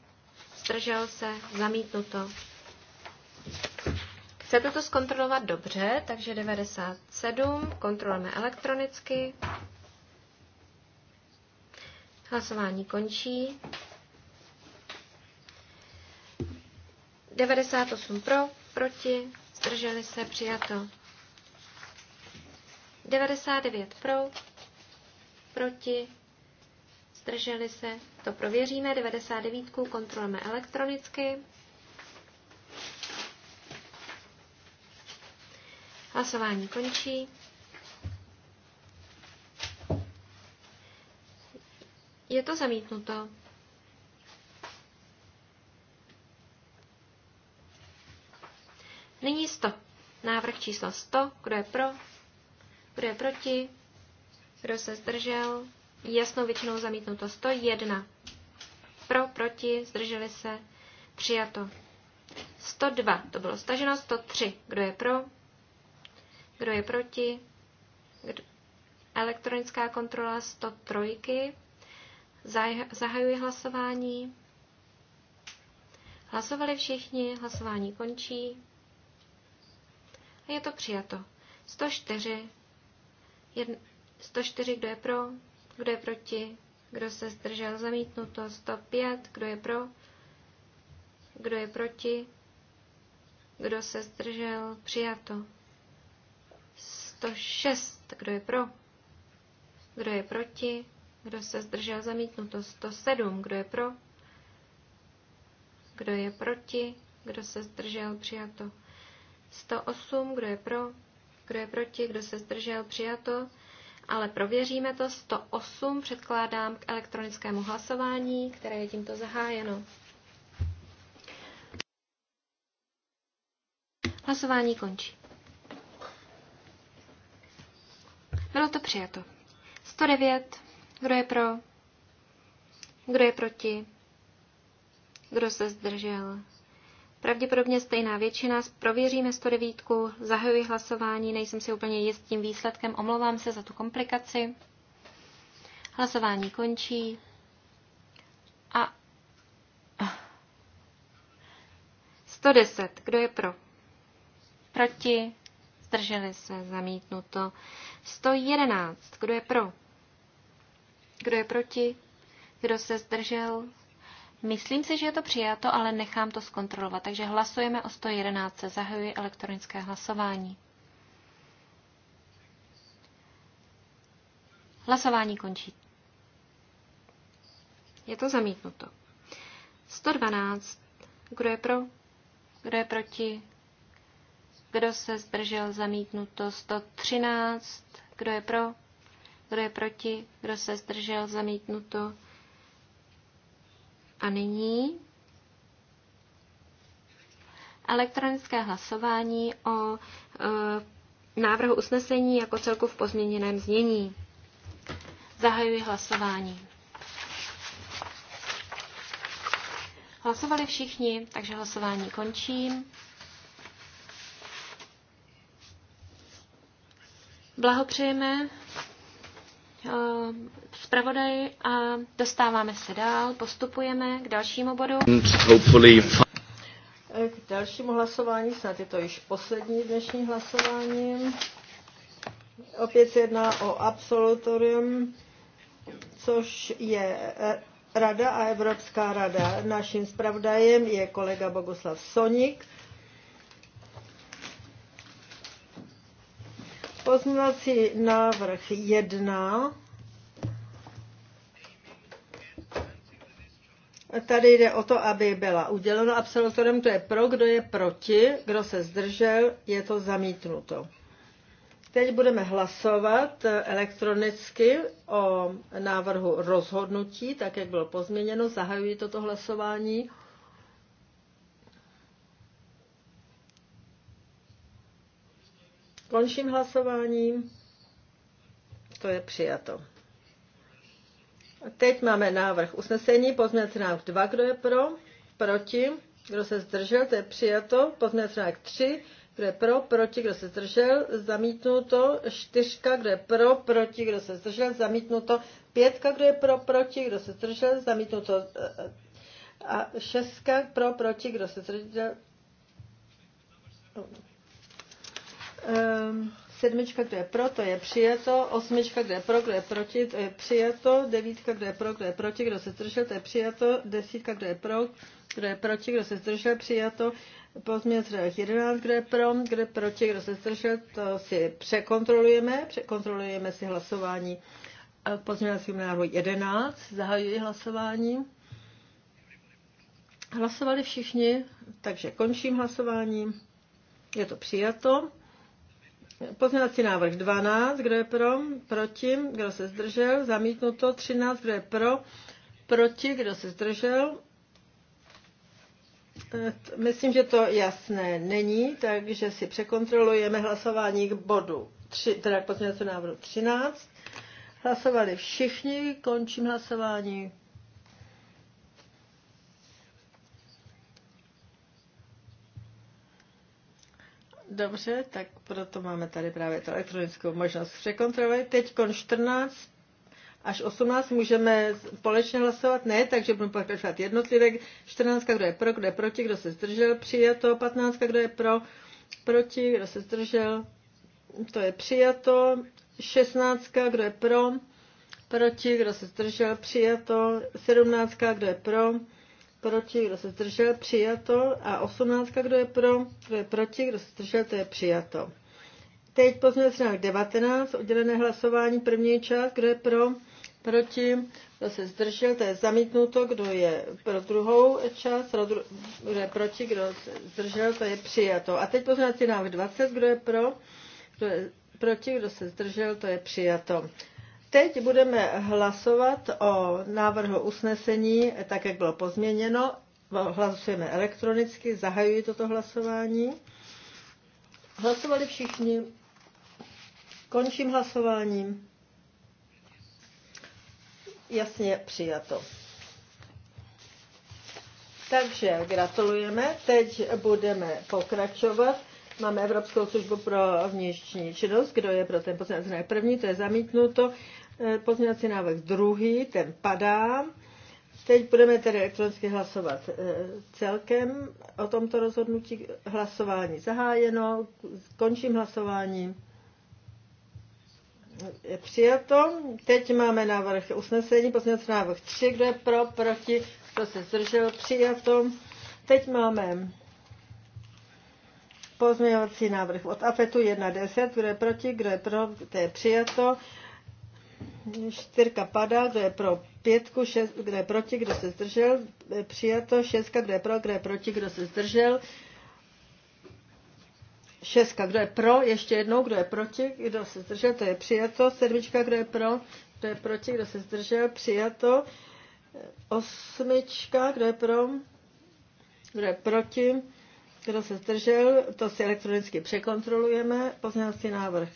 zdržel se, zamítnuto. Chcete to zkontrolovat dobře, takže 97, kontrolujeme elektronicky. Hlasování končí. 98 pro, proti, zdrželi se, přijato. 99 pro, proti, zdrželi se, to prověříme, 99 kontrolujeme elektronicky. Hlasování končí. Je to zamítnuto. Nyní 100. Návrh číslo 100. Kdo je pro? Kdo je proti? Kdo se zdržel? jasnou většinou zamítnuto. 101 pro, proti, zdrželi se, přijato. 102, to bylo staženo, 103, kdo je pro, kdo je proti, kdo... elektronická kontrola 103, zahajuji hlasování, hlasovali všichni, hlasování končí a je to přijato. 104, 104, kdo je pro, kdo je proti? Kdo se zdržel? Zamítnuto. 105. Kdo je pro? Kdo je proti? Kdo se zdržel? Přijato. 106. Kdo je pro? Kdo je proti? Kdo se zdržel? Zamítnuto. 107. Kdo je pro? Kdo je proti? Kdo se zdržel? Přijato. 108. Kdo je pro? Kdo je proti? Kdo se zdržel? Přijato ale prověříme to. 108 předkládám k elektronickému hlasování, které je tímto zahájeno. Hlasování končí. Bylo to přijato. 109. Kdo je pro? Kdo je proti? Kdo se zdržel? Pravděpodobně stejná většina. Prověříme 109. Zahajuji hlasování. Nejsem si úplně jist tím výsledkem. Omlouvám se za tu komplikaci. Hlasování končí. A 110. Kdo je pro? Proti? Zdrželi se? Zamítnuto. 111. Kdo je pro? Kdo je proti? Kdo se zdržel? Myslím si, že je to přijato, ale nechám to zkontrolovat. Takže hlasujeme o 111. Zahajuji elektronické hlasování. Hlasování končí. Je to zamítnuto. 112. Kdo je pro? Kdo je proti? Kdo se zdržel zamítnuto? 113. Kdo je pro? Kdo je proti? Kdo se zdržel zamítnuto? A nyní elektronické hlasování o e, návrhu usnesení jako celku v pozměněném znění. Zahajuji hlasování. Hlasovali všichni, takže hlasování končím. Blahopřejeme Eh, zpravodaj a dostáváme se dál, postupujeme k dalšímu bodu. Eh, k dalšímu hlasování, snad je to již poslední dnešní hlasování. Opět se jedná o absolutorium, což je eh, Rada a Evropská rada. Naším zpravodajem je kolega Boguslav Sonik. Pozměňovací návrh 1. Tady jde o to, aby byla uděleno absolutorem, to je pro, kdo je proti, kdo se zdržel, je to zamítnuto. Teď budeme hlasovat elektronicky o návrhu rozhodnutí, tak jak bylo pozměněno. Zahajuji toto hlasování. Končím hlasování. To je přijato. A teď máme návrh usnesení, pozměnací návrh 2, kdo je pro, proti, kdo se zdržel, to je přijato, pozměnací návrh 3, kdo je pro, proti, kdo se zdržel, zamítnuto, čtyřka, kdo je pro, proti, kdo se zdržel, zamítnuto, pětka, kdo je pro, proti, kdo se zdržel, zamítnuto, a šestka, pro, proti, kdo se zdržel, Um, sedmička, kdo je pro, to je přijeto. Osmička, kdo je pro, kdo je proti, to je přijeto. Devítka, kdo je pro, kdo je proti, kdo se zdržel, to je přijeto. Desítka, kdo je pro, kdo je proti, kdo se zdržel, přijeto. Pozměnit 11, kdo je pro, kdo je proti, kdo se zdržel, to si překontrolujeme. Překontrolujeme si hlasování k pozměňovacímu návrhu 11. Zahajuji hlasování. Hlasovali všichni, takže končím hlasování. Je to přijato. Pozměnací návrh 12, kdo je pro, proti, kdo se zdržel, zamítnuto 13, kdo je pro, proti, kdo se zdržel. E, myslím, že to jasné není, takže si překontrolujeme hlasování k bodu 3, teda k pozměňovacímu návrhu 13. Hlasovali všichni, končím hlasování. Dobře, tak proto máme tady právě tu elektronickou možnost překontrolovat. Teď 14 až 18 můžeme společně hlasovat, ne, takže budeme pokračovat jednotlivě. 14, kdo je pro, kdo je proti, kdo se zdržel, přijato. 15, kdo je pro, proti, kdo se zdržel, to je přijato. 16, kdo je pro, proti, kdo se zdržel, přijato. 17, kdo je pro, proti, kdo se zdržel, přijato. A osmnáctka, kdo je pro, kdo je proti, kdo se zdržel, to je přijato. Teď pozměňovací návrh 19, oddělené hlasování, první část, kdo je pro, proti, kdo se zdržel, to je zamítnuto, kdo je pro druhou část, kdo je proti, kdo se zdržel, to je přijato. A teď pozměňovací návrh 20, kdo je pro, kdo je proti, kdo se zdržel, to je přijato. Teď budeme hlasovat o návrhu usnesení, tak jak bylo pozměněno. Hlasujeme elektronicky, zahajuji toto hlasování. Hlasovali všichni. Končím hlasováním. Jasně přijato. Takže gratulujeme. Teď budeme pokračovat. Máme Evropskou službu pro vnitřní činnost. Kdo je pro ten poslanec? První, to je zamítnuto. E, pozměňovací návrh druhý, ten padá. Teď budeme tedy elektronicky hlasovat e, celkem o tomto rozhodnutí. Hlasování zahájeno, končím hlasování. Je přijato. Teď máme návrh usnesení, pozměňovací návrh 3, kdo je pro, proti, kdo se zdržel, přijato. Teď máme pozměňovací návrh od AFETu 1.10, kdo je proti, kdo je pro, to je přijato čtyřka padá, kdo je pro pětku, šest, kdo je proti, kdo se zdržel, přijato, šestka, kdo je pro, kdo je proti, kdo se zdržel, šestka, kdo je pro, ještě jednou, kdo je proti, kdo se zdržel, to je přijato, sedmička, kdo je pro, kdo je proti, kdo se zdržel, přijato, osmička, kdo je pro, kdo je proti, kdo se zdržel, to si elektronicky překontrolujeme, poznávací návrh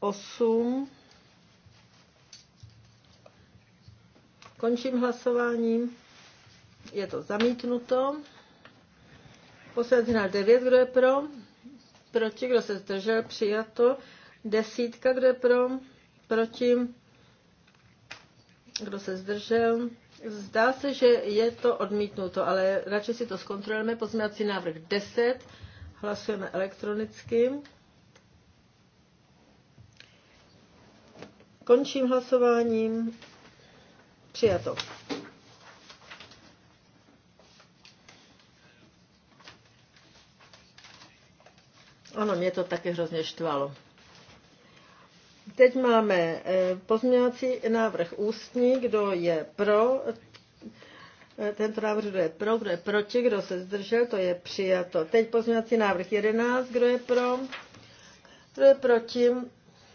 8, Končím hlasování. Je to zamítnuto. Poslední na 9, kdo je pro? Proti, kdo se zdržel? Přijato. Desítka, kdo je pro? Proti, kdo se zdržel? Zdá se, že je to odmítnuto, ale radši si to zkontrolujeme. Pozměňovací návrh 10. Hlasujeme elektronicky. Končím hlasováním. Přijato. Ano, mě to taky hrozně štvalo. Teď máme eh, pozměňovací návrh ústní, kdo je pro eh, tento návrh, kdo je pro, kdo je proti, kdo se zdržel, to je přijato. Teď pozměňovací návrh 11, kdo je pro, kdo je proti,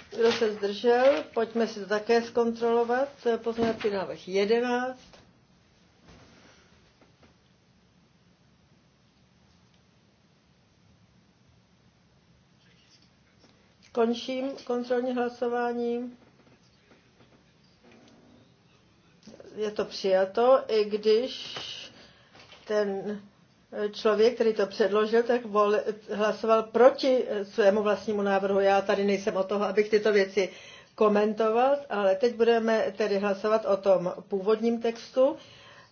kdo se zdržel? Pojďme si to také zkontrolovat. Pozměňovací návrh 11. Končím kontrolní hlasování. Je to přijato, i když ten člověk, který to předložil, tak vol, hlasoval proti svému vlastnímu návrhu. Já tady nejsem o toho, abych tyto věci komentoval, ale teď budeme tedy hlasovat o tom původním textu.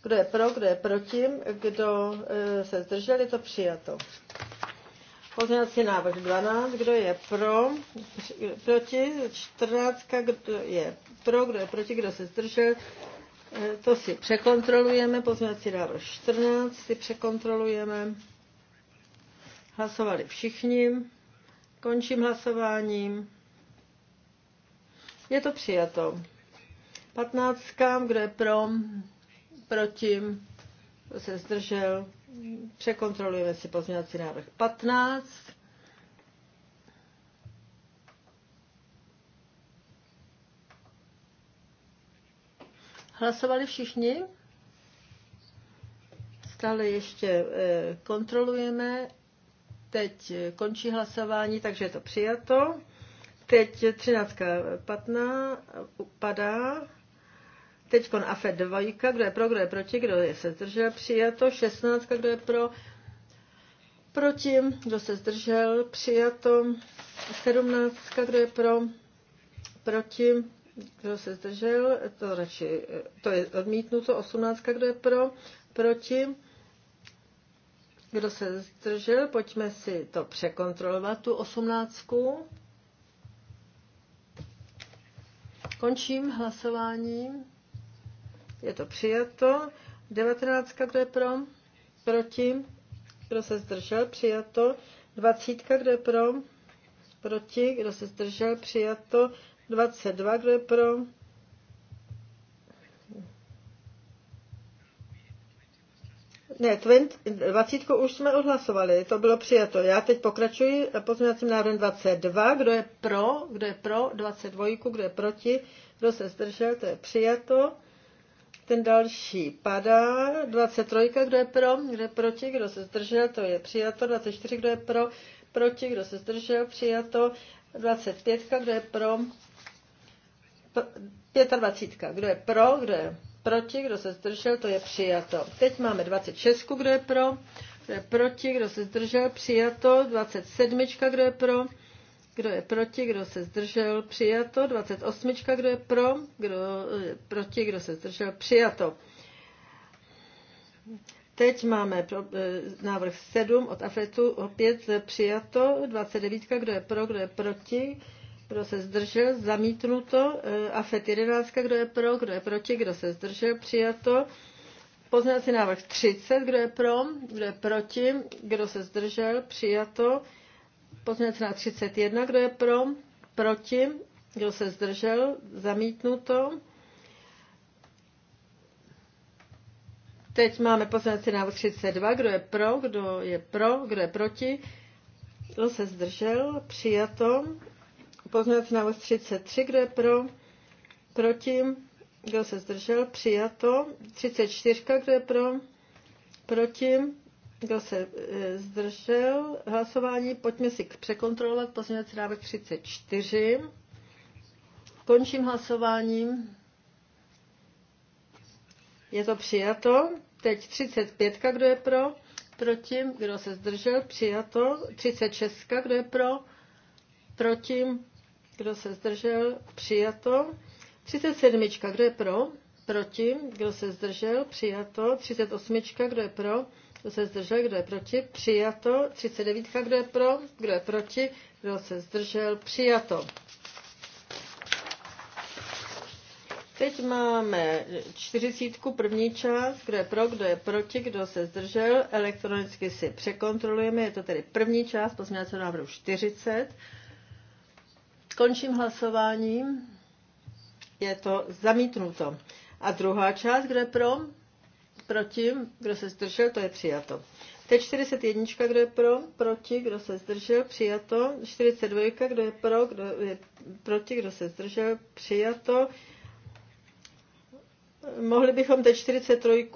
Kdo je pro, kdo je proti, kdo e, se zdržel, je to přijato. Pozměňovací návrh 12, kdo je pro, proti, 14, kdo je pro, kdo je proti, kdo se zdržel, Eh, to si překontrolujeme, pozměňovací návrh 14 si překontrolujeme. Hlasovali všichni. Končím hlasováním. Je to přijato. 15. Kdo je pro? Proti? Kdo se zdržel? Překontrolujeme si pozměňovací návrh 15. Hlasovali všichni? Stále ještě eh, kontrolujeme. Teď končí hlasování, takže je to přijato. Teď 13. padá. Teď kon AFE 2, kdo je pro, kdo je proti, kdo je se zdržel, přijato. 16, kdo je pro, proti, kdo se zdržel, přijato. 17, kdo je pro, proti, kdo se zdržel, to radši, to je odmítnuto, 18, kdo je pro, proti. Kdo se zdržel, pojďme si to překontrolovat, tu osmnáctku. Končím hlasováním. Je to přijato. 19. Kdo je pro? Proti? Kdo se zdržel? Přijato. 20. Kdo je pro? Proti? Kdo se zdržel? Přijato. 22, kdo je pro? Ne, 20 už jsme odhlasovali, to bylo přijato. Já teď pokračuji pozměňovacím návrhem 22. Kdo je pro, kdo je pro, 22, kdo je proti, kdo se zdržel, to je přijato. Ten další padá. 23, kdo je pro, kdo je proti, kdo se zdržel, to je přijato. 24, kdo je pro, proti, kdo se zdržel, přijato. 25, kdo je pro, 25. Kdo je pro, kdo je proti, kdo se zdržel, to je přijato. Teď máme 26. Kdo je pro, kdo je proti, kdo se zdržel, přijato. 27. Kdo je pro, kdo je proti, kdo se zdržel, přijato. 28. Kdo je pro, kdo je proti, kdo se zdržel, přijato. Teď máme eh, návrh 7 od Afetu, opět eh, přijato. 29. Kdo je pro, kdo je proti, kdo se zdržel? Zamítnuto. E, FET 11. Kdo je pro? Kdo je proti? Kdo se zdržel? Přijato. Pozměňovací návrh 30. Kdo je pro? Kdo je proti? Kdo se zdržel? Přijato. Pozměňovací návrh 31. Kdo je pro? Proti? Kdo se zdržel? Zamítnuto. Teď máme poslanecí návrh 32. Kdo je pro? Kdo je pro? Kdo je proti? Kdo se zdržel? Přijato. Poznací na 33, kdo je pro? Proti? Kdo se zdržel? Přijato. 34, kdo je pro? Proti? Kdo se e, zdržel hlasování? Pojďme si překontrolovat pozměňovací návrh 34. Končím hlasováním. Je to přijato. Teď 35, kdo je pro? Proti? Kdo se zdržel? Přijato. 36, kdo je pro? Proti? Kdo se zdržel? Přijato. 37. Kdo je pro? Proti. Kdo se zdržel? Přijato. 38. Kdo je pro? Kdo se zdržel? Kdo je proti? Přijato. 39. Kdo je pro? Kdo je proti? Kdo se zdržel? Přijato. Teď máme čtyřicítku, první část, kdo je pro, kdo je proti, kdo se zdržel. Elektronicky si překontrolujeme, je to tedy první část pozměňovacího návrhu 40. Končím hlasováním. Je to zamítnuto. A druhá část, kdo je pro? Proti? Kdo se zdržel? To je přijato. Teď 41, kdo je pro? Proti? Kdo se zdržel? Přijato. 42, kdo je pro? Kdo je proti? Kdo se zdržel? Přijato. Mohli bychom teď 43,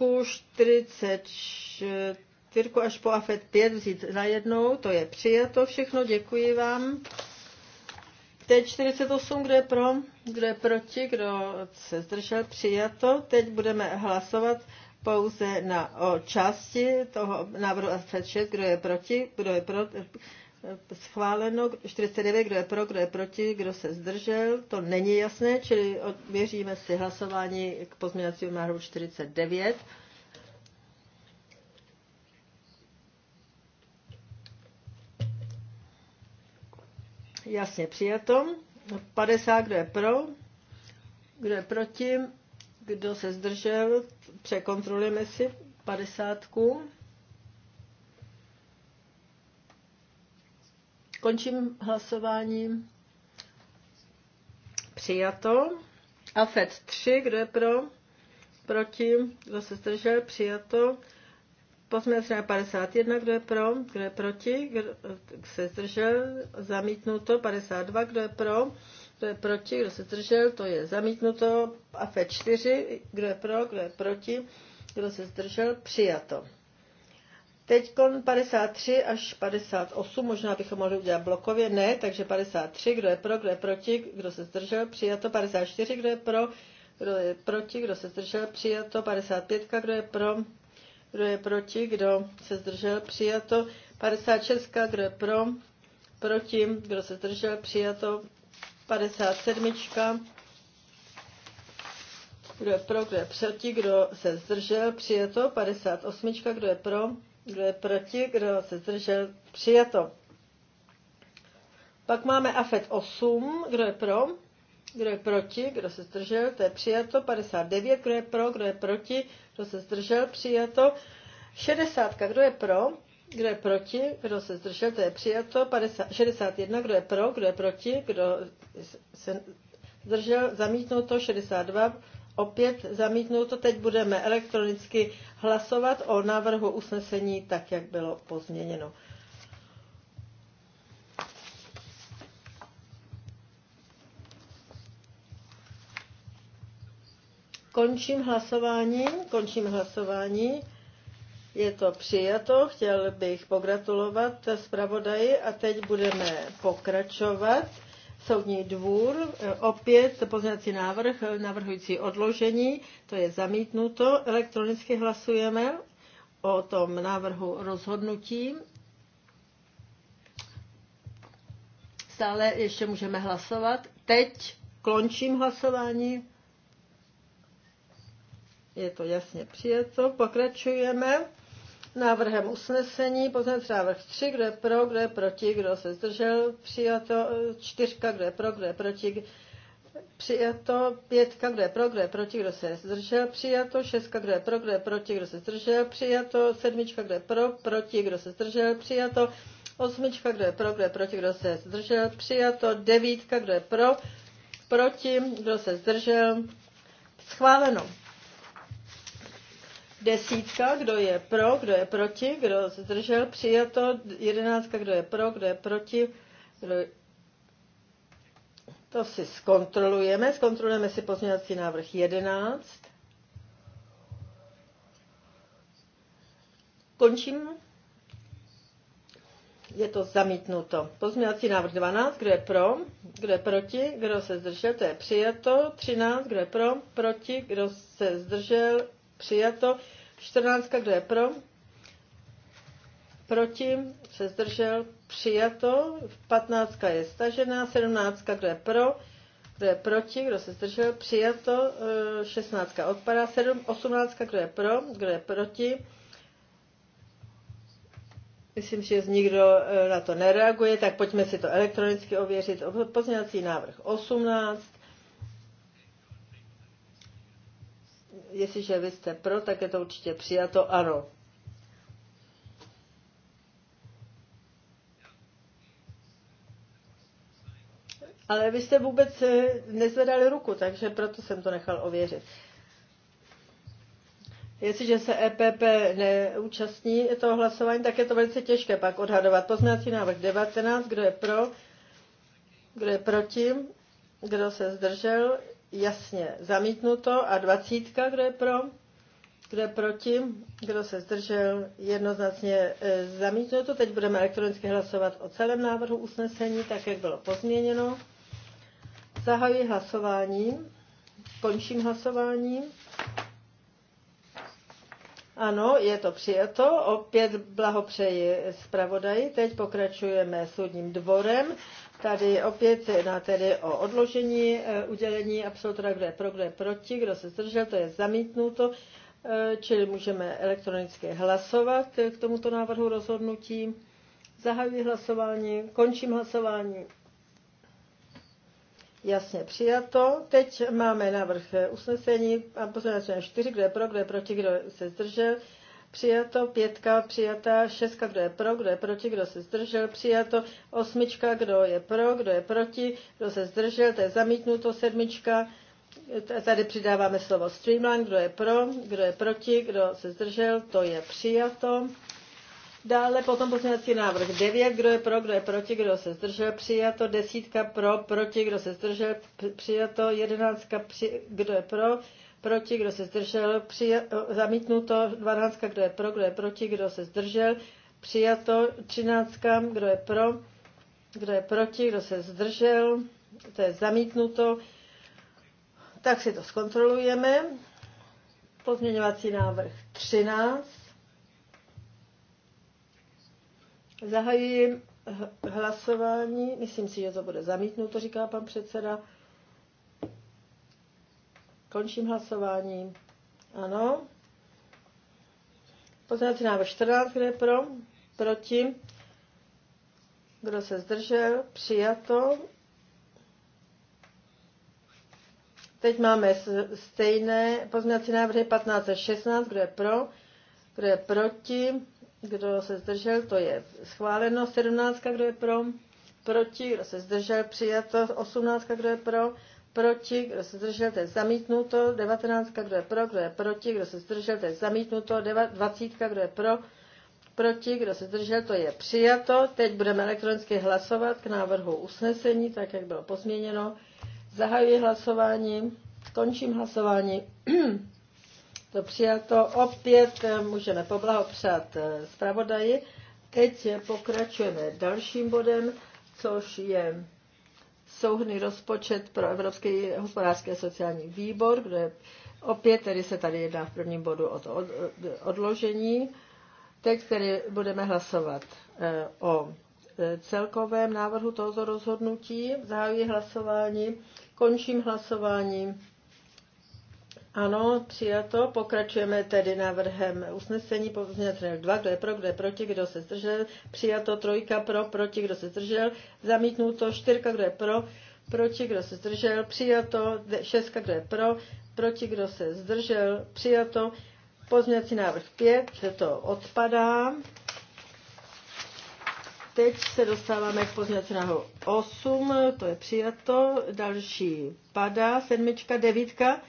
44 až po AFET 5 vzít najednou. To je přijato všechno. Děkuji vám t 48 kdo je pro, kdo je proti, kdo se zdržel, přijato. Teď budeme hlasovat pouze na, o části toho návrhu a 6, kdo je proti, kdo je pro, schváleno, 49, kdo je pro, kdo je proti, kdo se zdržel, to není jasné, čili věříme si hlasování k pozměňovacímu návrhu 49. Jasně přijato. 50, kdo je pro, kdo je proti, kdo se zdržel, překontrolujeme si 50. Končím hlasování. Přijato. FED 3, kdo je pro? Proti, kdo se zdržel? Přijato. Pozměňovací 51, kdo je pro, kdo je proti, kdo se zdržel, zamítnuto. 52, kdo je pro, kdo je proti, kdo se zdržel, to je zamítnuto. A F4, kdo je pro, kdo je proti, kdo se zdržel, přijato. Teď 53 až 58, možná bychom mohli udělat blokově, ne, takže 53, kdo je pro, kdo je proti, kdo se zdržel, přijato, 54, kdo je pro, kdo je proti, kdo se zdržel, přijato, 55, kdo je pro, kdo je proti, kdo se zdržel, přijato. 56, kdo je pro, proti, kdo se zdržel, přijato. 57, kdo je pro, kdo je proti, kdo se zdržel, přijato. 58, kdo je pro, kdo je proti, kdo se zdržel, přijato. Pak máme AFET 8, kdo je pro, kdo je proti? Kdo se zdržel? To je přijato. 59. Kdo je pro? Kdo je proti? Kdo se zdržel? Přijato. 60. Kdo je pro? Kdo je proti? Kdo se zdržel? To je přijato. 50, 61. Kdo je pro? Kdo je proti? Kdo se zdržel? Zamítnuto. 62. Opět zamítnuto. Teď budeme elektronicky hlasovat o návrhu usnesení tak, jak bylo pozměněno. Končím hlasování, končím hlasování. Je to přijato, chtěl bych pogratulovat zpravodaji a teď budeme pokračovat. Soudní dvůr, eh, opět poznací návrh, eh, navrhující odložení, to je zamítnuto, elektronicky hlasujeme o tom návrhu rozhodnutí. Stále ještě můžeme hlasovat. Teď končím hlasování je to jasně přijeto. Pokračujeme návrhem usnesení, poznat návrh 3, kdo je pro, kdo je proti, kdo se zdržel, přijato, čtyřka, kdo je pro, kdo je proti, přijato, pětka, kdo je pro, kdo je proti, kdo se zdržel, přijato, šestka, kdo je pro, kdo je proti, kdo se zdržel, přijato, sedmička, kdo je pro, proti, kdo se zdržel, přijato, osmička, kdo je pro, kdo je proti, kdo se zdržel, přijato, devítka, kdo je pro, proti, kdo se zdržel, schváleno. Desítka, kdo je pro, kdo je proti, kdo zdržel, přijato. Jedenáctka, kdo je pro, kdo je proti, kdo je... To si zkontrolujeme. Zkontrolujeme si pozměňovací návrh 11. Končím. Je to zamítnuto. Pozměňovací návrh 12, kdo je pro, kdo je proti, kdo se zdržel, to je přijato. 13, kdo je pro, proti, kdo se zdržel, Přijato. 14. Kdo je pro? Proti? Se zdržel? Přijato. 15. je stažená. 17. Kdo je pro? Kdo je proti? Kdo se zdržel? Přijato. 16. Eh, odpadá. 7. 18. Kdo je pro? Kdo je proti? Myslím, že nikdo eh, na to nereaguje, tak pojďme si to elektronicky ověřit. Pozměňovací návrh 18. Jestliže vy jste pro, tak je to určitě přijato ano. Ale vy jste vůbec eh, nezvedali ruku, takže proto jsem to nechal ověřit. Jestliže se EPP neúčastní toho hlasování, tak je to velice těžké pak odhadovat. Poznací návrh 19, kdo je pro, kdo je proti, kdo se zdržel, Jasně, zamítnuto. A dvacítka, kdo je pro? Kdo je proti? Kdo se zdržel? Jednoznačně e, zamítnuto. Teď budeme elektronicky hlasovat o celém návrhu usnesení, tak jak bylo pozměněno. Zahajuji hlasování. Končím hlasování. Ano, je to přijato. Opět blahopřeji zpravodaji. Teď pokračujeme soudním dvorem Tady opět se jedná tedy o odložení eh, udělení absolutora, kdo je pro, kdo je proti, kdo se zdržel, to je zamítnuto, eh, čili můžeme elektronicky hlasovat eh, k tomuto návrhu rozhodnutí. Zahajuji hlasování, končím hlasování. Jasně přijato. Teď máme návrh usnesení. Pan poslanec 4, kdo je pro, kdo je proti, kdo se zdržel přijato, pětka, přijatá, šestka, kdo je pro, kdo je proti, kdo se zdržel, přijato, osmička, kdo je pro, kdo je proti, kdo se zdržel, to je zamítnuto, sedmička, tady přidáváme slovo streamline, kdo je pro, kdo je proti, kdo se zdržel, to je přijato. Dále potom pozměňovací návrh 9, kdo je pro, kdo je proti, kdo se zdržel, přijato, desítka pro, proti, kdo se zdržel, přijato, jedenáctka, při, kdo je pro, proti, kdo se zdržel, přija, eh, zamítnuto, 12, kdo je pro, kdo je proti, kdo se zdržel, přijato, 13, kdo je pro, kdo je proti, kdo se zdržel, to je zamítnuto, tak si to zkontrolujeme. Pozměňovací návrh 13. Zahajím hlasování. Myslím si, že to bude zamítnuto, říká pan předseda. Končím hlasování. Ano. Poznáte návrh 14, kde je pro? Proti? Kdo se zdržel? Přijato. Teď máme stejné pozměňovací návrhy 15 a 16, kdo je pro, kdo je proti, kdo se zdržel, to je schváleno, 17, kdo je pro, proti, kdo se zdržel, přijato, 18, kdo je pro, proti, kdo se zdržel, to je zamítnuto, 19, kdo je pro, kdo je proti, kdo se zdržel, to je zamítnuto, 20, kdo je pro, proti, kdo se zdržel, to je přijato. Teď budeme elektronicky hlasovat k návrhu usnesení, tak jak bylo pozměněno. Zahajuji hlasování, končím hlasování. <clears throat> To přijato. Opět eh, můžeme poblahopřát eh, zpravodaji. Teď pokračujeme dalším bodem, což je souhny rozpočet pro Evropský hospodářský a sociální výbor, kde opět tedy se tady jedná v prvním bodu o to odložení. Teď tedy budeme hlasovat e, o e, celkovém návrhu tohoto rozhodnutí. Zahajuji hlasování, končím hlasování. Ano, přijato. Pokračujeme tedy návrhem usnesení. Pozměňovací návrh dva Kdo je pro, kdo je proti, kdo se zdržel. Přijato. Trojka pro, proti, kdo se zdržel. Zamítnuto. Čtyřka, kdo je pro, proti, kdo se zdržel. Přijato. Šestka, kdo je pro, proti, kdo se zdržel. Přijato. Pozměňovací návrh pět, Že to odpadá. Teď se dostáváme k pozměňovacímu návrhu 8. To je přijato. Další padá. Sedmička, devítka.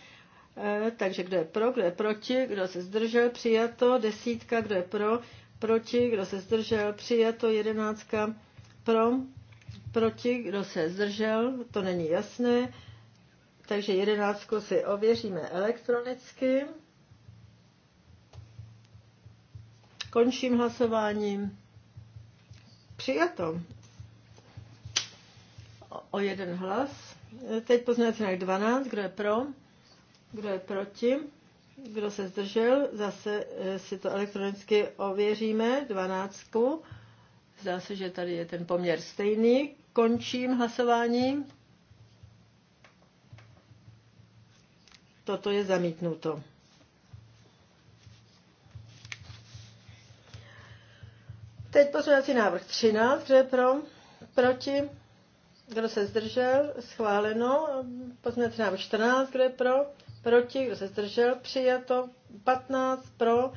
Eh, takže kdo je pro, kdo je proti, kdo se zdržel, přijato, desítka, kdo je pro, proti, kdo se zdržel, přijato, jedenáctka, pro, proti, kdo se zdržel, to není jasné, takže jedenáctku si ověříme elektronicky. Končím hlasováním. Přijato. O jeden hlas. Eh, teď poznáte 12, kdo je pro? Kdo je proti? Kdo se zdržel? Zase eh, si to elektronicky ověříme. Dvanáctku. Zdá se, že tady je ten poměr stejný. Končím hlasování. Toto je zamítnuto. Teď pozměňovací návrh 13, kdo je pro, proti, kdo se zdržel, schváleno. Pozměňovací návrh 14, kdo je pro, proti, kdo se zdržel, přijato, 15 pro,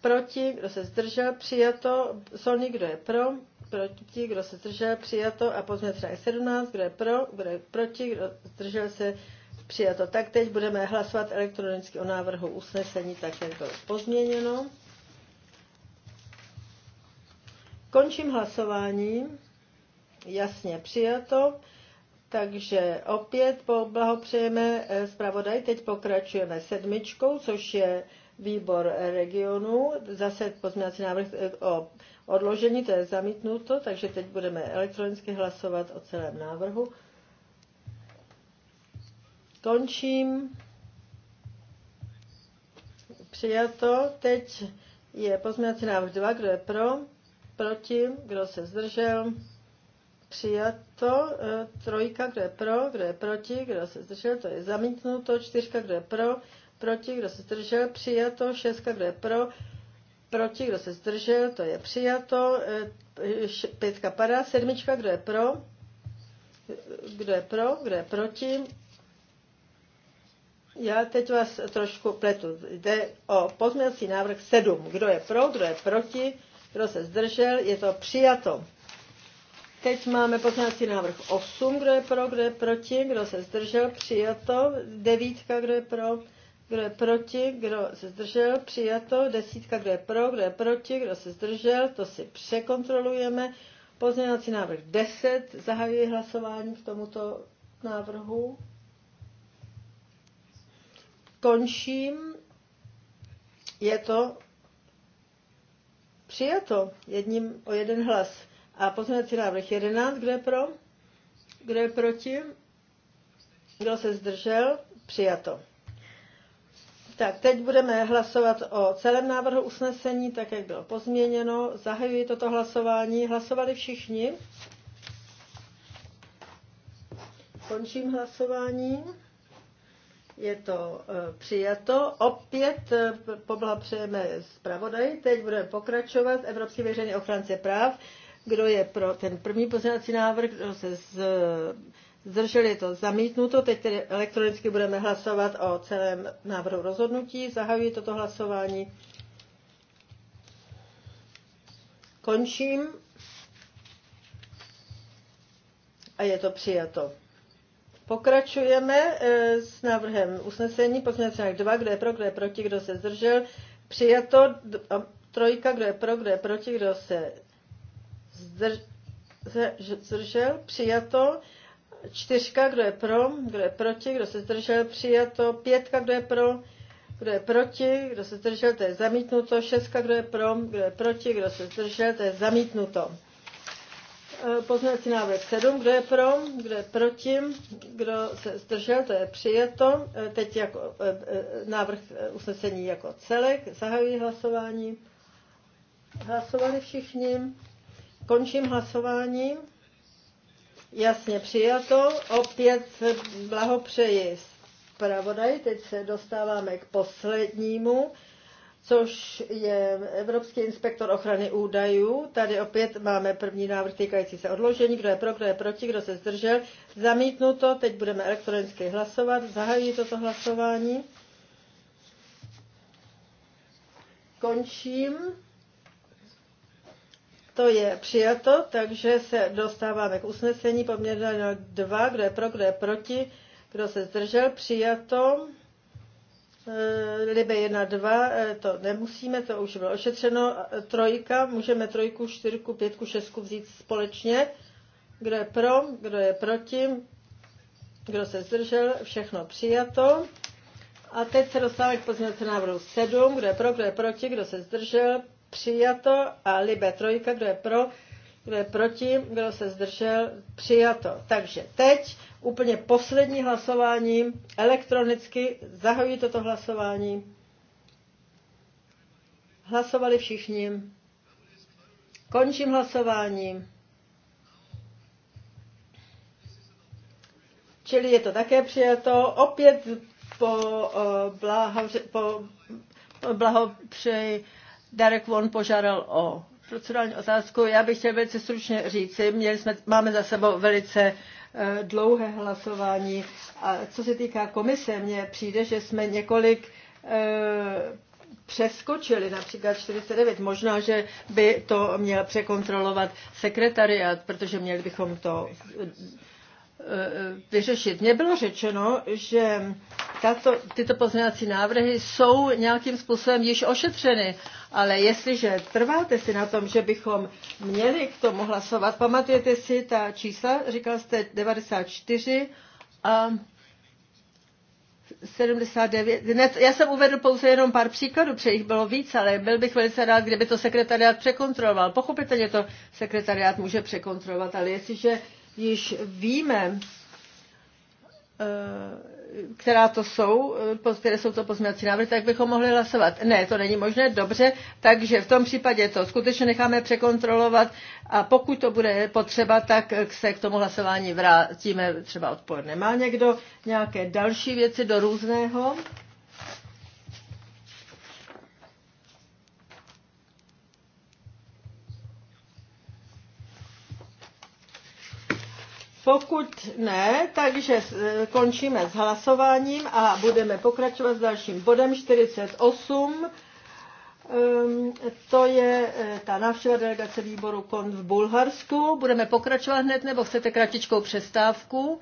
proti, kdo se zdržel, přijato, Sony, kdo je pro, proti, kdo se zdržel, přijato a pozměnit 17, kdo je pro, kdo je proti, kdo zdržel se, přijato. Tak teď budeme hlasovat elektronicky o návrhu usnesení, tak jak bylo pozměněno. Končím hlasování. Jasně, přijato. Takže opět blahopřejeme eh, zpravodaj. Teď pokračujeme sedmičkou, což je výbor regionu. Zase pozměňovací návrh eh, o odložení, to je zamítnuto, takže teď budeme elektronicky hlasovat o celém návrhu. Končím. Přijato. Teď je pozměňovací návrh 2. Kdo je pro? Proti? Kdo se zdržel? přijato, e, trojka, kdo je pro, kdo je proti, kdo se zdržel, to je zamítnuto, čtyřka, kdo je pro, proti, kdo se zdržel, přijato, šestka, kdo je pro, proti, kdo se zdržel, to je přijato, e, pětka padá, sedmička, kdo je pro, kdo je pro, kdo je proti. Já teď vás trošku pletu. Jde o pozměnací návrh 7. Kdo je pro, kdo je proti, kdo se zdržel, je to přijato. Teď máme poznávací návrh 8, kdo je pro, kdo je proti, kdo se zdržel, přijato. Devítka, kdo je pro, kdo je proti, kdo se zdržel, přijato. Desítka, kdo je pro, kdo je proti, kdo se zdržel, to si překontrolujeme. Pozměňovací návrh 10, zahajuji hlasování k tomuto návrhu. Končím. Je to přijato jedním o jeden hlas. A pozměňovací návrh 11, kdo je pro? Kdo je proti? Kdo se zdržel? Přijato. Tak, teď budeme hlasovat o celém návrhu usnesení, tak jak bylo pozměněno. Zahajuji toto hlasování. Hlasovali všichni. Končím hlasování. Je to e, přijato. Opět e, poblahopřejeme zpravodaj. Teď budeme pokračovat. Evropský veřejný ochránce práv. Kdo je pro ten první pozměňovací návrh, kdo se z, zdržel, je to zamítnuto. Teď tedy elektronicky budeme hlasovat o celém návrhu rozhodnutí. Zahajuji toto hlasování. Končím. A je to přijato. Pokračujeme e, s návrhem usnesení návrh 2, kdo je pro, kdo je proti, kdo se zdržel. Přijato trojka, kdo je pro, kdo je proti, kdo se zdržel, přijato. Čtyřka, kdo je pro, kdo je proti, kdo se zdržel, přijato. Pětka, kdo je pro, kdo je proti, kdo se zdržel, to je zamítnuto. Šestka, kdo je pro, kdo je proti, kdo se zdržel, to je zamítnuto. E, Poznací návrh 7, kdo je pro, kdo je proti, kdo se zdržel, to je přijeto. E, teď jako e, návrh usnesení jako celek, zahajuji hlasování. Hlasovali všichni. Končím hlasování. Jasně přijato. Opět blahopřeji zpravodaj. Teď se dostáváme k poslednímu, což je Evropský inspektor ochrany údajů. Tady opět máme první návrh týkající se odložení. Kdo je pro, kdo je proti, kdo se zdržel. Zamítnuto. Teď budeme elektronicky hlasovat. Zahajuji toto hlasování. Končím. To je přijato, takže se dostáváme k usnesení poměrně na dva, kdo je pro, kdo je proti, kdo se zdržel, přijato. Eh, Libe 1, 2, eh, to nemusíme, to už bylo ošetřeno. Trojka, můžeme trojku, čtyřku, pětku, šestku vzít společně. Kdo je pro, kdo je proti, kdo se zdržel, všechno přijato. A teď se dostáváme k pozměnce návrhu 7, kdo je pro, kdo je proti, kdo se zdržel, přijato a Libe trojka, kdo je pro, kdo je proti, kdo se zdržel, přijato. Takže teď úplně poslední hlasování elektronicky, zahojí toto hlasování. Hlasovali všichni. Končím hlasování. Čili je to také přijato. Opět po, uh, eh, blaho, po blahopřeji Darek Von požádal o procedurální otázku. Já bych chtěl velice stručně říci, měli jsme, máme za sebou velice eh, dlouhé hlasování a co se týká komise, mně přijde, že jsme několik eh, přeskočili, například 49. Možná, že by to měl překontrolovat sekretariat, protože měli bychom to vyřešit. Mně bylo řečeno, že tato, tyto pozměňovací návrhy jsou nějakým způsobem již ošetřeny, ale jestliže trváte si na tom, že bychom měli k tomu hlasovat, pamatujete si ta čísla, říkal jste 94 a 79, já jsem uvedl pouze jenom pár příkladů, protože jich bylo víc, ale byl bych velice rád, kdyby to sekretariát překontroloval. Pochopitelně to sekretariát může překontrolovat, ale jestliže již víme, eh, která to jsou, eh, které jsou to pozměňovací návrhy, tak bychom mohli hlasovat. Ne, to není možné, dobře, takže v tom případě to skutečně necháme překontrolovat a pokud to bude potřeba, tak se k tomu hlasování vrátíme třeba odpoledne. Má někdo nějaké další věci do různého? Pokud ne, takže končíme s hlasováním a budeme pokračovat s dalším bodem 48. Ehm, to je eh, ta návštěva delegace výboru KON v Bulharsku. Budeme pokračovat hned, nebo chcete kratičkou přestávku?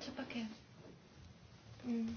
Co pak je? Hmm.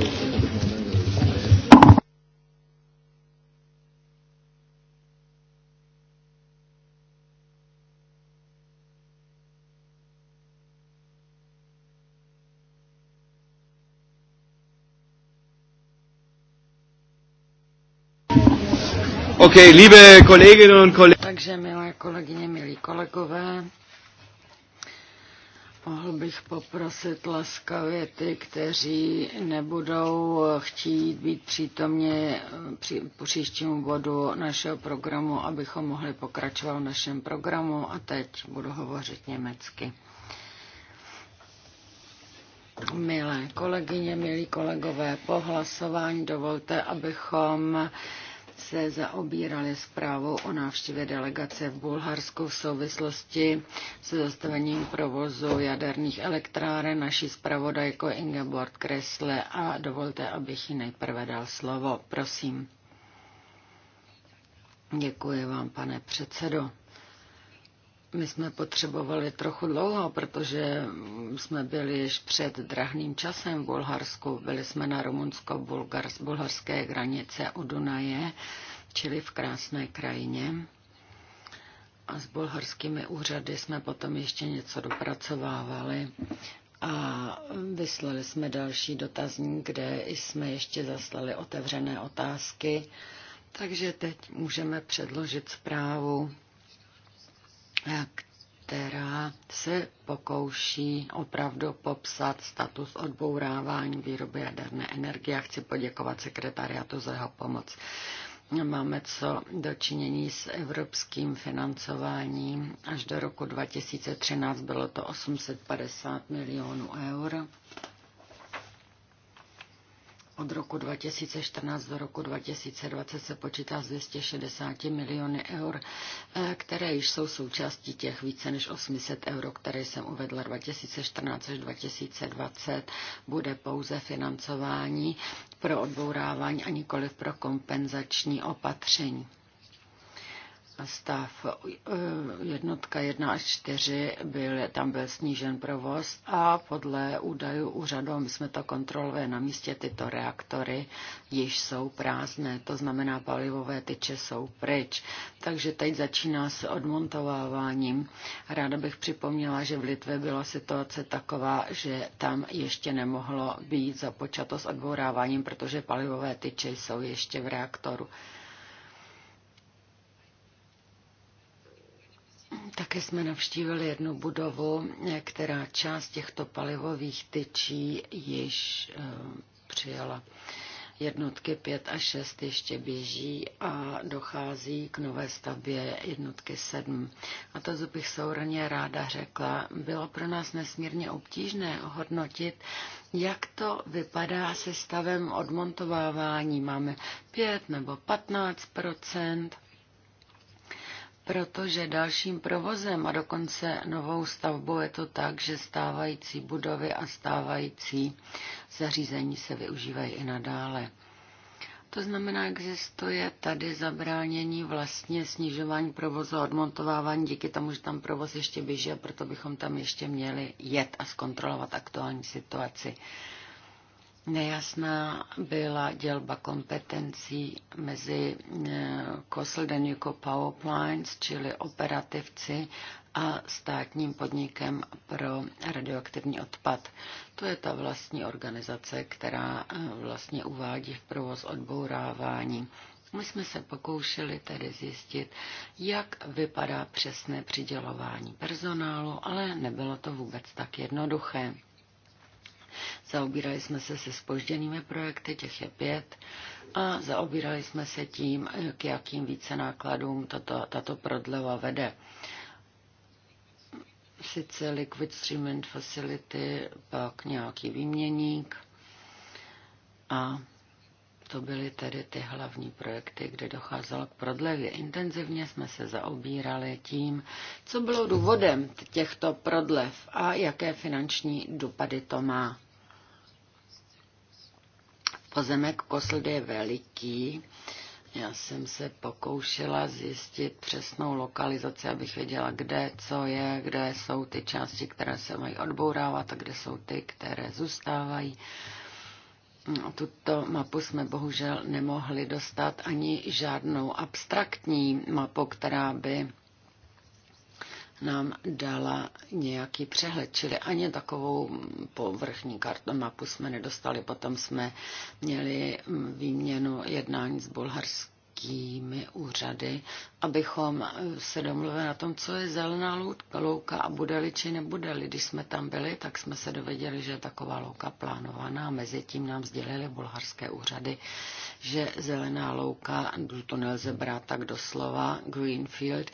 Okay, liebe Kolleginnen und Kollegen. Takže milé kolegyně, milí kolegové, mohl bych poprosit laskavě ty, kteří nebudou chtít být přítomně při příštímu bodu našeho programu, abychom mohli pokračovat v našem programu a teď budu hovořit německy. Milé kolegyně, milí kolegové, po hlasování dovolte, abychom se zaobírali zprávou o návštěvě delegace v Bulharsku v souvislosti se zastavením provozu jaderných elektráren naší zpravodajko Ingeborg Kresle a dovolte, abych ji nejprve dal slovo. Prosím. Děkuji vám, pane předsedo. My jsme potřebovali trochu dlouho, protože jsme byli již před drahným časem v Bulharsku. Byli jsme na rumunsko-bulharské granice u Dunaje, čili v krásné krajině. A s bulharskými úřady jsme potom ještě něco dopracovávali a vyslali jsme další dotazník, kde jsme ještě zaslali otevřené otázky. Takže teď můžeme předložit zprávu která se pokouší opravdu popsat status odbourávání výroby jaderné energie. A chci poděkovat sekretariatu za jeho pomoc. Máme co dočinění s evropským financováním. Až do roku 2013 bylo to 850 milionů eur. Od roku 2014 do roku 2020 se počítá z 260 miliony eur, eh, které již jsou součástí těch více než 800 euro, které jsem uvedla 2014 až 2020, bude pouze financování pro odbourávání a nikoli pro kompenzační opatření stav. Eh, jednotka 1 až 4 byl, tam byl snížen provoz a podle údajů úřadu, my jsme to kontrolovali na místě, tyto reaktory již jsou prázdné, to znamená palivové tyče jsou pryč. Takže teď začíná s odmontováváním. Ráda bych připomněla, že v Litvě byla situace taková, že tam ještě nemohlo být započato s odbouráváním, protože palivové tyče jsou ještě v reaktoru. Také jsme navštívili jednu budovu, eh, která část těchto palivových tyčí již eh, přijala. Jednotky 5 a 6 ještě běží a dochází k nové stavbě jednotky 7. A to, co bych souhrně ráda řekla, bylo pro nás nesmírně obtížné hodnotit, jak to vypadá se stavem odmontovávání. Máme 5 nebo 15 Protože dalším provozem a dokonce novou stavbou je to tak, že stávající budovy a stávající zařízení se využívají i nadále. To znamená, existuje tady zabránění vlastně snižování provozu a odmontovávání díky tomu, že tam provoz ještě běží a proto bychom tam ještě měli jet a zkontrolovat aktuální situaci. Nejasná byla dělba kompetencí mezi Coastal eh, Power Plants, čili operativci, a státním podnikem pro radioaktivní odpad. To je ta vlastní organizace, která eh, vlastně uvádí v provoz odbourávání. My jsme se pokoušeli tedy zjistit, jak vypadá přesné přidělování personálu, ale nebylo to vůbec tak jednoduché. Zaobírali jsme se se spožděnými projekty, těch je pět, a zaobírali jsme se tím, k jakým více nákladům tato, tato prodleva vede. Sice Liquid Streaming Facility, pak nějaký výměník a to byly tedy ty hlavní projekty, kde docházelo k prodlevě. Intenzivně jsme se zaobírali tím, co bylo důvodem těchto prodlev a jaké finanční dopady to má. Pozemek Kosld je veliký. Já jsem se pokoušela zjistit přesnou lokalizaci, abych věděla, kde co je, kde jsou ty části, které se mají odbourávat a kde jsou ty, které zůstávají. No, tuto mapu jsme bohužel nemohli dostat ani žádnou abstraktní mapu, která by nám dala nějaký přehled, čili ani takovou povrchní kartomapu jsme nedostali. Potom jsme měli výměnu jednání s bulharskými úřady, abychom se domluvili na tom, co je zelená louka a bude-li či nebude-li. Když jsme tam byli, tak jsme se dověděli, že je taková louka plánovaná. Mezi tím nám sdělili bulharské úřady, že zelená louka, to nelze brát tak doslova, Greenfield,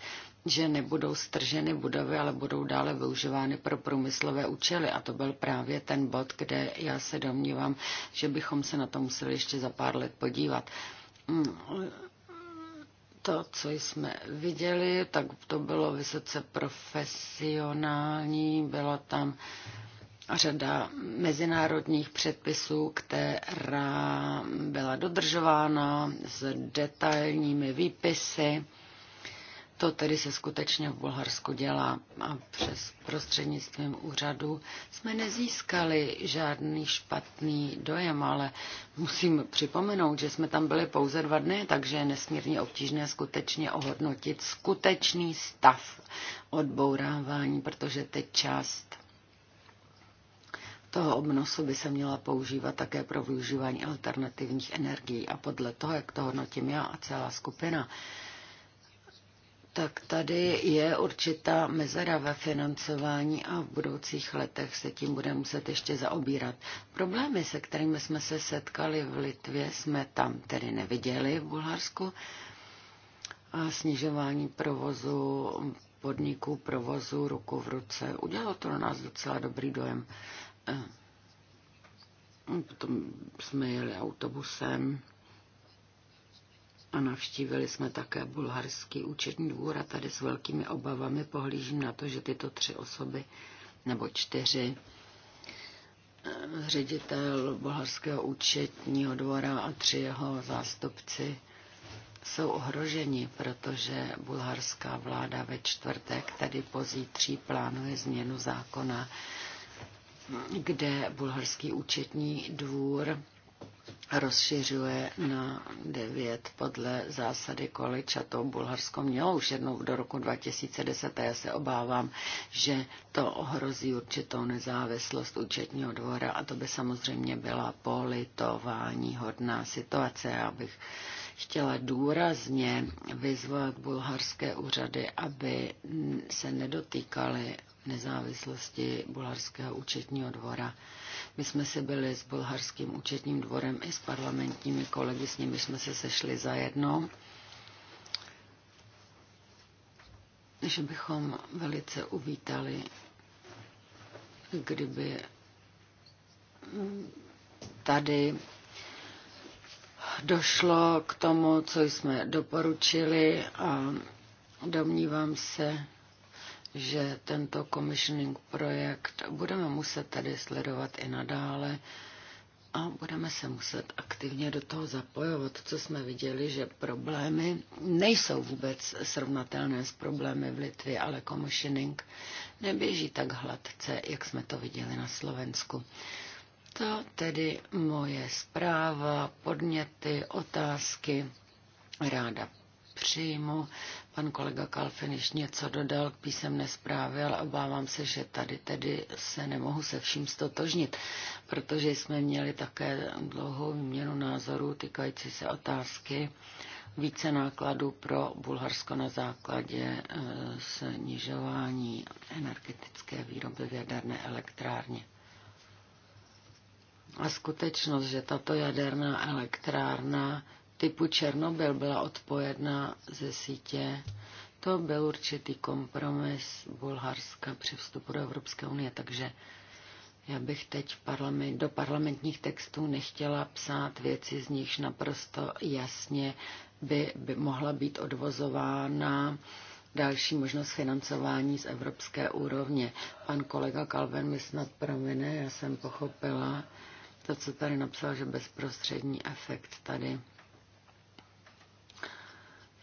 že nebudou strženy budovy, ale budou dále využívány pro průmyslové účely. A to byl právě ten bod, kde já se domnívám, že bychom se na to museli ještě za pár let podívat hmm. to, co jsme viděli, tak to bylo vysoce profesionální, byla tam řada mezinárodních předpisů, která byla dodržována s detailními výpisy to tedy se skutečně v Bulharsku dělá a přes prostřednictvím úřadu jsme nezískali žádný špatný dojem, ale musím připomenout, že jsme tam byli pouze dva dny, takže je nesmírně obtížné skutečně ohodnotit skutečný stav odbourávání, protože teď část toho obnosu by se měla používat také pro využívání alternativních energií a podle toho, jak to hodnotím já a celá skupina, tak tady je určitá mezera ve financování a v budoucích letech se tím budeme muset ještě zaobírat. Problémy, se kterými jsme se setkali v Litvě, jsme tam tedy neviděli v Bulharsku. A snižování provozu podniků, provozu ruku v ruce. Udělalo to na nás docela dobrý dojem. Potom jsme jeli autobusem a navštívili jsme také bulharský účetní dvůr a tady s velkými obavami pohlížím na to, že tyto tři osoby nebo čtyři eh, ředitel bulharského účetního dvora a tři jeho zástupci jsou ohroženi, protože bulharská vláda ve čtvrtek, tedy pozítří, plánuje změnu zákona, kde bulharský účetní dvůr rozšiřuje na devět podle zásady količ a to Bulharsko mělo už jednou do roku 2010 a já se obávám, že to ohrozí určitou nezávislost účetního dvora a to by samozřejmě byla politování hodná situace. Já bych chtěla důrazně vyzvat bulharské úřady, aby se nedotýkaly nezávislosti bulharského účetního dvora my jsme si byli s bulharským účetním dvorem i s parlamentními kolegy, s nimi jsme se sešli zajedno. že bychom velice uvítali, kdyby tady došlo k tomu, co jsme doporučili a domnívám se, že tento commissioning projekt budeme muset tady sledovat i nadále a budeme se muset aktivně do toho zapojovat, co jsme viděli, že problémy nejsou vůbec srovnatelné s problémy v Litvě, ale commissioning neběží tak hladce, jak jsme to viděli na Slovensku. To tedy moje zpráva, podněty, otázky. Ráda přijmu. Pan kolega Kalfin již něco dodal k písemné zprávě, ale obávám se, že tady tedy se nemohu se vším stotožnit, protože jsme měli také dlouhou výměnu názorů týkající se otázky více nákladů pro Bulharsko na základě e, snižování energetické výroby v jaderné elektrárně. A skutečnost, že tato jaderná elektrárna typu Černobyl byla odpojedna ze sítě. To byl určitý kompromis Bulharska při vstupu do Evropské unie, takže já bych teď parlament, do parlamentních textů nechtěla psát věci, z nichž naprosto jasně by, by mohla být odvozována další možnost financování z evropské úrovně. Pan kolega Kalven mi snad promine, já jsem pochopila to, co tady napsal, že bezprostřední efekt tady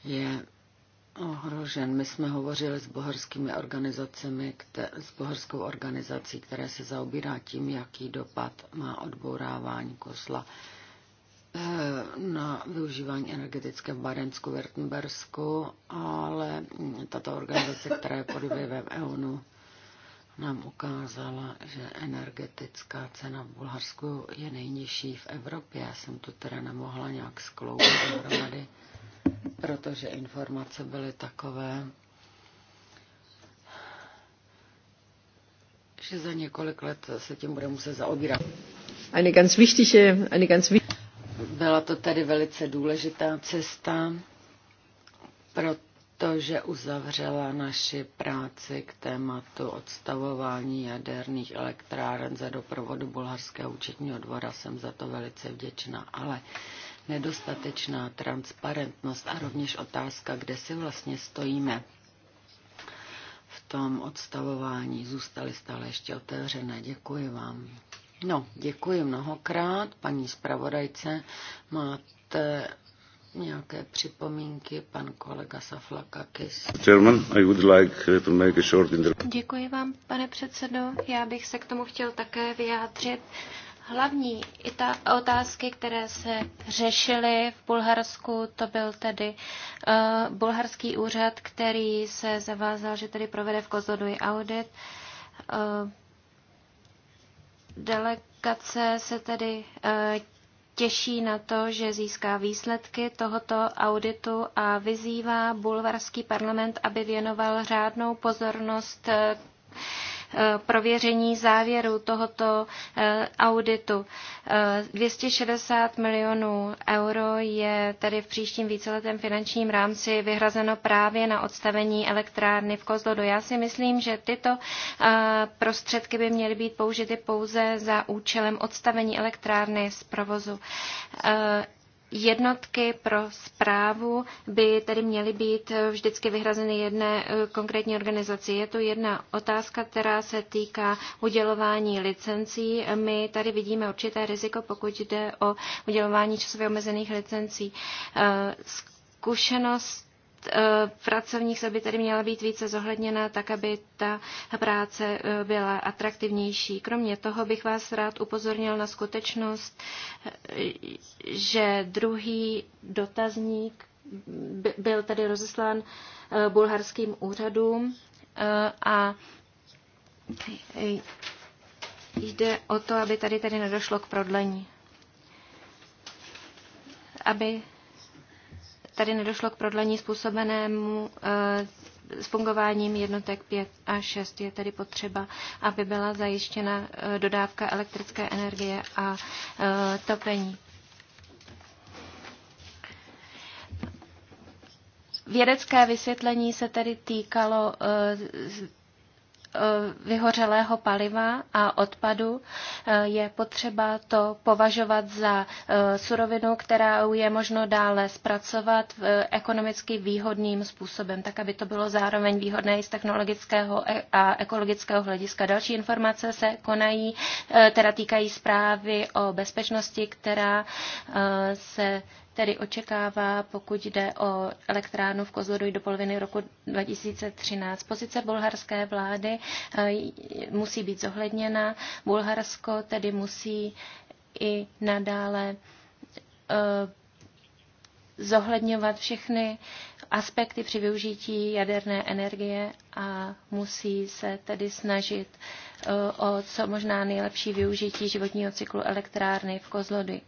je ohrožen. My jsme hovořili s bohorskými organizacemi, s bohorskou organizací, která se zaobírá tím, jaký dopad má odbourávání kosla eh, na využívání energetické v Barensku, Wertembersku, ale tato organizace, která je pod vlivem EONu, nám ukázala, že energetická cena v Bulharsku je nejnižší v Evropě. Já jsem to teda nemohla nějak skloubit dohromady protože informace byly takové, že za několik let se tím bude muset zaobírat. Eine ganz wichtige, eine ganz Byla to tedy velice důležitá cesta, proto to, že uzavřela naši práci k tématu odstavování jaderných elektráren za doprovodu bulharského účetního dvora, jsem za to velice vděčná, ale nedostatečná transparentnost a rovněž otázka, kde si vlastně stojíme v tom odstavování, zůstaly stále ještě otevřené. Děkuji vám. No, děkuji mnohokrát, paní zpravodajce. Máte Nějaké připomínky, pan kolega Saflakakis. Chairman, I would like uh, to make a short Děkuji vám, pane předsedo. Já bych se k tomu chtěl také vyjádřit. Hlavní otázky, které se řešily v Bulharsku, to byl tedy uh, bulharský úřad, který se zavázal, že tedy provede v Kozoduji audit. Uh, delegace se tedy uh, těší na to, že získá výsledky tohoto auditu a vyzývá bulvarský parlament, aby věnoval řádnou pozornost eh, Eh, prověření závěru tohoto eh, auditu. 260 eh, milionů euro je tedy v příštím víceletém finančním rámci vyhrazeno právě na odstavení elektrárny v Kozlodu. Já si myslím, že tyto prostředky by měly být použity pouze za účelem odstavení elektrárny z provozu. Jednotky pro zprávu by tedy měly být vždycky vyhrazeny jedné eh, konkrétní organizaci. Je to jedna otázka, která se týká udělování licencí. My tady vidíme určité riziko, pokud jde o udělování časově omezených licencí. Eh, zkušenost Eh, pracovních sil by tedy měla být více zohledněna, tak aby ta práce eh, byla atraktivnější. Kromě toho bych vás rád upozornil na skutečnost, eh, že druhý dotazník byl tedy rozeslán bulharským úřadům a jde o to, aby tady tady nedošlo k prodlení. Aby tady nedošlo k prodlení způsobenému eh, s fungováním jednotek 5 a 6 je tedy potřeba, aby byla zajištěna eh, dodávka elektrické energie a eh, topení. Vědecké vysvětlení se tedy týkalo Eh, vyhořelého paliva a odpadu. Eh, je potřeba to považovat za eh, surovinu, která je možno dále zpracovat ekonomicky výhodným způsobem, tak aby to bylo zároveň výhodné i z technologického e- a ekologického hlediska. Další informace se konají, teda týkají zprávy o bezpečnosti, která se tedy očekává, pokud jde o elektrárnu v Kozloduj do poloviny roku 2013. Pozice bulharské vlády eh, musí být zohledněna. Bulharsko tedy musí i nadále eh, zohledňovat všechny aspekty při využití jaderné energie a musí se tedy snažit eh, o co možná nejlepší využití životního cyklu elektrárny v Kozlody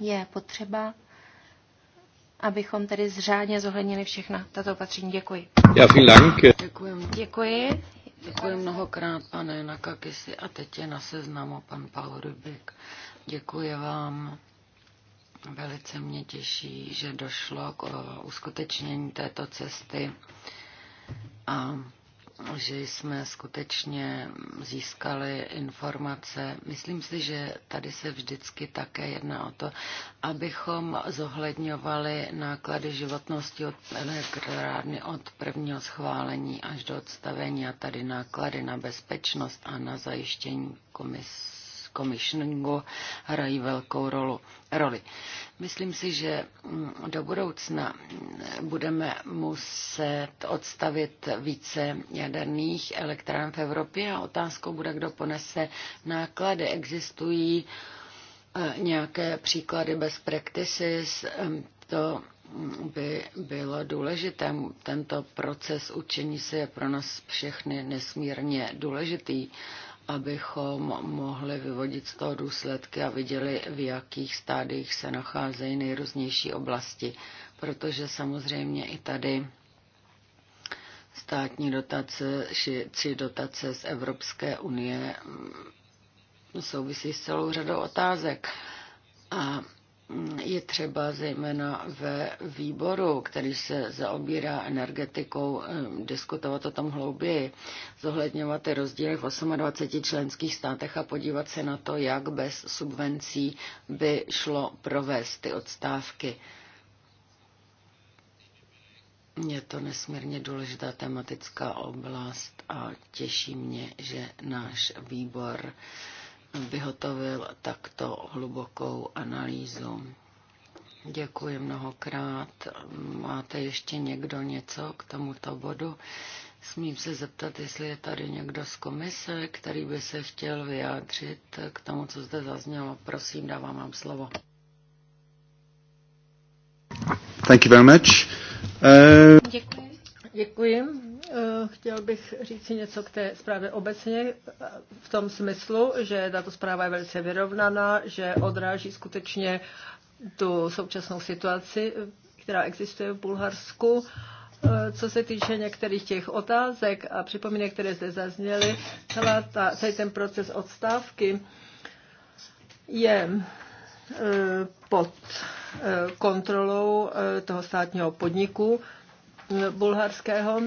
je potřeba, abychom tedy zřádně zohlednili všechna tato opatření. Děkuji. Já Děkuji. Děkuji. Děkuji mnohokrát, pane Nakakisi. A teď je na seznamu pan Paul Rubik. Děkuji vám. Velice mě těší, že došlo k eh, uskutečnění této cesty. A že jsme skutečně získali informace. Myslím si, že tady se vždycky také jedná o to, abychom zohledňovali náklady životnosti od elektrárny od prvního schválení až do odstavení a tady náklady na bezpečnost a na zajištění komise commissioningu hrají velkou rolu, roli. Myslím si, že mm, do budoucna mm, budeme muset odstavit více jaderných elektrán v Evropě a otázkou bude, kdo ponese náklady. Existují e, nějaké příklady bez practices, e, to mm, by bylo důležité. Tento proces učení se je pro nás všechny nesmírně důležitý abychom mohli vyvodit z toho důsledky a viděli, v jakých stádiích se nacházejí nejrůznější oblasti. Protože samozřejmě i tady státní dotace či dotace z Evropské unie mm, souvisí s celou řadou otázek. A je třeba zejména ve výboru, který se zaobírá energetikou, eh, diskutovat o tom hlouběji, zohledňovat ty rozdíly v 28 členských státech a podívat se na to, jak bez subvencí by šlo provést ty odstávky. Je to nesmírně důležitá tematická oblast a těší mě, že náš výbor vyhotovil takto hlubokou analýzu. Děkuji mnohokrát. Máte ještě někdo něco k tomuto bodu? Smím se zeptat, jestli je tady někdo z komise, který by se chtěl vyjádřit k tomu, co zde zaznělo. Prosím, dávám vám slovo. Thank you very much. Uh... Děkuji. Děkuji. Eh, chtěl bych říct si něco k té zprávě obecně eh, v tom smyslu, že tato zpráva je velice vyrovnaná, že odráží skutečně tu současnou situaci, eh, která existuje v Bulharsku. Co se týče některých těch otázek a připomínek, které zde zazněly, celá ta, celý ten proces odstávky je pod kontrolou toho státního podniku bulharského.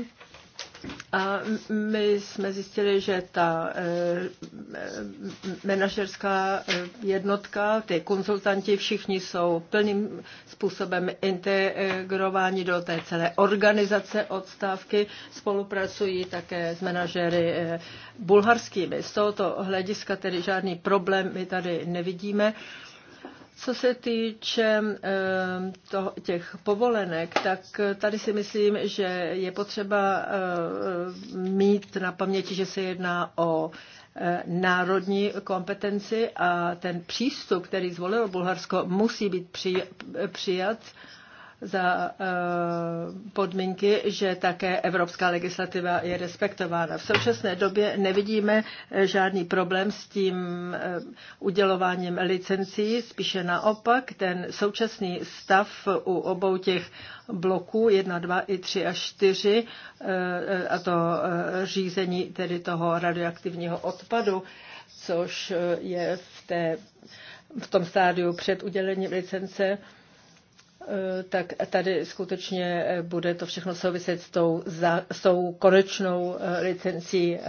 A my jsme zjistili, že ta eh, manažerská eh, jednotka, ty konzultanti všichni jsou plným způsobem integrováni do té celé organizace odstávky, spolupracují také s manažery eh, bulharskými. Z tohoto hlediska tedy žádný problém my tady nevidíme. Co se týče eh, toho, těch povolenek, tak eh, tady si myslím, že je potřeba eh, mít na paměti, že se jedná o národní kompetenci a ten přístup, který zvolilo Bulharsko, musí být přijat za eh, podmínky, že také evropská legislativa je respektována. V současné době nevidíme eh, žádný problém s tím eh, udělováním licencí, spíše naopak. Ten současný stav u obou těch bloků 1, 2 i 3 a 4 a to řízení tedy toho radioaktivního odpadu, což je v, té, v tom stádiu před udělením licence, Eh, tak tady skutečně eh, bude to všechno souviset s tou, za, s tou konečnou eh, licencí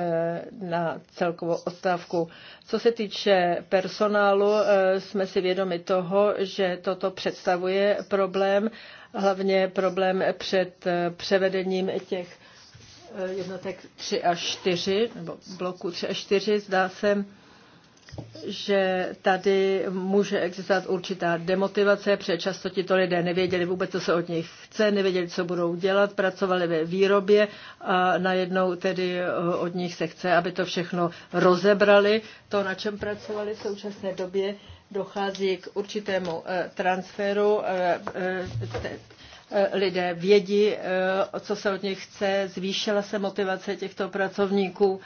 na celkovou odstávku. Co se týče personálu, jsme si vědomi toho, že toto představuje problém, hlavně problém před převedením těch jednotek 3 a 4, nebo bloku 3 a 4, zdá se, že tady může existovat určitá demotivace, protože často tito lidé nevěděli vůbec, co se od nich chce, nevěděli, co budou dělat, pracovali ve výrobě a najednou tedy eh, od nich se chce, aby to všechno rozebrali. To, na čem pracovali v současné době, dochází k určitému eh, transferu eh, lidé vědí, co se od nich chce, zvýšila se motivace těchto pracovníků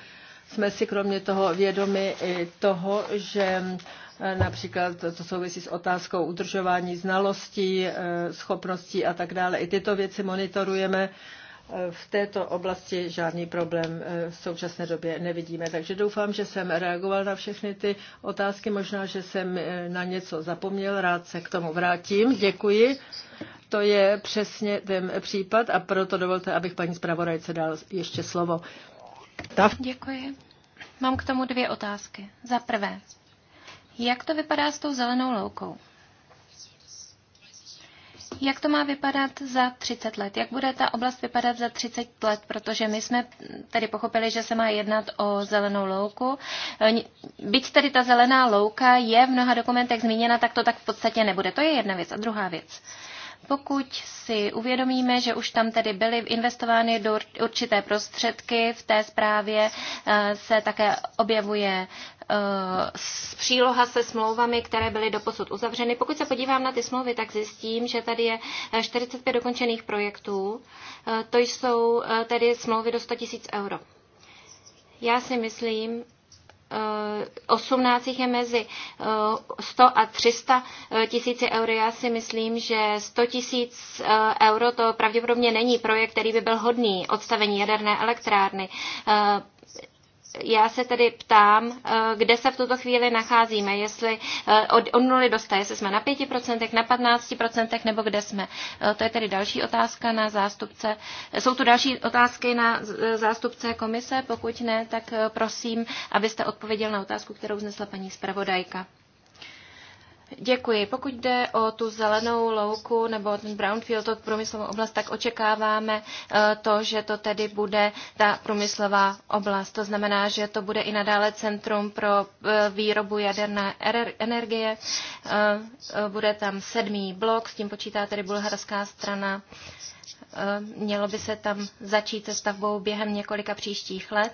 jsme si kromě toho vědomi i toho, že eh, například to souvisí s otázkou udržování znalostí, eh, schopností a tak dále. I tyto věci monitorujeme. Eh, v této oblasti žádný problém v současné době nevidíme. Takže doufám, že jsem reagoval na všechny ty otázky. Možná, že jsem na něco zapomněl. Rád se k tomu vrátím. Děkuji. To je přesně ten případ a proto dovolte, abych paní zpravodajce dal ještě slovo. Děkuji. Mám k tomu dvě otázky. Za prvé, jak to vypadá s tou zelenou loukou? Jak to má vypadat za 30 let? Jak bude ta oblast vypadat za 30 let? Protože my jsme tady pochopili, že se má jednat o zelenou louku. E, byť tady ta zelená louka je v mnoha dokumentech zmíněna, tak to tak v podstatě nebude. To je jedna věc. A druhá věc. Uh, pokud si uvědomíme, že už tam tedy byly investovány do určité prostředky, v té zprávě eh, se také objevuje eh, příloha se smlouvami, které byly doposud uzavřeny. Pokud se podívám na ty smlouvy, tak zjistím, že tady je 45 eh, dokončených projektů. To jsou tedy smlouvy do 100 000 euro. Já si myslím, 18 eh, je mezi 100 eh, a 300 eh, tisíci eur Já si myslím, že 100 tisíc euro to pravděpodobně není projekt, který by byl hodný odstavení jaderné elektrárny já se tedy ptám, eh, kde se v tuto chvíli nacházíme, jestli eh, od, od nuly do jestli jsme na 5%, na 15% nebo kde jsme. Eh, to je tedy další otázka na zástupce. Jsou tu další otázky na zástupce komise? Pokud ne, tak prosím, abyste odpověděl na otázku, kterou vznesla paní zpravodajka. Děkuji. Pokud jde o tu zelenou louku nebo ten brownfield, to průmyslovou oblast, tak očekáváme eh, to, že to tedy bude ta průmyslová oblast. To znamená, že to bude i nadále centrum pro eh, výrobu jaderné energie. Eh, bude tam sedmý blok, s tím počítá tedy bulharská strana. Mělo by se tam začít se stavbou během několika příštích let.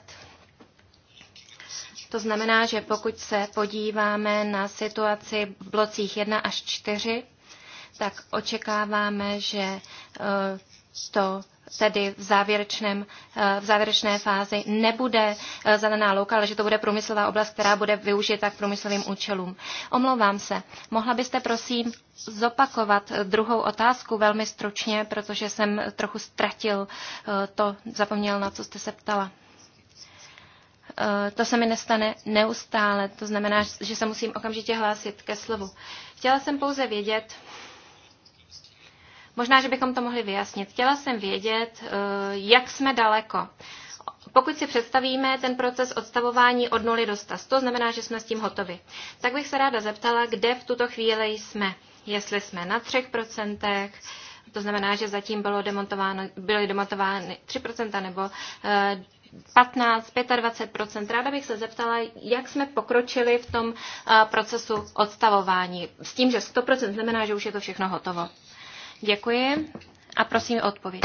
To znamená, že pokud se podíváme na situaci v blocích 1 až 4, tak očekáváme, že eh, to tedy v, závěrečném, eh, v závěrečné fázi nebude eh, zelená louka, ale že to bude průmyslová oblast, která bude využita k průmyslovým účelům. Omlouvám se. Mohla byste prosím zopakovat druhou otázku velmi stručně, protože jsem trochu ztratil to, zapomněl, na co jste se ptala. Eh, to se mi nestane neustále, to znamená, že se musím okamžitě hlásit ke slovu. Chtěla jsem pouze vědět, možná, že bychom to mohli vyjasnit, chtěla jsem vědět, eh, jak jsme daleko. Pokud si představíme ten proces odstavování od nuly do 100, to znamená, že jsme s tím hotovi, tak bych se ráda zeptala, kde v tuto chvíli jsme. Jestli jsme na 3%, to znamená, že zatím bylo demontováno, byly demontovány 3% nebo eh, 15, 25 Ráda bych se zeptala, jak jsme pokročili v tom eh, procesu odstavování. S tím, že 100 znamená, že už je to všechno hotovo. Děkuji a prosím o odpověď.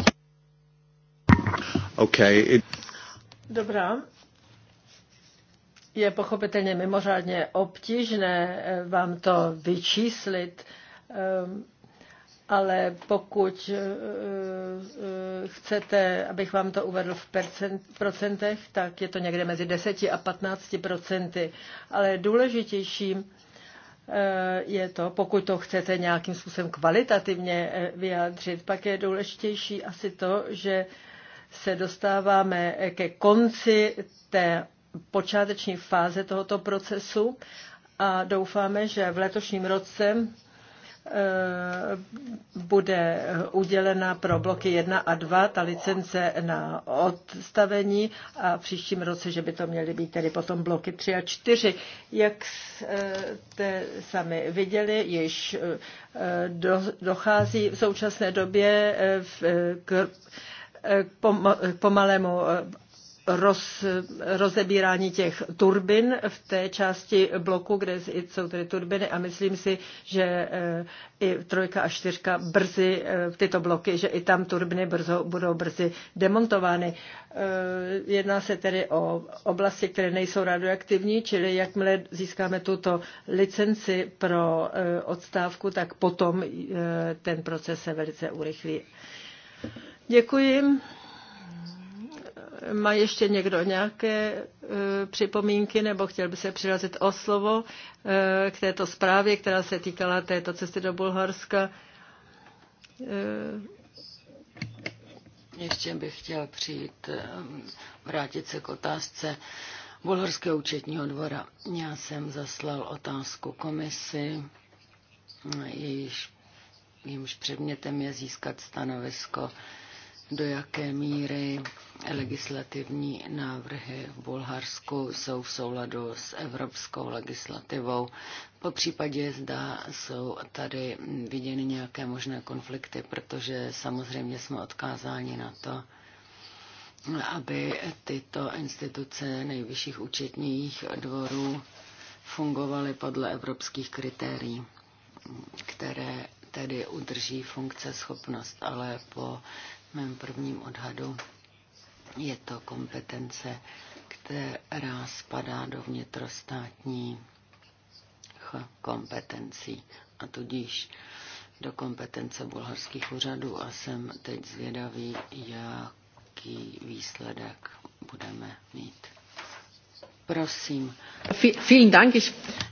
Okay. Dobrá. Je pochopitelně mimořádně obtížné eh, vám to vyčíslit. Um, ale pokud eh, eh, chcete, abych vám to uvedl v procentech, tak je to někde mezi 10 a 15 procenty. Ale důležitějším eh, je to, pokud to chcete nějakým způsobem kvalitativně vyjádřit, pak je důležitější asi to, že se dostáváme ke konci té počáteční fáze tohoto procesu a doufáme, že v letošním roce Eh, bude udělena pro bloky 1 a 2 ta licence na odstavení a v příštím roce, že by to měly být tedy potom bloky 3 a 4. Jak jste sami viděli, již eh, dochází v současné době eh, k pomalému roz, rozebírání těch turbin v té části bloku, kde jsou tedy turbiny a myslím si, že eh, i trojka a čtyřka brzy eh, tyto bloky, že i tam turbiny brzo, budou brzy demontovány. Eh, jedná se tedy o oblasti, které nejsou radioaktivní, čili jakmile získáme tuto licenci pro odstávku, tak potom ten proces se velice urychlí. Děkuji. Má ještě někdo nějaké e, připomínky nebo chtěl by se přirazit o slovo e, k této zprávě, která se týkala této cesty do Bulharska? E, ještě bych chtěl přijít, vrátit se k otázce Bulharského účetního dvora. Já jsem zaslal otázku komisi, jejíž, jejímž předmětem je získat stanovisko do jaké míry legislativní návrhy v Bulharsku jsou v souladu s evropskou legislativou. Po případě zda jsou tady viděny nějaké možné konflikty, protože samozřejmě jsme odkázáni na to, aby tyto instituce nejvyšších účetních dvorů fungovaly podle evropských kritérií, které tedy udrží funkce schopnost, ale po mém prvním odhadu je to kompetence, která spadá do vnitrostátní kompetencí a tudíž do kompetence bulharských úřadů a jsem teď zvědavý, jaký výsledek budeme mít. Prosím.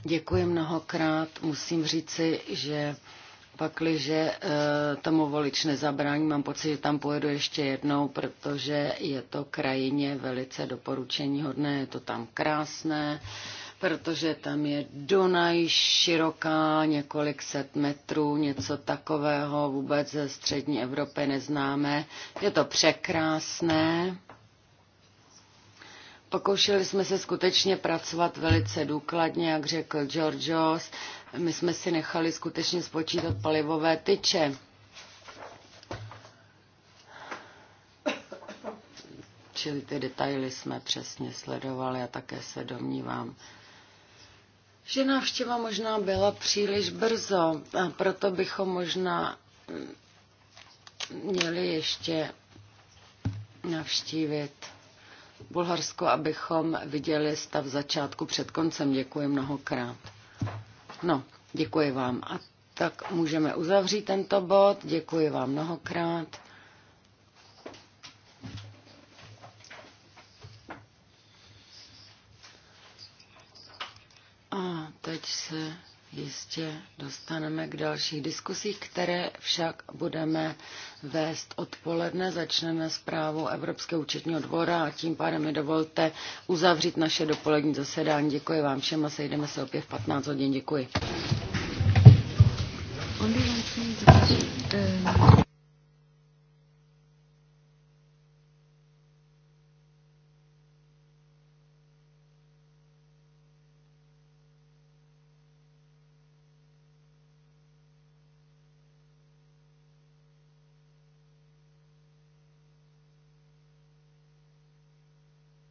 Děkuji mnohokrát. Musím říci, že Pakliže eh, tomu volič nezabrání, mám pocit, že tam pojedu ještě jednou, protože je to krajině velice doporučení hodné, je to tam krásné, protože tam je Dunaj široká, několik set metrů, něco takového vůbec ze střední Evropy neznáme. Je to překrásné. Pokoušeli jsme se skutečně pracovat velice důkladně, jak řekl Georgios, my jsme si nechali skutečně spočítat palivové tyče. Čili ty detaily jsme přesně sledovali a také se domnívám, že návštěva možná byla příliš brzo a proto bychom možná měli ještě navštívit Bulharsko, abychom viděli stav začátku před koncem. Děkuji mnohokrát. No, děkuji vám. A tak můžeme uzavřít tento bod. Děkuji vám mnohokrát. A teď se jistě dostaneme k dalších diskusích, které však budeme vést odpoledne. Začneme s zprávou Evropského účetního dvora a tím pádem mi dovolte uzavřít naše dopolední zasedání. Děkuji vám všem a sejdeme se opět v 15 hodin. Děkuji.